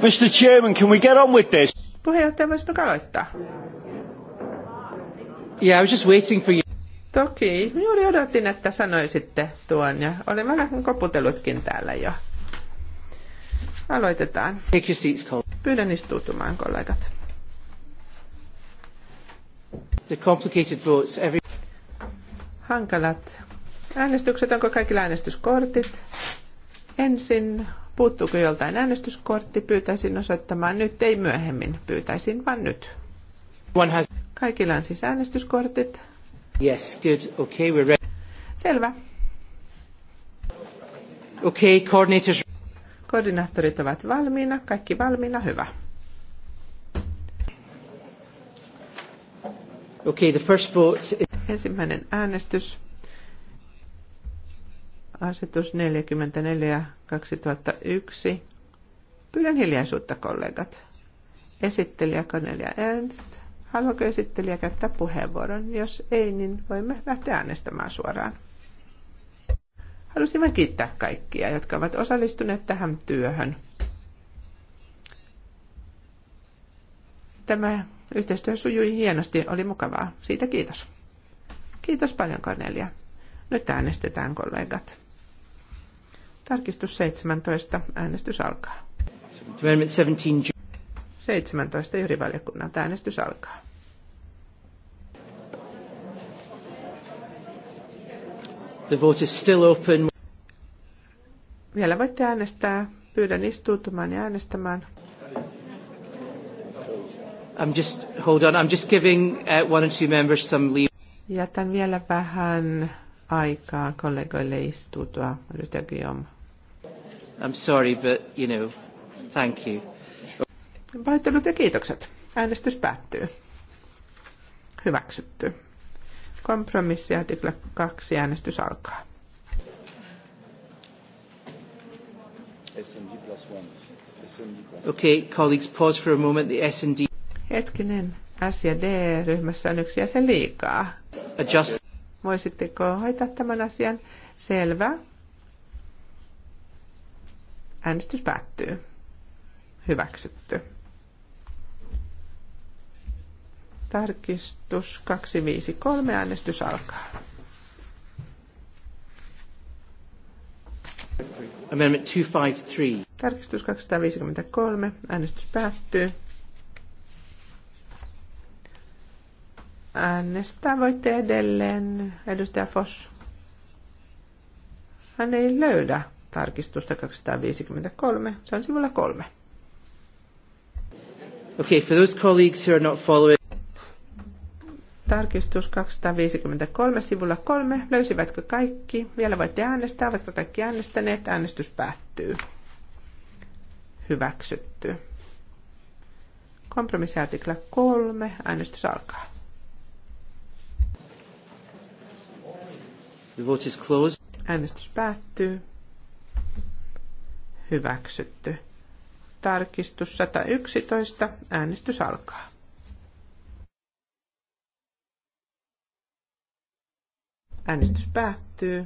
Mr. Chairman, can we get on with this? Puheenjohtaja, voisiko aloittaa? Yeah, I was just waiting for you. Toki, juuri odotin, että sanoisitte tuon ja olin vähän koputellutkin täällä jo. Aloitetaan. Take your seats, Pyydän istuutumaan, kollegat. The complicated votes, every... Hankalat äänestykset, onko kaikki äänestyskortit? Ensin Puuttuuko joltain äänestyskortti? Pyytäisin osoittamaan nyt, ei myöhemmin. Pyytäisin vain nyt. Kaikilla on siis äänestyskortit. Yes, good. Okay, we're ready. Selvä. Okay, coordinators. Koordinaattorit ovat valmiina, kaikki valmiina, hyvä. Okay, the first vote. Ensimmäinen äänestys. Asetus 44 2001. Pyydän hiljaisuutta, kollegat. Esittelijä Cornelia Ernst. Haluatko esittelijä käyttää puheenvuoron? Jos ei, niin voimme lähteä äänestämään suoraan. Halusin vain kiittää kaikkia, jotka ovat osallistuneet tähän työhön. Tämä yhteistyö sujui hienosti, oli mukavaa. Siitä kiitos. Kiitos paljon Cornelia. Nyt äänestetään kollegat. Tarkistus 17. Äänestys alkaa. 17. 17. valiokunnan äänestys alkaa. The vote is still open. Vielä voitte äänestää. Pyydän istuutumaan ja äänestämään. I'm just, hold on, I'm just giving uh, one or two members some leave. Jätän vielä vähän aikaa kollegoille istuutua. Edustaja Guillaume. I'm sorry, but you know, thank you. Pahoittelut ja kiitokset. Äänestys päättyy. Hyväksytty. Kompromissi artikla 2 äänestys alkaa. Okay, colleagues, pause for a moment. The S&D... Hetkinen, S ja D-ryhmässä on yksi jäsen liikaa. Adjust. Voisitteko hoitaa tämän asian? Selvä. Äänestys päättyy. Hyväksytty. Tarkistus 253. Äänestys alkaa. Amendment 253. Tarkistus 253. Äänestys päättyy. Äänestää voitte edelleen. Edustaja Foss. Hän ei löydä tarkistusta 253. Se on sivulla kolme. Okay, for those colleagues who are not following... Tarkistus 253 sivulla 3. Löysivätkö kaikki? Vielä voitte äänestää. Ovatko kaikki äänestäneet? Äänestys päättyy. Hyväksytty. Kompromissiartikla 3. Äänestys alkaa. The vote is closed. Äänestys päättyy hyväksytty. Tarkistus 111. Äänestys alkaa. Äänestys päättyy.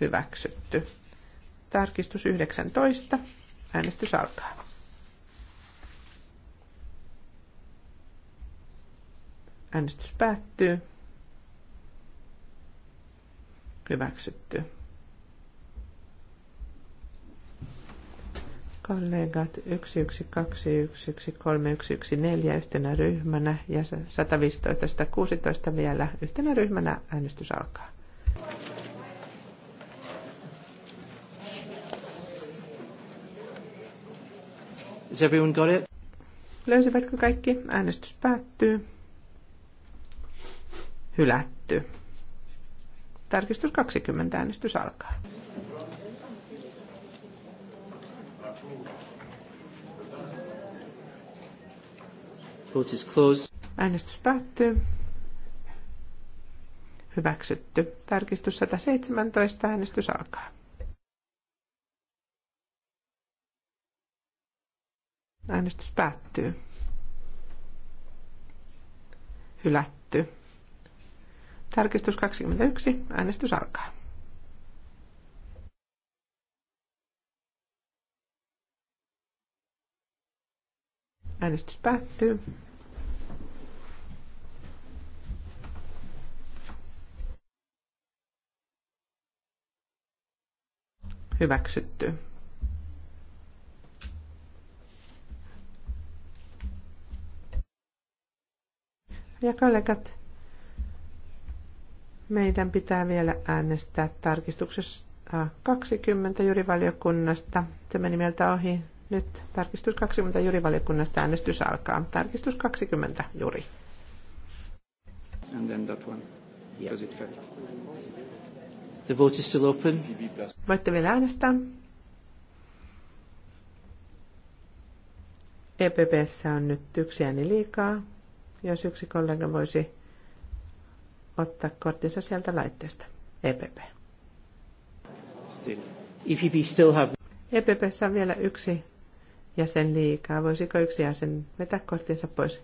Hyväksytty. Tarkistus 19. Äänestys alkaa. Äänestys päättyy. Hyväksytty. kollegat 112113114 yhtenä ryhmänä ja 115-116 vielä yhtenä ryhmänä äänestys alkaa. Has everyone got it? Löysivätkö kaikki? Äänestys päättyy. Hylätty. Tarkistus 20. Äänestys alkaa. Vote is closed. Äänestys päättyy. Hyväksytty. Tarkistus 117. Äänestys alkaa. Äänestys päättyy. Hylätty. Tarkistus 21. Äänestys alkaa. Äänestys päättyy. Hyväksytty. Ja kollegat, meidän pitää vielä äänestää tarkistuksessa 20 jurivaliokunnasta. Se meni mieltä ohi. Nyt tarkistus 20 jurivaliokunnasta äänestys alkaa. Tarkistus 20 juri. And then that one. Yeah. Does it fail? The vote is still open. Voitte vielä äänestää. EPPssä on nyt yksi ääni liikaa. Jos yksi kollega voisi ottaa korttinsa sieltä laitteesta. EPP. Still. EPP still have... EPPssä on vielä yksi jäsen liikaa. Voisiko yksi jäsen vetää korttinsa pois?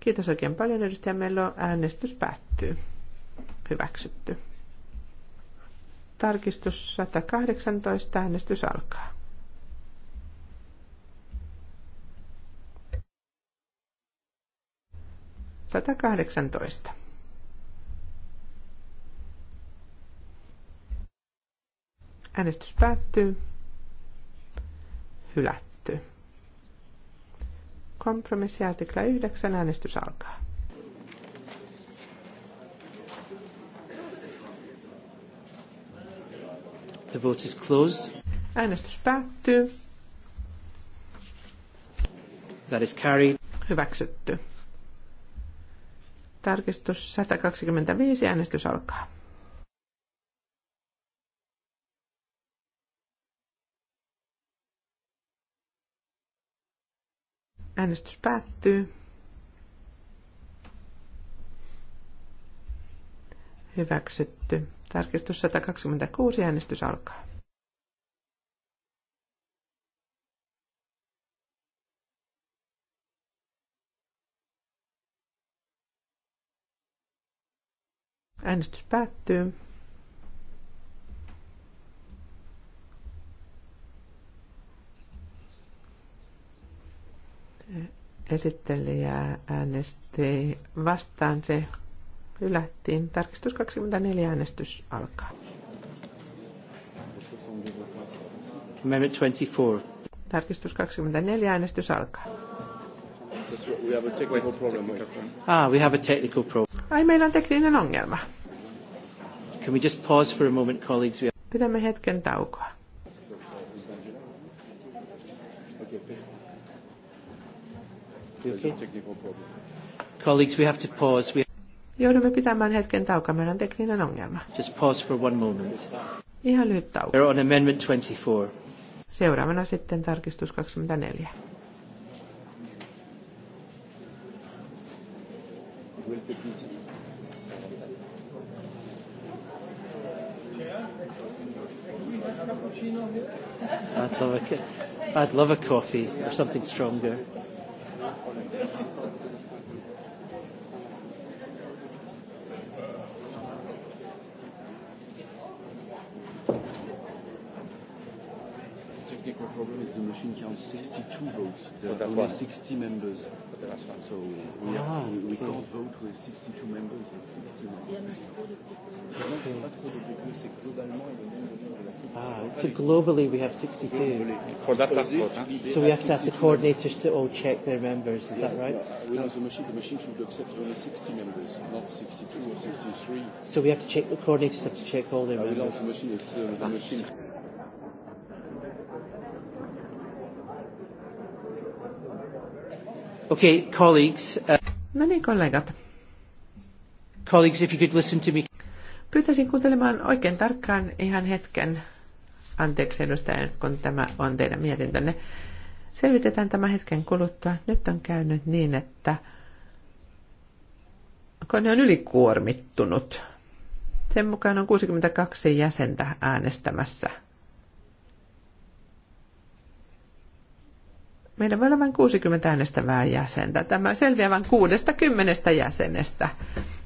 Kiitos oikein paljon edustaja Melo. Äänestys päättyy. Hyväksytty. Tarkistus 118. Äänestys alkaa. Satakahdeksantoista. Äänestys päättyy. Hylätty. Kompromissiartikla 9. Äänestys alkaa. The vote is closed. Äänestys päättyy. That is carried. Hyväksytty. Tarkistus 125. Äänestys alkaa. Äänestys päättyy. Hyväksytty. Tarkistus 126. Äänestys alkaa. Äänestys päättyy. Esittelijä äänesti vastaan se hylättiin. Tarkistus 24 äänestys alkaa. Amendment 24. Tarkistus 24 äänestys alkaa. We have a technical problem. Ah, we have a technical problem. Ai, meillä on tekninen ongelma. Can we just pause for a moment, colleagues? Pidämme hetken taukoa. Okay. Colleagues, we have to pause. We Joudumme pitämään hetken taukoa, tekninen ongelma. Just pause for one moment. Ihan lyhyt tauko. We're on amendment 24. Seuraavana sitten tarkistus 24. I'd love, a, I'd love a coffee or something stronger. technical problem is the machine counts 62 votes. There are only 60 members. So we, are, ah, we, we can't vote with 62 members, with 61. Ah, so globally we have 62. For that last vote, huh? So we have to ask the coordinators to all check their members, is yes, that right? We know the machine, the machine should accept only 60 members, not 62 or 63. So we have to check, the coordinators have to check all their uh, members. know the machine, it's, uh, the machine. Okay, colleagues. Uh... No niin, kollegat. Colleagues, if you could listen to me. Pyytäisin kuuntelemaan oikein tarkkaan ihan hetken. Anteeksi edustaja, kun tämä on teidän mietintönne. Selvitetään tämä hetken kuluttua. Nyt on käynyt niin, että kone on ylikuormittunut. Sen mukaan on 62 jäsentä äänestämässä – Meillä voi olla vain 60 äänestävää jäsentä. Tämä selviää vain 60 jäsenestä.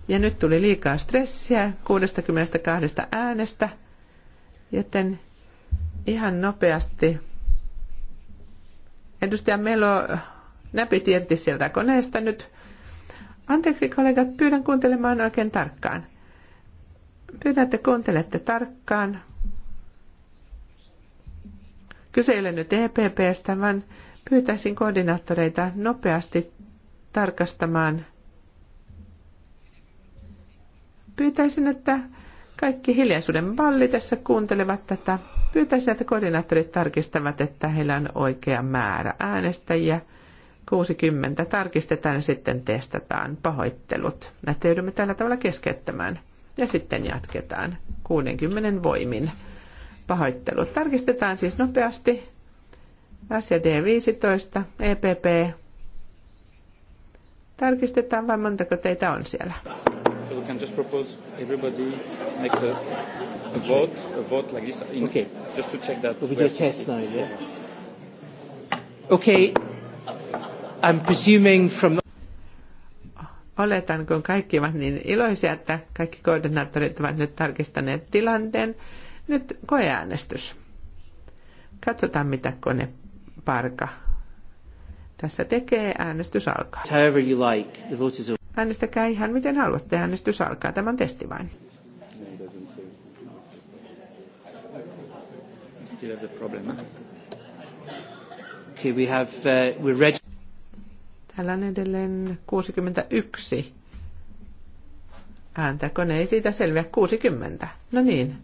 Ja nyt tuli liikaa stressiä 62 äänestä, joten ihan nopeasti edustaja Melo näpit irti sieltä koneesta nyt. Anteeksi kollegat, pyydän kuuntelemaan oikein tarkkaan. Pyydän, että kuuntelette tarkkaan. Kyse ei ole nyt EPPstä, vaan Pyytäisin koordinaattoreita nopeasti tarkastamaan. Pyytäisin, että kaikki hiljaisuuden valli tässä kuuntelevat tätä. Pyytäisin, että koordinaattorit tarkistavat, että heillä on oikea määrä äänestäjiä. 60 tarkistetaan ja sitten testataan pahoittelut. Näitä joudumme tällä tavalla keskeyttämään. Ja sitten jatketaan 60 voimin pahoittelut. Tarkistetaan siis nopeasti d 15, EPP. Tarkistetaan vai montako teitä on siellä. So we can just propose everybody make a, a vote, a vote like this. In, okay. Just to check that. do a test now, yeah. Okay. I'm presuming from oletan, kun kaikki ovat niin iloisia, että kaikki koordinaattorit ovat nyt tarkistaneet tilanteen. Nyt koeäänestys. Katsotaan, mitä kone Parka tässä tekee. Äänestys alkaa. However you like. The vote is Äänestäkää ihan miten haluatte. Äänestys alkaa. Tämän testi vain. Uh, Täällä on edelleen 61 ääntä, kun ei siitä selviä 60. No niin,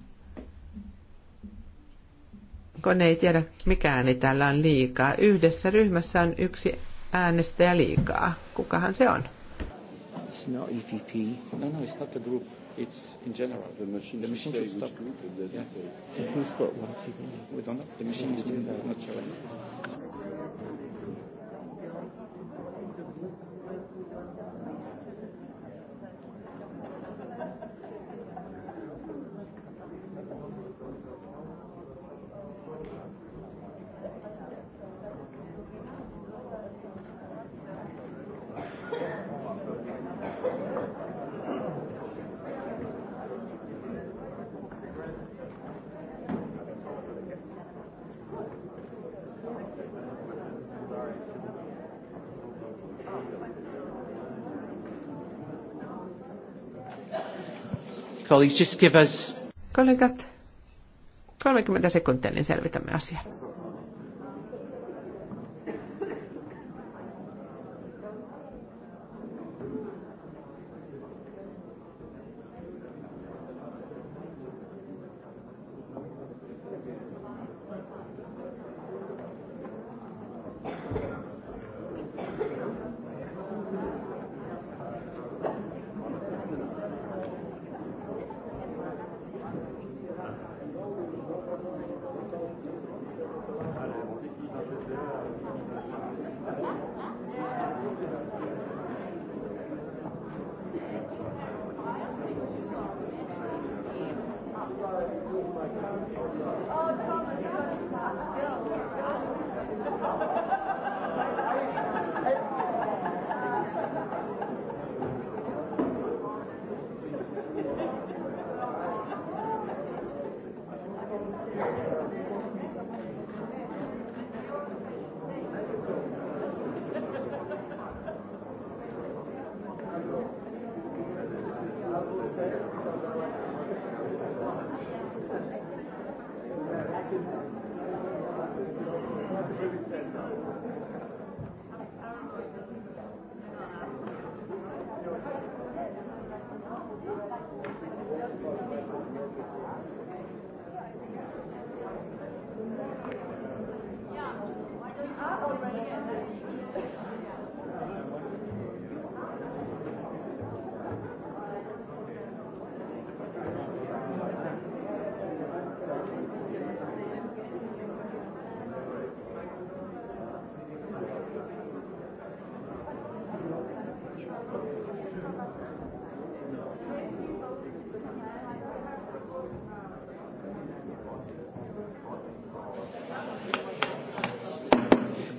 kun ei tiedä mikä ääni täällä on liikaa. Yhdessä ryhmässä on yksi äänestäjä liikaa. Kukahan se on? It's not EPP. No, no, it's not the group. It's in general. The machine, the machine should stop. Group, yeah. We don't know. The machine is not showing. colleagues, just give us... Kollegat, 30 sekuntia, niin selvitämme asian.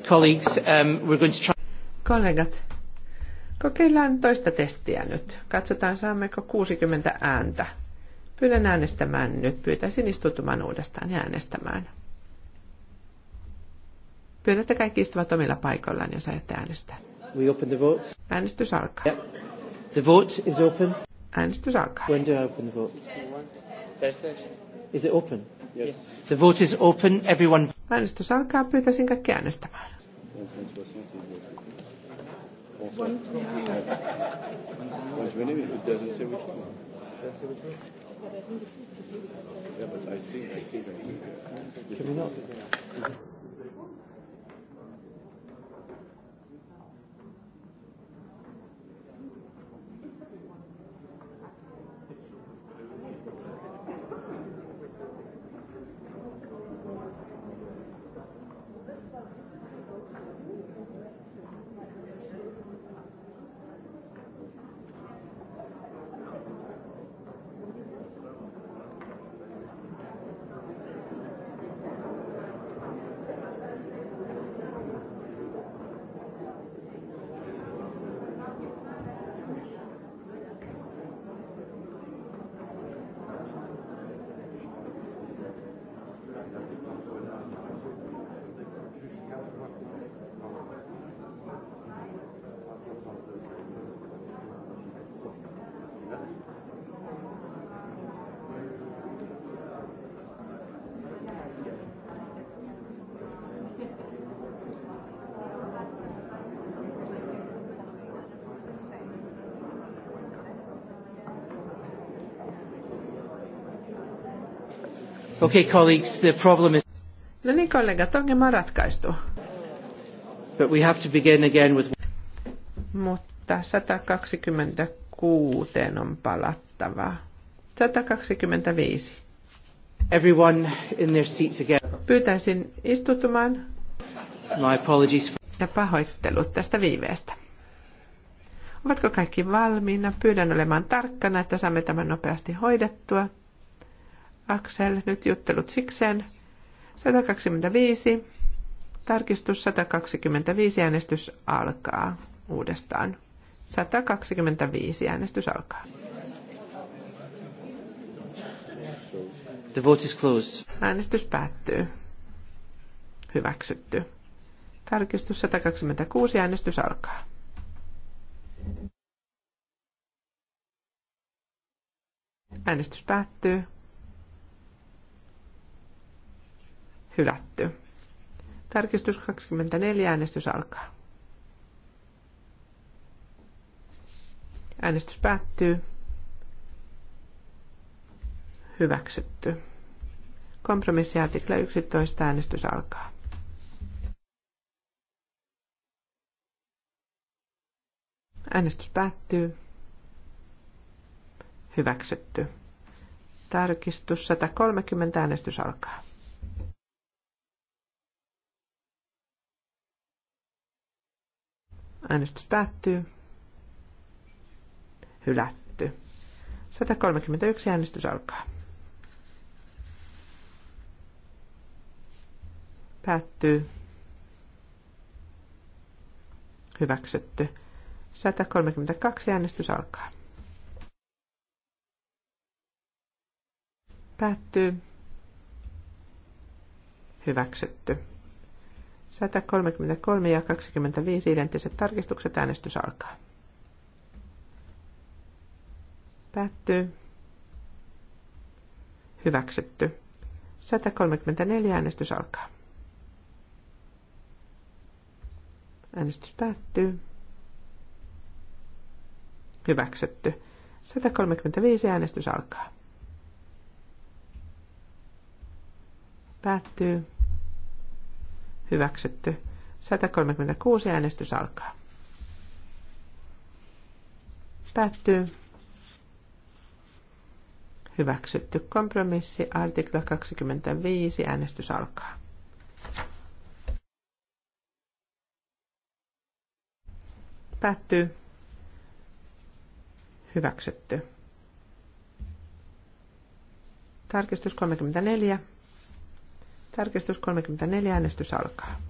Colleagues, um, we're going to try... Kollegat, kokeillaan toista testiä nyt. Katsotaan, saammeko 60 ääntä. Pyydän äänestämään nyt. Pyytäisin istutumaan uudestaan ja äänestämään. Pyydän, että kaikki istuvat omilla paikoillaan, jos ajatte äänestää. We open the vote. Äänestys alkaa. Yep. The vote is open. Äänestys alkaa. When do I open the vote? Is it open? Yes. The vote is open. Everyone. Äänestys alkaa. Pyytäisin kaikki äänestämään one. There's many. It doesn't say which one. Doesn't say which one. Yeah, but I see, I see, I see. Can we not? Okay, colleagues, the problem is... No niin, kollegat, ongelma on ratkaistu. But we have to begin again with... Mutta 126 on palattava. 125. Everyone in their seats again. Pyytäisin istutumaan. My apologies. For... Ja pahoittelut tästä viiveestä. Ovatko kaikki valmiina? Pyydän olemaan tarkkana, että saamme tämän nopeasti hoidettua. Aksel, nyt juttelut sikseen. 125. Tarkistus 125. Äänestys alkaa uudestaan. 125. Äänestys alkaa. The vote is closed. Äänestys päättyy. Hyväksytty. Tarkistus 126. Äänestys alkaa. Äänestys päättyy. Hylätty. Tarkistus 24. Äänestys alkaa. Äänestys päättyy. Hyväksytty. Kompromissiartikla 11. Äänestys alkaa. Äänestys päättyy. Hyväksytty. Tarkistus 130. Äänestys alkaa. Äänestys päättyy. Hylätty. 131 äänestys alkaa. Päättyy. Hyväksytty. 132 äänestys alkaa. Päättyy. Hyväksytty. 133 ja 25 identtiset tarkistukset. Äänestys alkaa. Päättyy. Hyväksytty. 134 äänestys alkaa. Äänestys päättyy. Hyväksytty. 135 äänestys alkaa. Päättyy. Hyväksytty. 136 äänestys alkaa. Päättyy. Hyväksytty kompromissi, artikla 25, äänestys alkaa. Päättyy. Hyväksytty. Tarkistus 34. Tarkistus 34. Äänestys alkaa.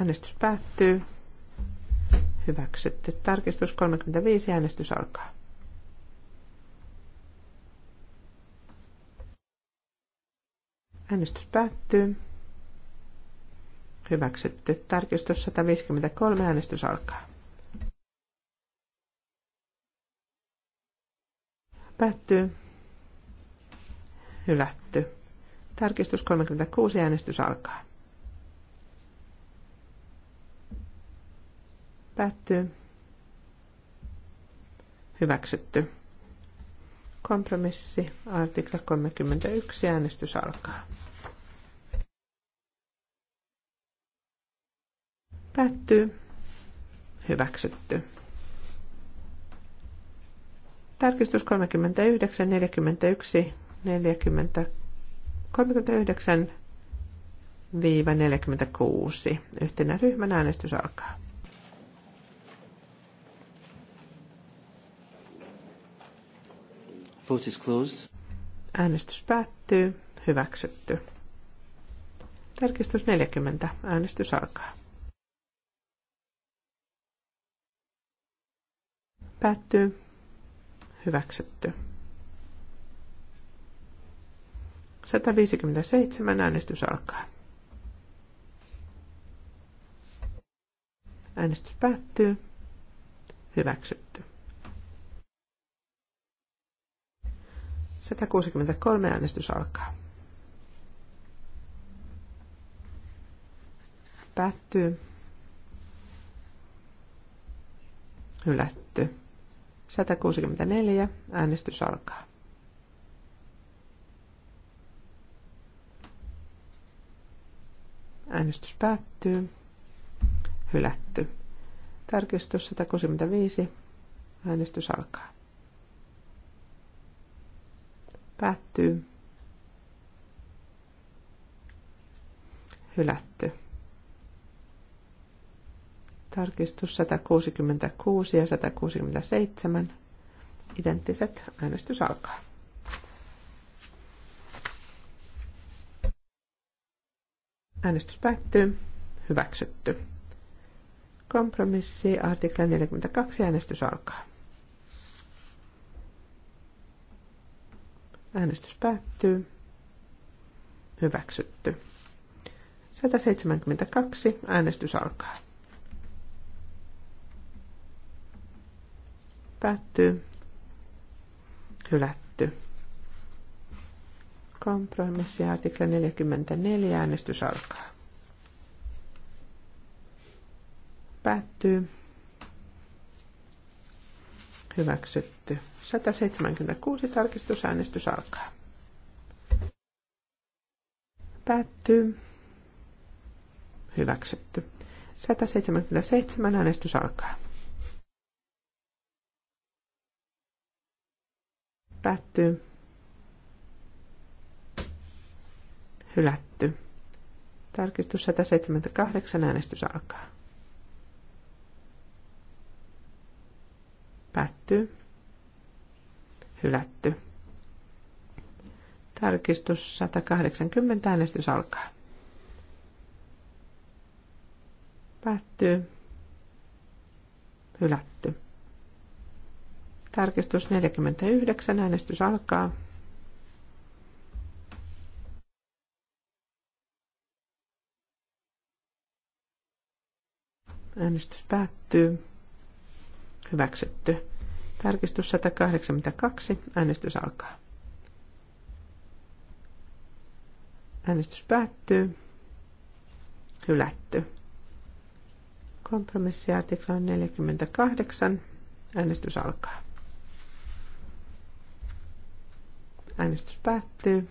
Äänestys päättyy. Hyväksytty. Tarkistus 35. Äänestys alkaa. Äänestys päättyy. Hyväksytty. Tarkistus 153. Äänestys alkaa. Päättyy. Hylätty. Tarkistus 36. Äänestys alkaa. Päättyy. Hyväksytty. Kompromissi. Artikla 31. Äänestys alkaa. Päättyy. Hyväksytty. Tarkistus 39, 41, 40, 39, 46. Yhtenä ryhmän äänestys alkaa. Vote is closed. Äänestys päättyy. Hyväksytty. Tarkistus 40. Äänestys alkaa. Päättyy. Hyväksytty. 157 äänestys alkaa. Äänestys päättyy. Hyväksytty. 163 äänestys alkaa. Päättyy. Hylätty. 164. Äänestys alkaa. Äänestys päättyy. Hylätty. Tarkistus 165. Äänestys alkaa. Päättyy. Hylätty. Tarkistus 166 ja 167. Identtiset. Äänestys alkaa. Äänestys päättyy. Hyväksytty. Kompromissi, artikla 42, äänestys alkaa. Äänestys päättyy. Hyväksytty. 172, äänestys alkaa. Päättyy. Hylätty. Kompromissi artikla 44 äänestys alkaa. Päättyy. Hyväksytty. 176 tarkistusäänestys alkaa. Päättyy. Hyväksytty. 177 äänestys alkaa. Päättyy. Hylätty. Tarkistus 178. Äänestys alkaa. Päättyy. Hylätty. Tarkistus 180. Äänestys alkaa. Päättyy. Hylätty. Tarkistus 49. Äänestys alkaa. Äänestys päättyy. Hyväksytty. Tarkistus 182. Äänestys alkaa. Äänestys päättyy. Hylätty. Kompromissiartikla 48. Äänestys alkaa. Äänestys päättyy.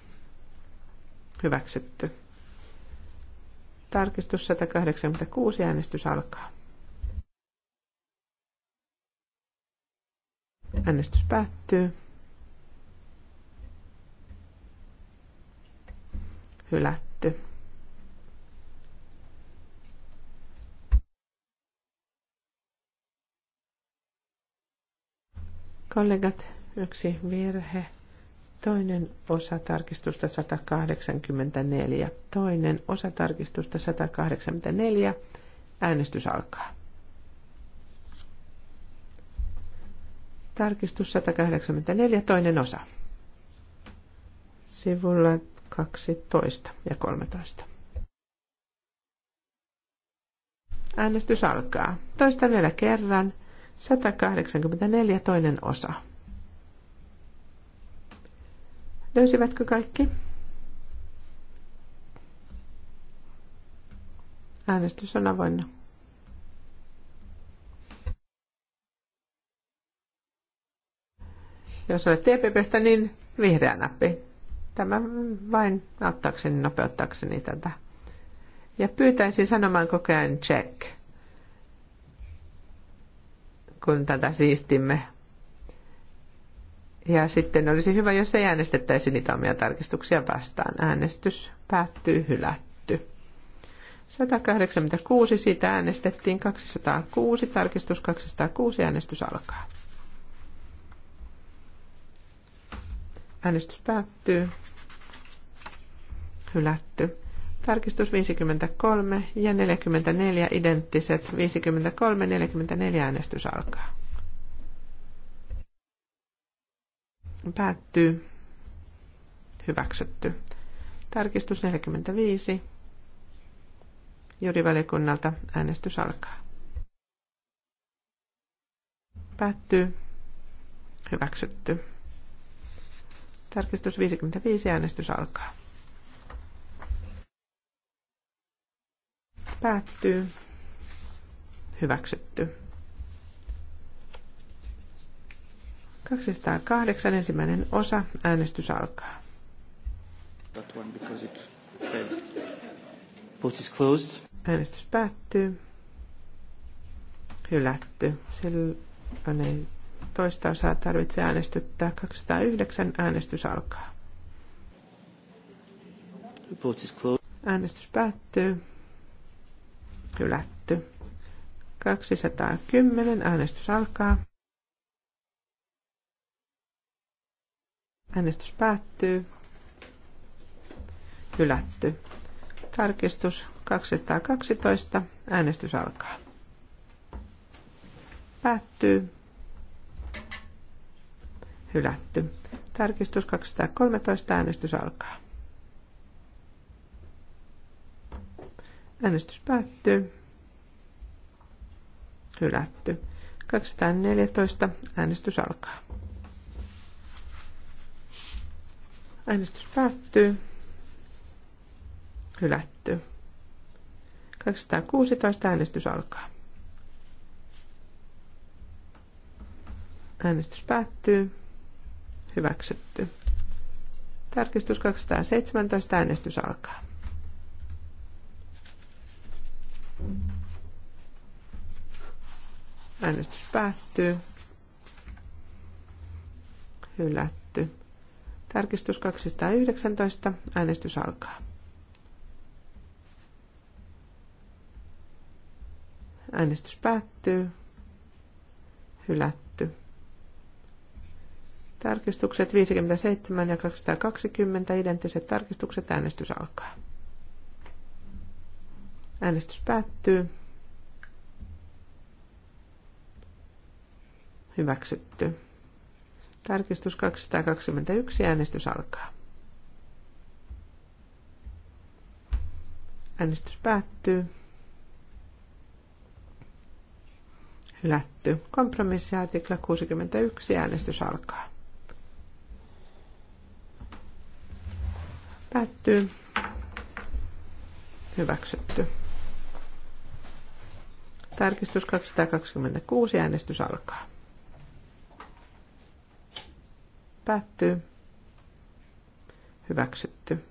Hyväksytty. Tarkistus 186. Äänestys alkaa. Äänestys päättyy. Hylätty. Kollegat, yksi virhe. Toinen osa tarkistusta 184. Toinen osa tarkistusta 184. Äänestys alkaa. Tarkistus 184, toinen osa. Sivulla 12 ja 13. Äänestys alkaa. Toista vielä kerran. 184, toinen osa. Löysivätkö kaikki? Äänestys on avoinna. Jos olet TPPstä, niin vihreä nappi. Tämä vain auttaakseni, nopeuttaakseni tätä. Ja pyytäisin sanomaan koko ajan check, kun tätä siistimme ja sitten olisi hyvä, jos ei äänestettäisi niitä omia tarkistuksia vastaan. Äänestys päättyy hylätty. 186 siitä äänestettiin, 206, tarkistus 206, äänestys alkaa. Äänestys päättyy. Hylätty. Tarkistus 53 ja 44 identtiset. 53, 44 äänestys alkaa. Päättyy. Hyväksytty. Tarkistus 45. Jurivaliokunnalta äänestys alkaa. Päättyy. Hyväksytty. Tarkistus 55. Äänestys alkaa. Päättyy. Hyväksytty. 208 ensimmäinen osa. Äänestys alkaa. Äänestys päättyy. Hylätty. Silloin ei toista osaa tarvitse äänestyttää. 209 äänestys alkaa. Äänestys päättyy. Hylätty. 210 äänestys alkaa. Äänestys päättyy. Hylätty. Tarkistus 212. Äänestys alkaa. Päättyy. Hylätty. Tarkistus 213. Äänestys alkaa. Äänestys päättyy. Hylätty. 214. Äänestys alkaa. Äänestys päättyy. Hylätty. 216 äänestys alkaa. Äänestys päättyy. Hyväksytty. Tarkistus 217. Äänestys alkaa. Äänestys päättyy. Hylätty. Tarkistus 219. Äänestys alkaa. Äänestys päättyy. Hylätty. Tarkistukset 57 ja 220. Identtiset tarkistukset. Äänestys alkaa. Äänestys päättyy. Hyväksytty. Tarkistus 221. Äänestys alkaa. Äänestys päättyy. Hylätty. Kompromissiartikla 61. Äänestys alkaa. Päättyy. Hyväksytty. Tarkistus 226. Äänestys alkaa. Päättyy. Hyväksytty.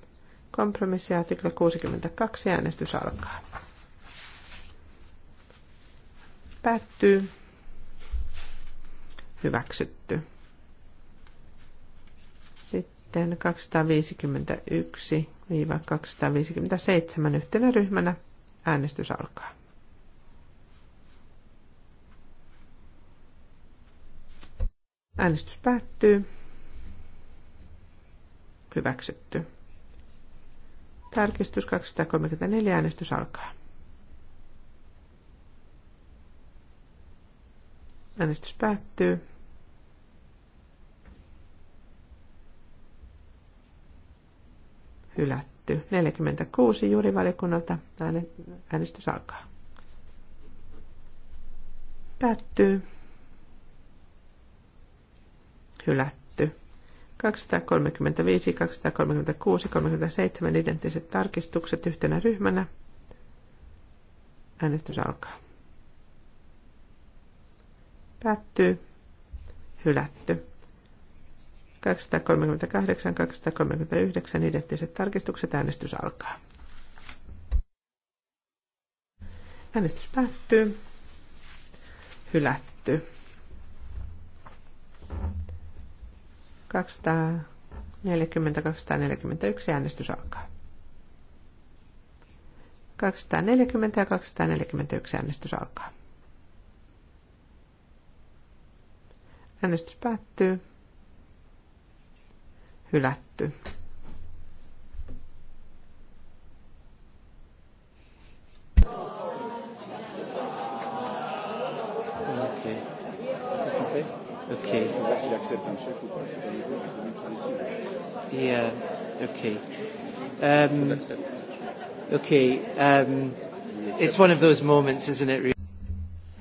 artikla 62. Äänestys alkaa. Päättyy. Hyväksytty. Sitten 251-257 yhtenä ryhmänä äänestys alkaa. Äänestys päättyy. Hyväksytty. Tarkistus 234. Äänestys alkaa. Äänestys päättyy. Hylätty. 46 juuri valiokunnalta. äänestys alkaa. Päättyy. Hylätty. 235, 236, 37 identtiset tarkistukset yhtenä ryhmänä. Äänestys alkaa. Päättyy. Hylätty. 238, 239 identtiset tarkistukset. Äänestys alkaa. Äänestys päättyy. Hylätty. 240-241 äänestys alkaa. 240 ja 241 äänestys alkaa. Äänestys päättyy. Hylätty. s'il accepte un chèque ou pas. C'est pas niveau, c'est lui qui décide. Yeah, ok. Um, ok. um, it's one of those moments, isn't it? really?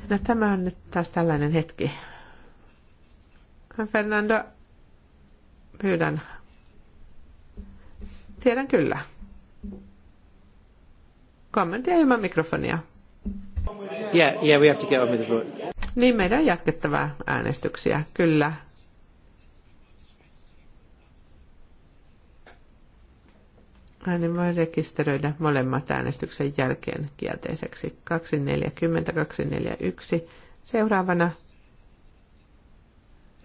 No, tämä on nyt taas tällainen hetki. Fernando, pyydän. Tiedän kyllä. Kommentia ilman mikrofonia. Yeah, yeah, we have to get on with the vote. Niin meidän jatkettavaa äänestyksiä, kyllä. Äänen voi rekisteröidä molemmat äänestyksen jälkeen kielteiseksi 240, 241. Seuraavana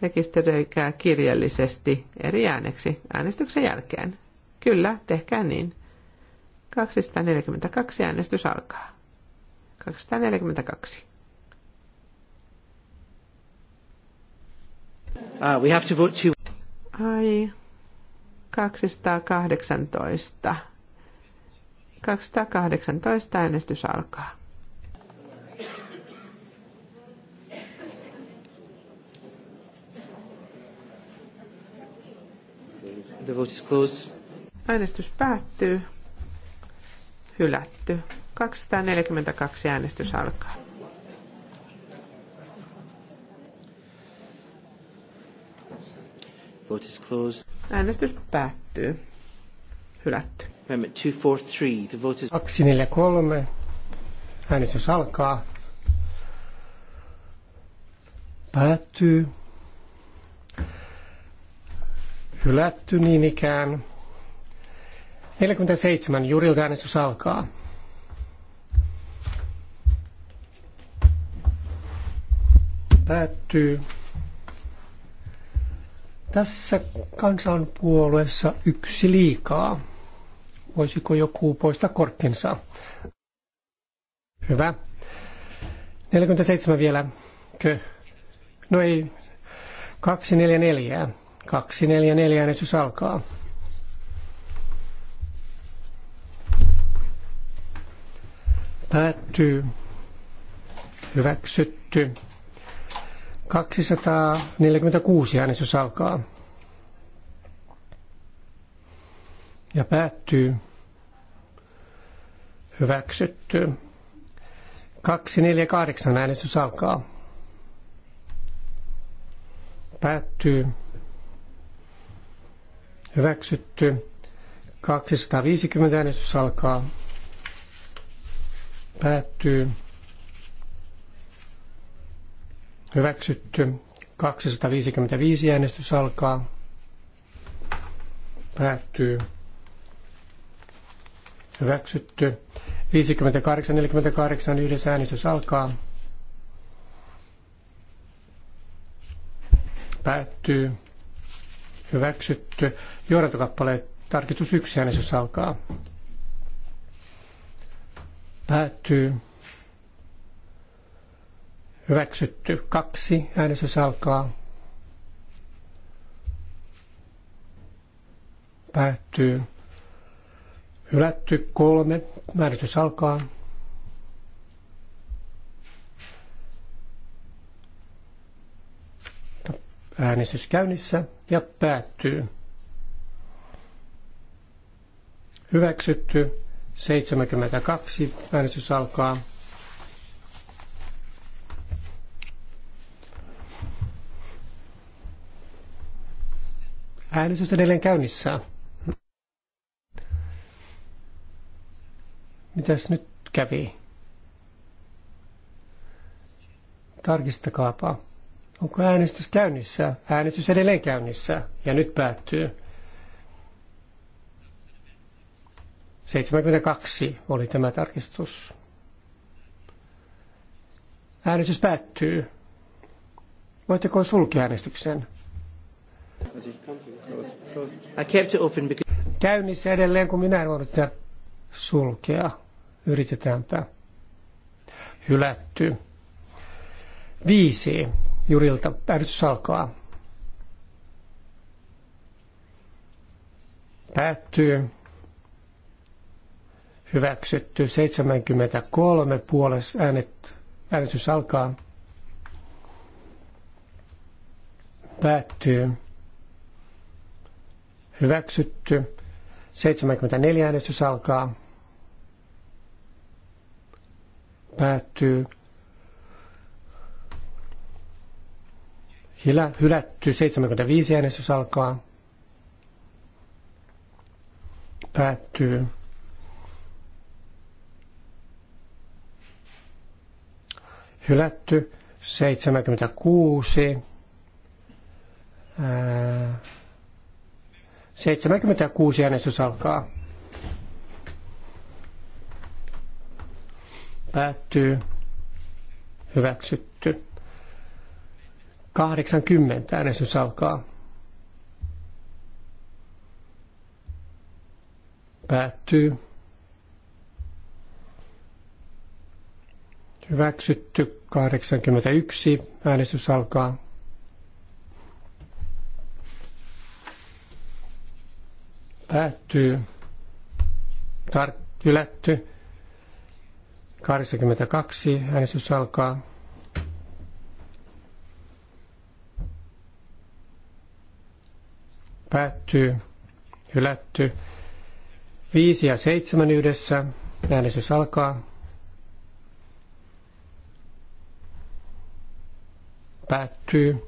rekisteröikää kirjallisesti eri ääneksi äänestyksen jälkeen. Kyllä, tehkää niin. 242 äänestys alkaa. 242. Uh, we have to vote two. Ai, 218. 218 äänestys alkaa. The vote is closed. Äänestys päättyy. Hylätty. 242 äänestys alkaa. Vote is closed. Äänestys päättyy. Hylätty. Amendment 243. The vote is... 243. Äänestys alkaa. Päättyy. Hylätty niin ikään. 47. Jurilta äänestys alkaa. Päättyy. Tässä kansanpuolueessa yksi liikaa. Voisiko joku poistaa korttinsa? Hyvä. 47 vielä. Kö? No ei. 244. 244 äänestys alkaa. Päättyy. Hyväksytty. 246 äänestys alkaa. Ja päättyy. Hyväksytty. 248 äänestys alkaa. Päättyy. Hyväksytty. 250 äänestys alkaa. Päättyy. Hyväksytty. 255 äänestys alkaa. Päättyy. Hyväksytty. 58-48 yhdessä äänestys alkaa. Päättyy. Hyväksytty. Johdantokappaleet. Tarkistus 1 äänestys alkaa. Päättyy. Hyväksytty. Kaksi. Äänestys alkaa. Päättyy. Hylätty. Kolme. Äänestys alkaa. Äänestys käynnissä ja päättyy. Hyväksytty. 72. Äänestys alkaa. Äänestys on edelleen käynnissä. Mitäs nyt kävi? Tarkistakaapa. Onko äänestys käynnissä? Äänestys edelleen käynnissä. Ja nyt päättyy. 72 oli tämä tarkistus. Äänestys päättyy. Voitteko sulkea äänestyksen? I kept it open because... Käynnissä edelleen, kun minä en voinut sitä sulkea. Yritetäänpä. Hylätty. Viisi. Jurilta äänestys alkaa. Päättyy. Hyväksytty. 73 puoles äänet, äänestys alkaa. Päättyy hyväksytty. 74 äänestys alkaa. Päättyy. hylätty 75 äänestys alkaa. Päättyy. Hylätty 76. Ää, 76 äänestys alkaa. Päättyy. Hyväksytty. 80 äänestys alkaa. Päättyy. Hyväksytty. 81 äänestys alkaa. Päättyy. Tar- ylätty. 82. Äänestys alkaa. Päättyy. ylätty. 5 ja 7 yhdessä. Äänestys alkaa. Päättyy.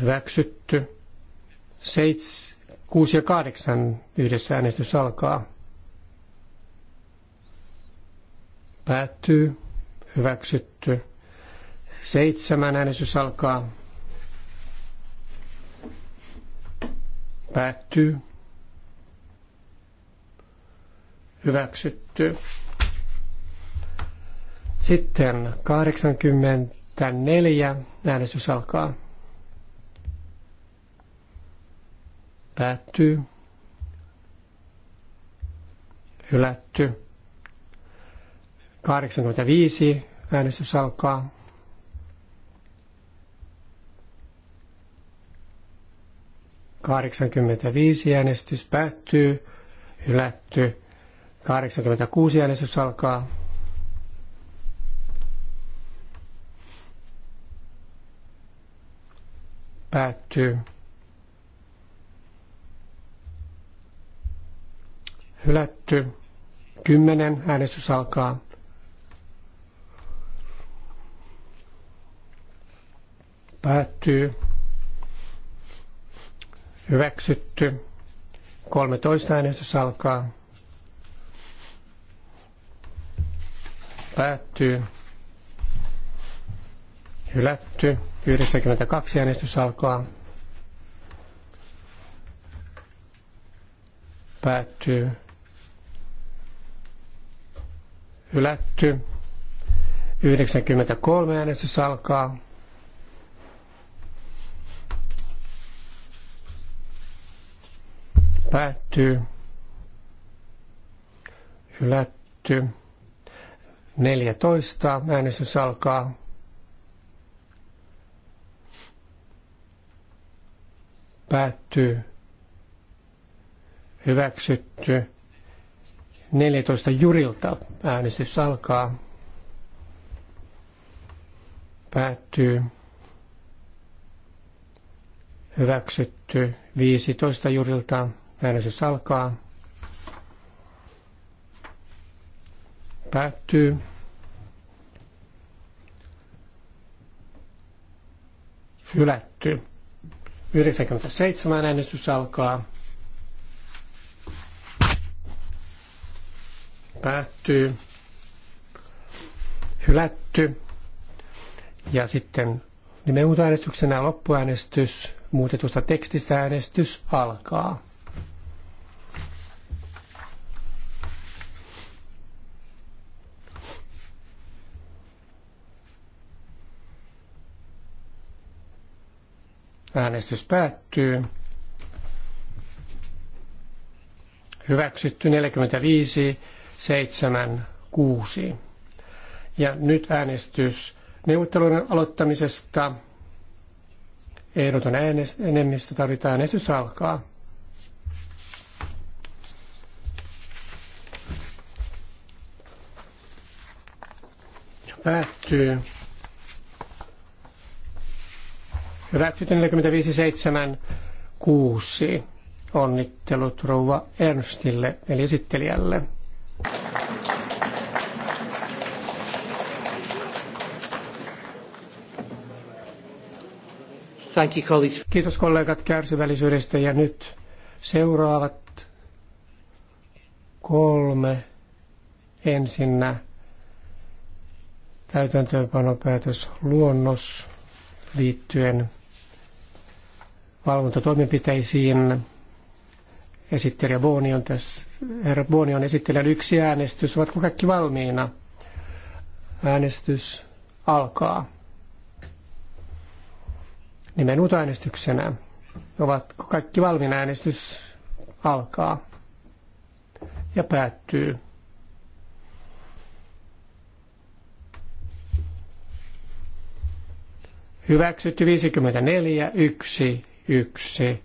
Hyväksytty. 7 6 ja 8 yhdessä äänestys alkaa. Päättyy. Hyväksytty. Seitsemän äänestys alkaa. Päättyy. Hyväksytty. Sitten 84 äänestys alkaa. Päättyy. Hylätty. 85. Äänestys alkaa. Kahdeksankymmentäviisi äänestys päättyy, hylätty. 86 äänestys alkaa. Päättyy. hylätty. Kymmenen äänestys alkaa. Päättyy. Hyväksytty. 13 äänestys alkaa. Päättyy. Hylätty. 92 äänestys alkaa. Päättyy Hylätty. 93 äänestys alkaa. Päättyy. Hylätty. 14 äänestys alkaa. Päättyy. Hyväksytty. 14 jurilta äänestys alkaa. Päättyy. Hyväksytty 15 jurilta äänestys alkaa. Päättyy. Hylätty. 97 äänestys alkaa. päättyy, hylätty. Ja sitten nimenhuutoäänestyksenä loppuäänestys muutetusta tekstistä äänestys alkaa. Äänestys päättyy. Hyväksytty 45 7, 6. Ja nyt äänestys neuvotteluiden aloittamisesta. Ehdoton enemmistö tarvitaan äänestys alkaa. Ja päättyy. Hyväksytty 45.7. 6. Onnittelut rouva Ernstille eli esittelijälle. Thank you, colleagues. Kiitos kollegat kärsivällisyydestä ja nyt seuraavat kolme ensinnä täytäntöönpanopäätös luonnos liittyen valvontatoimenpiteisiin. Esittelijä Booni on tässä, herra Booni on esittelijän yksi äänestys. Ovatko kaikki valmiina? Äänestys alkaa äänestyksenä. Ovatko kaikki valmiina? Äänestys alkaa ja päättyy. Hyväksytty 54, 1, 1.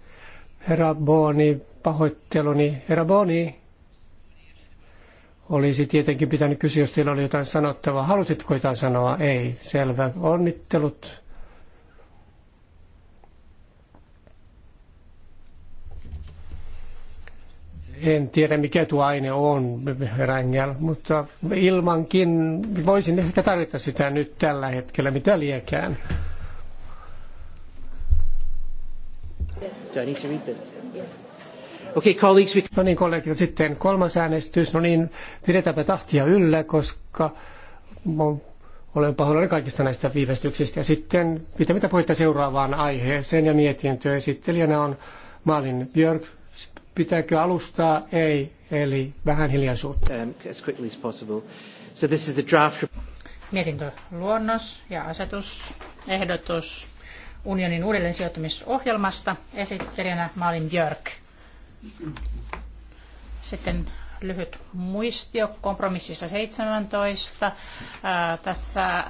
Herra Boni, pahoitteluni. Herra Boni, olisi tietenkin pitänyt kysyä, jos teillä oli jotain sanottavaa. Halusitko jotain sanoa? Ei. Selvä. Onnittelut En tiedä mikä tuo aine on, Rängel, mutta ilmankin voisin ehkä tarvita sitä nyt tällä hetkellä, mitä liekään. Okay, colleagues, we... No niin, kollegat, sitten kolmas äänestys. No niin, pidetäänpä tahtia yllä, koska olen pahoillani kaikista näistä viivästyksistä. Ja sitten, mitä mitä puhetta seuraavaan aiheeseen ja mietintöön esittelijänä on Maalin Björk, Pitääkö alustaa? Ei. Eli vähän hiljaisuutta. Um, as quickly as possible. So this is the draft... luonnos ja ehdotus unionin uudelleen sijoittamisohjelmasta. Esittelijänä Malin Björk. Sitten lyhyt muistio kompromississa 17. Ää, äh, tässä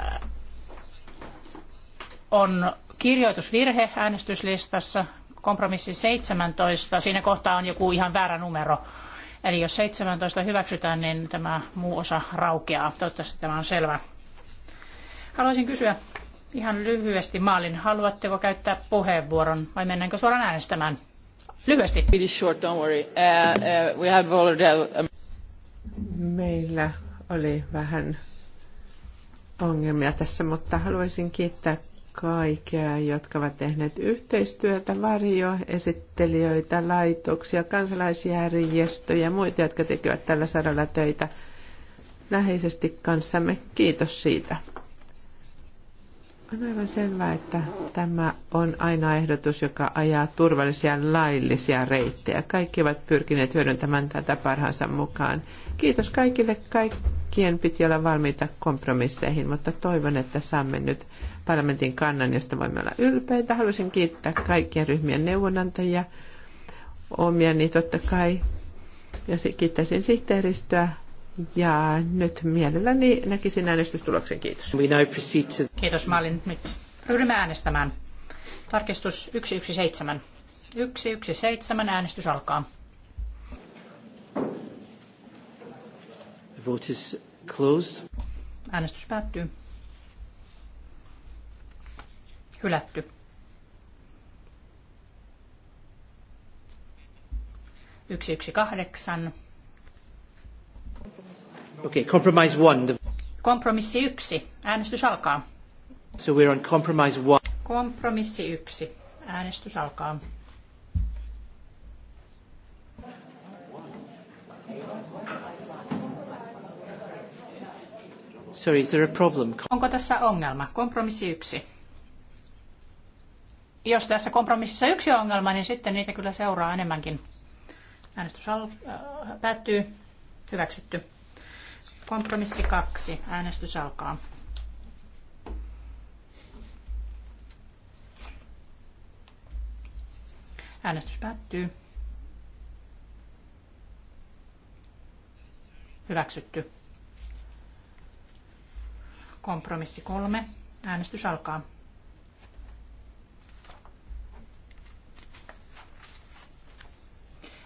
on kirjoitusvirhe äänestyslistassa kompromissi 17, siinä kohtaa on joku ihan väärä numero. Eli jos 17 hyväksytään, niin tämä muu osa raukeaa. Toivottavasti tämä on selvä. Haluaisin kysyä ihan lyhyesti maalin. Haluatteko käyttää puheenvuoron vai mennäänkö suoraan äänestämään? Lyhyesti. short, don't worry. Uh, uh, we have um, Meillä oli vähän ongelmia tässä, mutta haluaisin kiittää Kaikkea, jotka ovat tehneet yhteistyötä, varjo esittelijöitä, laitoksia, kansalaisjärjestöjä ja muita, jotka tekevät tällä saralla töitä läheisesti kanssamme. Kiitos siitä. On aivan selvää, että tämä on aina ehdotus, joka ajaa turvallisia laillisia reittejä. Kaikki ovat pyrkineet hyödyntämään tätä parhaansa mukaan. Kiitos kaikille. Kaikkien piti olla valmiita kompromisseihin, mutta toivon, että saamme nyt parlamentin kannan, josta voimme olla ylpeitä. Haluaisin kiittää kaikkien ryhmien neuvonantajia, omiani totta kai, ja kiittäisin sihteeristöä ja nyt mielelläni näkisin äänestystuloksen. Kiitos. We now proceed to... Kiitos Malin. Nyt ryhdymme äänestämään. Tarkistus 117. 117 äänestys alkaa. The vote is closed. Äänestys päättyy. Hylätty. Yksi yksi kahdeksan. Okay, compromise one. Kompromissi yksi. Äänestys alkaa. So we're on compromise one. Kompromissi yksi. Äänestys alkaa. Sorry, is there a problem? Onko tässä ongelma? Kompromissi yksi. Jos tässä kompromississa yksi on ongelma, niin sitten niitä kyllä seuraa enemmänkin. Äänestys al- äh, päättyy. Hyväksytty. Kompromissi kaksi. Äänestys alkaa. Äänestys päättyy. Hyväksytty. Kompromissi kolme. Äänestys alkaa.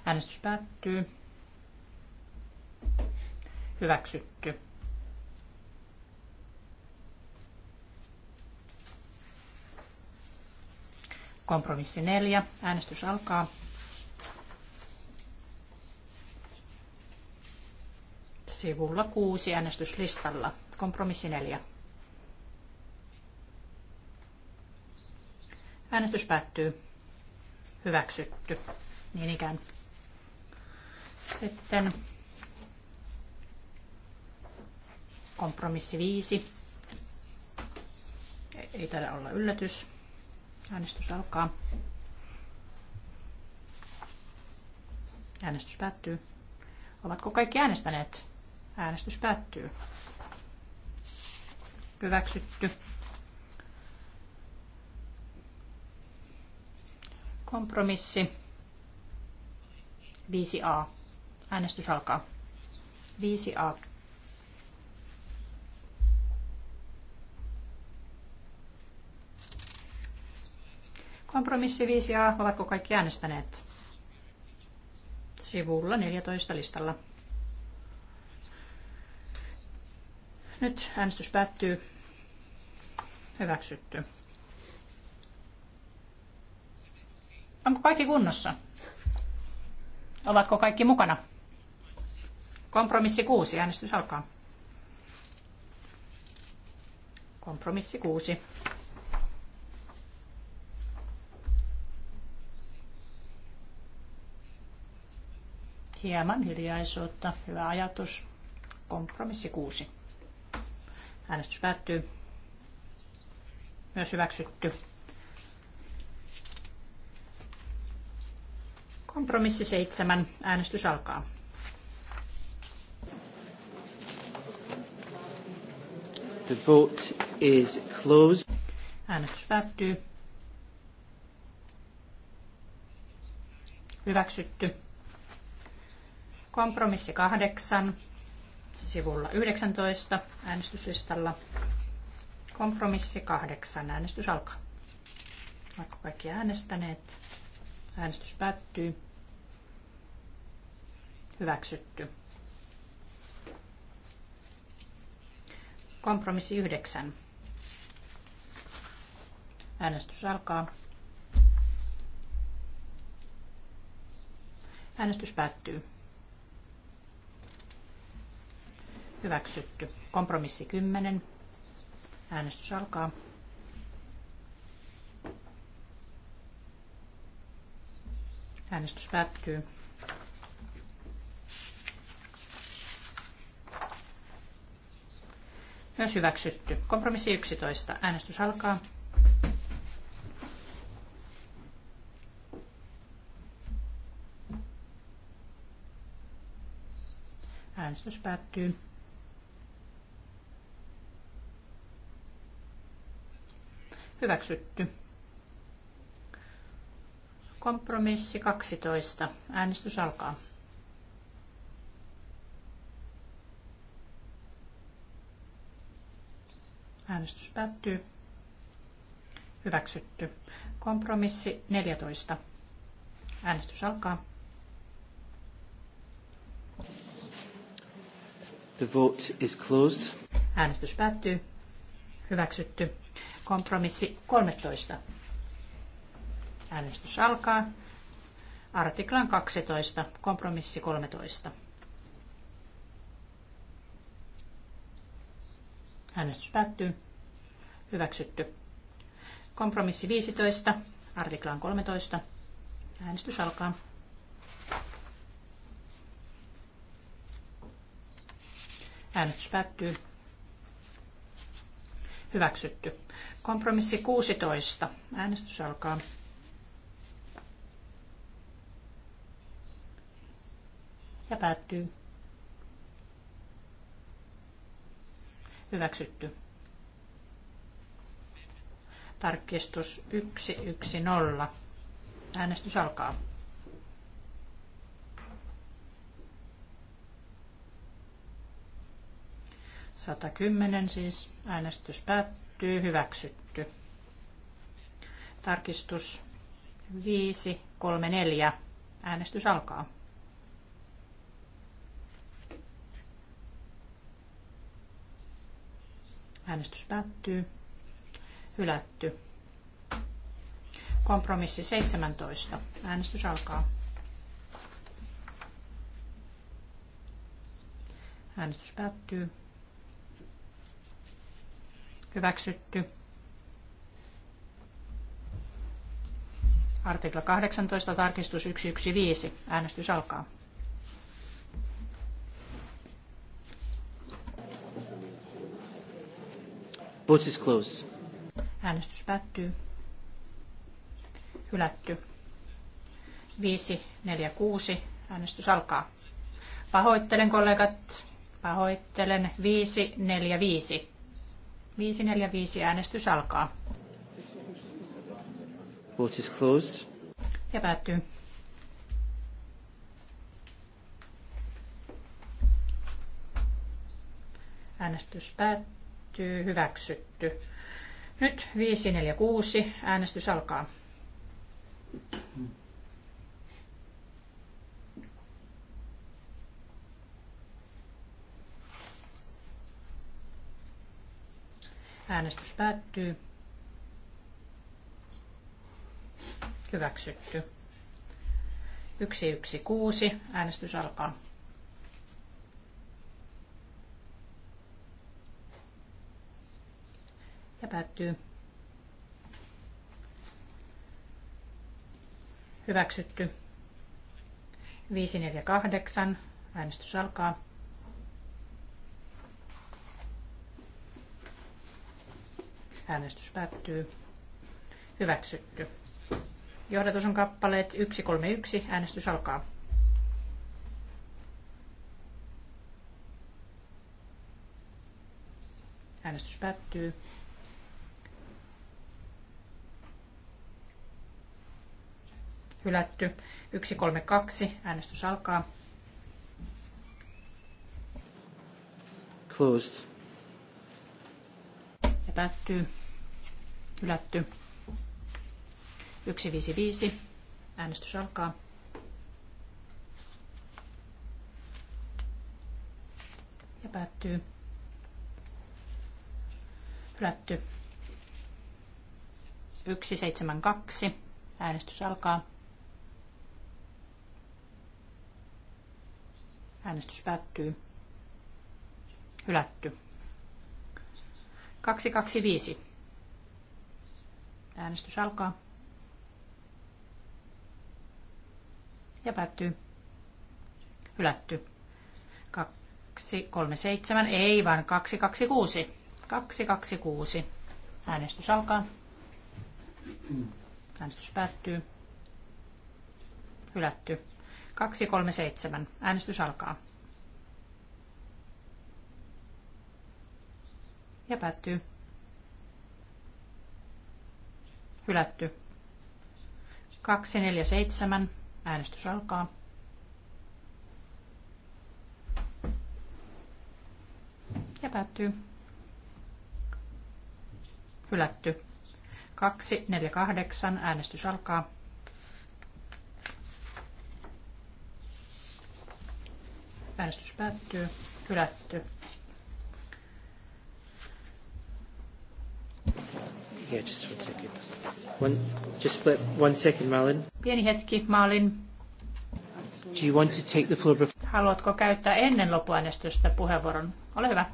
Äänestys päättyy. Hyväksytty. Kompromissi neljä. Äänestys alkaa. Sivulla kuusi äänestyslistalla. Kompromissi neljä. Äänestys päättyy. Hyväksytty. Niin ikään. Sitten Kompromissi 5. Ei taida olla yllätys. Äänestys alkaa. Äänestys päättyy. Ovatko kaikki äänestäneet? Äänestys päättyy. Hyväksytty. Kompromissi 5a. Äänestys alkaa. 5a. Kompromissi 5 ja ovatko kaikki äänestäneet? Sivulla 14 listalla. Nyt äänestys päättyy. Hyväksytty. Onko kaikki kunnossa? Ovatko kaikki mukana? Kompromissi 6. Äänestys alkaa. Kompromissi 6. hieman hiljaisuutta. Hyvä ajatus. Kompromissi 6. Äänestys päättyy. Myös hyväksytty. Kompromissi 7. Äänestys alkaa. The vote is closed. Äänestys päättyy. Hyväksytty. Kompromissi kahdeksan sivulla 19 äänestyslistalla. Kompromissi kahdeksan. Äänestys alkaa. Vaikka kaikki äänestäneet, äänestys päättyy. Hyväksytty. Kompromissi yhdeksän. Äänestys alkaa. Äänestys päättyy. Hyväksytty. Kompromissi 10. Äänestys alkaa. Äänestys päättyy. Myös hyväksytty. Kompromissi 11. Äänestys alkaa. Äänestys päättyy. Hyväksytty. Kompromissi 12. Äänestys alkaa. Äänestys päättyy. Hyväksytty. Kompromissi 14. Äänestys alkaa. The vote is closed. Äänestys päättyy. Hyväksytty. Kompromissi 13. Äänestys alkaa. Artiklan 12. Kompromissi 13. Äänestys päättyy. Hyväksytty. Kompromissi 15. artiklan 13. Äänestys alkaa. Äänestys päättyy. Hyväksytty. Kompromissi 16. Äänestys alkaa. Ja päättyy. Hyväksytty. Tarkistus 110. Äänestys alkaa. 110 siis. Äänestys päättyy. Hyväksytty. Tarkistus 5, 3, 4. Äänestys alkaa. Äänestys päättyy. Hylätty. Kompromissi 17. Äänestys alkaa. Äänestys päättyy. Hyväksytty. Artikla 18, tarkistus 115. Äänestys alkaa. Vote is closed. Äänestys päättyy. Hylätty. 5, 4, 6. Äänestys alkaa. Pahoittelen kollegat. Pahoittelen. 5, 4, 5. 545 äänestys alkaa. Vote is closed. Ja päättyy. Äänestys päättyy. Hyväksytty. Nyt 546. Äänestys alkaa. Mm. Äänestys päättyy. Hyväksytty. 116. Äänestys alkaa. Ja päättyy. Hyväksytty. 548. Äänestys alkaa. Äänestys päättyy. Hyväksytty. Johdatus on kappaleet 131. Äänestys alkaa. Äänestys päättyy. Hylätty. 132. Äänestys alkaa. Closed ja päättyy. ylätty 155. Äänestys alkaa. Ja päättyy. Hylätty. 172. Äänestys alkaa. Äänestys päättyy. Hylätty. 225. Äänestys alkaa. Ja päättyy. Hylätty. 237, ei vaan 226. 226. Äänestys alkaa. Äänestys päättyy. Hylätty. 237. Äänestys alkaa. ja päättyy. Hylätty. 247. Äänestys alkaa. Ja päättyy. Hylätty. 248. Äänestys alkaa. Äänestys päättyy. Hylätty. Yeah, just one second. One, just let, one second, Malin. Pieni hetki, Malin. Do you want to take the floor before? Haluatko käyttää ennen loppuäänestystä puheenvuoron? Ole hyvä.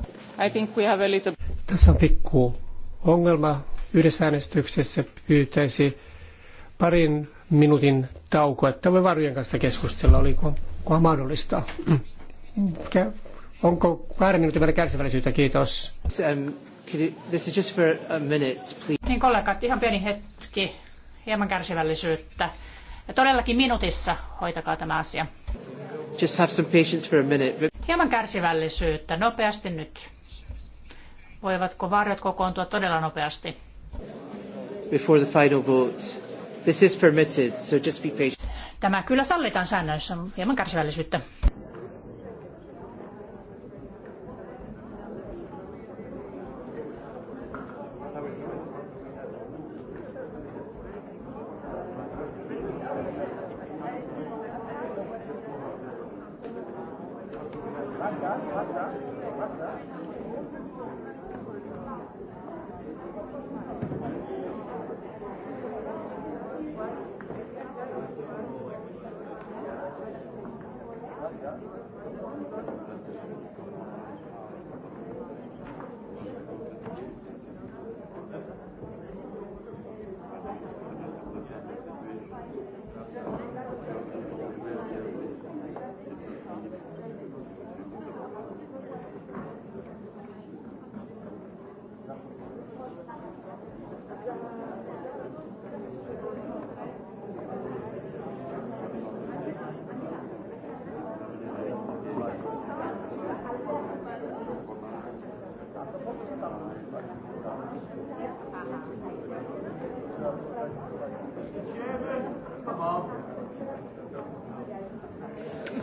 I think we have a little... Tässä on pikku ongelma. Yhdessä äänestyksessä pyytäisi parin minuutin tauko, että voi varjojen kanssa keskustella, oliko onkohan mahdollista. Onko kahden minuutin verran kärsivällisyyttä? Kiitos. Um, niin kollegat, ihan pieni hetki, hieman kärsivällisyyttä. Ja todellakin minuutissa hoitakaa tämä asia. Just have some patience for a minute. Hieman kärsivällisyyttä, nopeasti nyt. Voivatko varjot kokoontua todella nopeasti? Before the final vote. This is permitted, so just be patient. Tämä kyllä sallitaan säännöissä, hieman kärsivällisyyttä.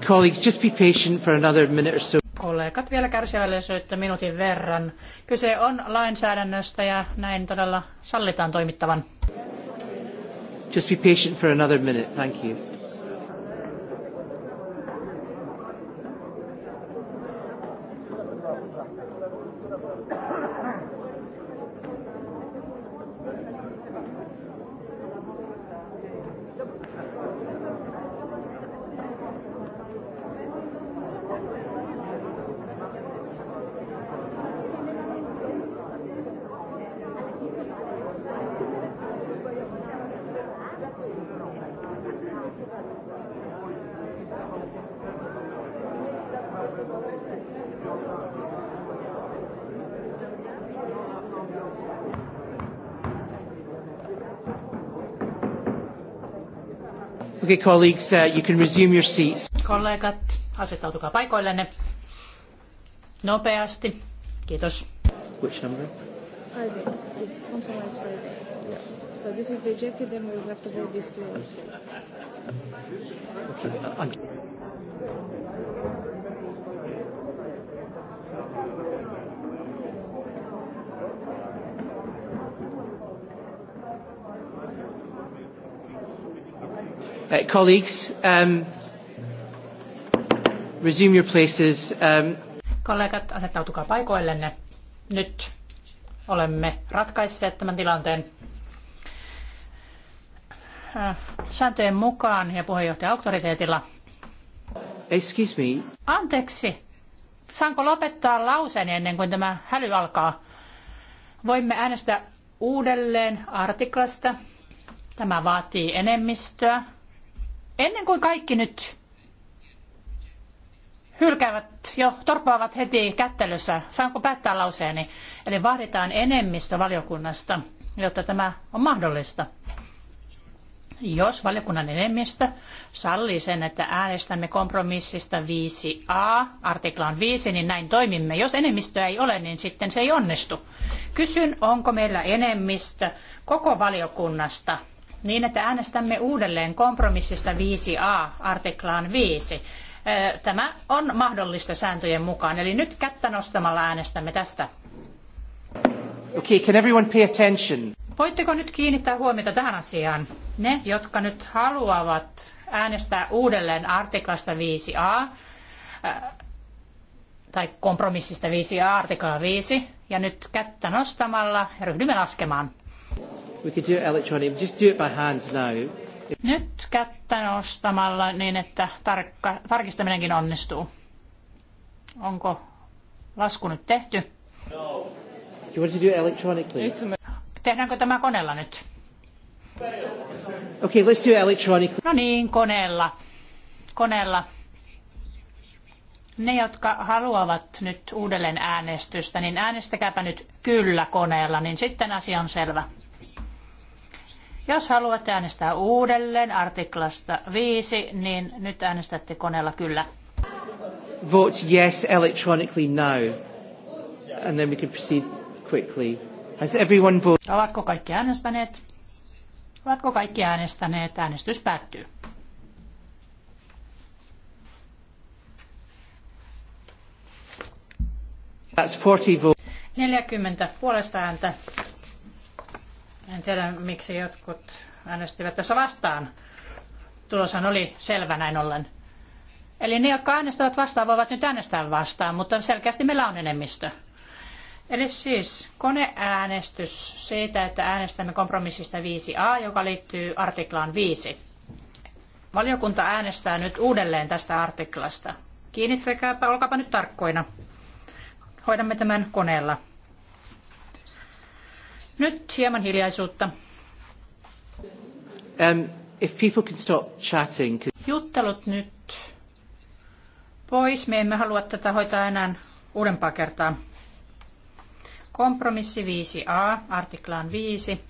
Colleagues, just be patient for another minute or so. Kollegat vielä kärsivällisyyttä minuutin verran. Kyse on lainsäädännöstä ja näin todella sallitaan toimittavan. Just be patient for another minute. Thank you. Okay, colleagues, uh, you can resume your seats. Kollegat, asettautukaa paikoillenne. Nopeasti. Kiitos. Which number? Uh, colleagues, um, resume your places. Um. Kollegat, asettautukaa paikoillenne. Nyt olemme ratkaisseet tämän tilanteen äh, sääntöjen mukaan ja puheenjohtajan auktoriteetilla. Excuse me. Anteeksi. Saanko lopettaa lauseen ennen kuin tämä häly alkaa? Voimme äänestää uudelleen artiklasta. Tämä vaatii enemmistöä Ennen kuin kaikki nyt hylkäävät jo, torppaavat heti kättelyssä. Saanko päättää lauseeni? Eli vaaditaan enemmistö valiokunnasta, jotta tämä on mahdollista. Jos valiokunnan enemmistö sallii sen, että äänestämme kompromissista 5a, artiklaan 5, niin näin toimimme. Jos enemmistöä ei ole, niin sitten se ei onnistu. Kysyn, onko meillä enemmistö koko valiokunnasta niin, että äänestämme uudelleen kompromissista 5a artiklaan 5. Tämä on mahdollista sääntöjen mukaan, eli nyt kättä nostamalla äänestämme tästä. Okay, can everyone pay attention? Voitteko nyt kiinnittää huomiota tähän asiaan? Ne, jotka nyt haluavat äänestää uudelleen artiklasta 5a, tai kompromissista 5a, artikla 5, ja nyt kättä nostamalla ryhdymme laskemaan. We could do it electronically. Just do it by hands now. Nyt kättä nostamalla niin, että tarkka, tarkistaminenkin onnistuu. Onko lasku nyt tehty? No. You want to do it electronically? Tehdäänkö tämä koneella nyt? Okay, let's do it electronically. No niin, koneella. Koneella. Ne, jotka haluavat nyt uudelleen äänestystä, niin äänestäkääpä nyt kyllä koneella, niin sitten asia on selvä. Jos haluatte äänestää uudelleen artiklasta 5, niin nyt äänestätte koneella kyllä. Vote yes electronically now. And then we can proceed quickly. Has everyone voted? Ovatko kaikki äänestäneet? Ovatko kaikki äänestäneet? Äänestys päättyy. That's 40 votes. 40 puolesta ääntä, en tiedä, miksi jotkut äänestivät tässä vastaan. Tuloshan oli selvä näin ollen. Eli ne, jotka äänestävät vastaan, voivat nyt äänestää vastaan, mutta selkeästi meillä on enemmistö. Eli siis koneäänestys siitä, että äänestämme kompromissista 5a, joka liittyy artiklaan 5. Valiokunta äänestää nyt uudelleen tästä artiklasta. Kiinnittäkääpä, olkaapa nyt tarkkoina. Hoidamme tämän koneella. Nyt hieman hiljaisuutta. Um, if people can stop chatting, Juttelut nyt pois. Me emme halua tätä hoitaa enää uudempaa kertaa. Kompromissi 5a, artiklaan 5.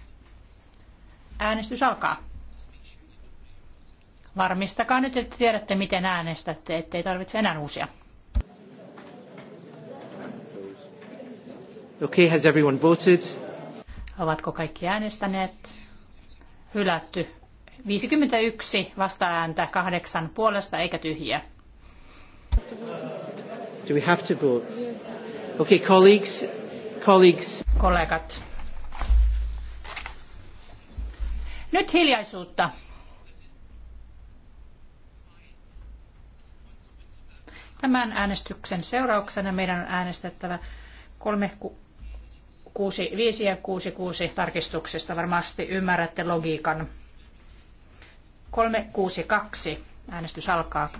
Äänestys alkaa. Varmistakaa nyt, että tiedätte, miten äänestätte, ettei tarvitse enää uusia. Okay, has everyone voted? Ovatko kaikki äänestäneet? Hylätty. 51 vastaääntä, kahdeksan puolesta eikä tyhjiä. Do we have to vote? Okay, colleagues, colleagues. Kollegat. Nyt hiljaisuutta. Tämän äänestyksen seurauksena meidän on äänestettävä kolme 65 ja 66 tarkistuksesta varmasti ymmärrätte logiikan. 362. Äänestys alkaa.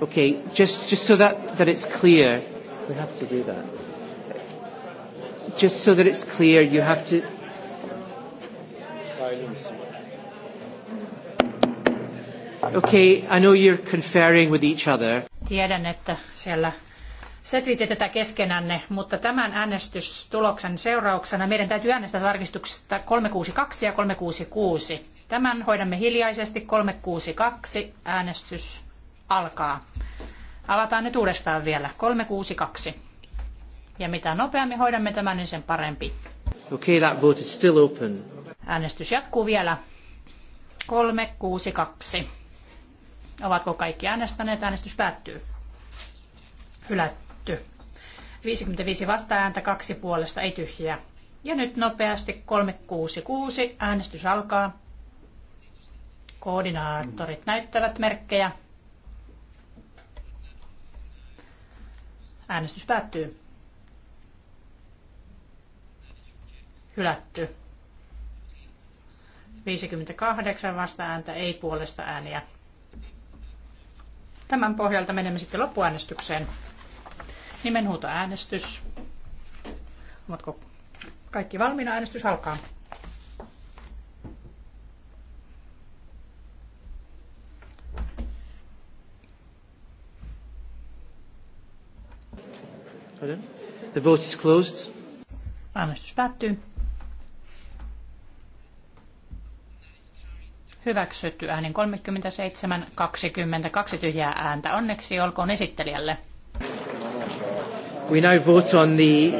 Okay, just, just so that, that it's clear, we have to do that just so that it's clear, you have to. Okay, I know you're conferring with each other. Tiedän, että siellä setvitte tätä keskenänne, mutta tämän äänestystuloksen seurauksena meidän täytyy äänestää tarkistuksesta 362 ja 366. Tämän hoidamme hiljaisesti. 362 äänestys alkaa. Avataan nyt uudestaan vielä. 362. Ja mitä nopeammin hoidamme tämän, niin sen parempi. Okay, that vote is still open. Äänestys jatkuu vielä. 362. Ovatko kaikki äänestäneet? Äänestys päättyy. Hylätty. 55 vastaääntä, kaksi puolesta, ei tyhjiä. Ja nyt nopeasti 366. Äänestys alkaa. Koordinaattorit näyttävät merkkejä. Äänestys päättyy. hylätty. 58 vastaääntä, ei puolesta ääniä. Tämän pohjalta menemme sitten loppuäänestykseen. Nimenhuutoäänestys. Ovatko kaikki valmiina? Äänestys alkaa. The vote is closed. Äänestys päättyy. Hyväksytty äänin 37, 20, kaksi tyhjää ääntä. Onneksi olkoon esittelijälle. We now vote on the...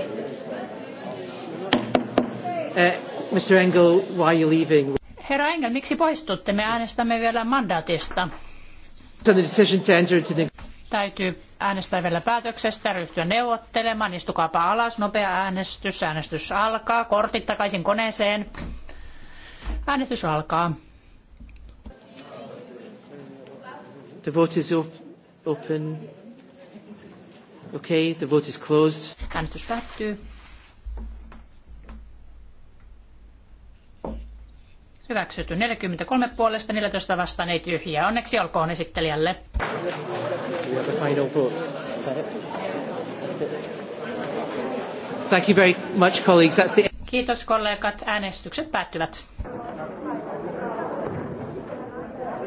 Uh, Mr. Engel, why are you leaving? Herra Engel, miksi poistutte? Me äänestämme vielä mandaatista. So the decision to enter into the... Täytyy äänestää vielä päätöksestä, ryhtyä neuvottelemaan, istukaapa alas, nopea äänestys, äänestys alkaa, kortit takaisin koneeseen. Äänestys alkaa. The vote is op- open. Okay, the vote is closed. Äänestys päättyy. Hyväksytty. 43 puolesta, 14 vastaan, ei tyhjää. Onneksi olkoon esittelijälle. Thank you very much, colleagues. That's the... Kiitos kollegat. Äänestykset päättyvät.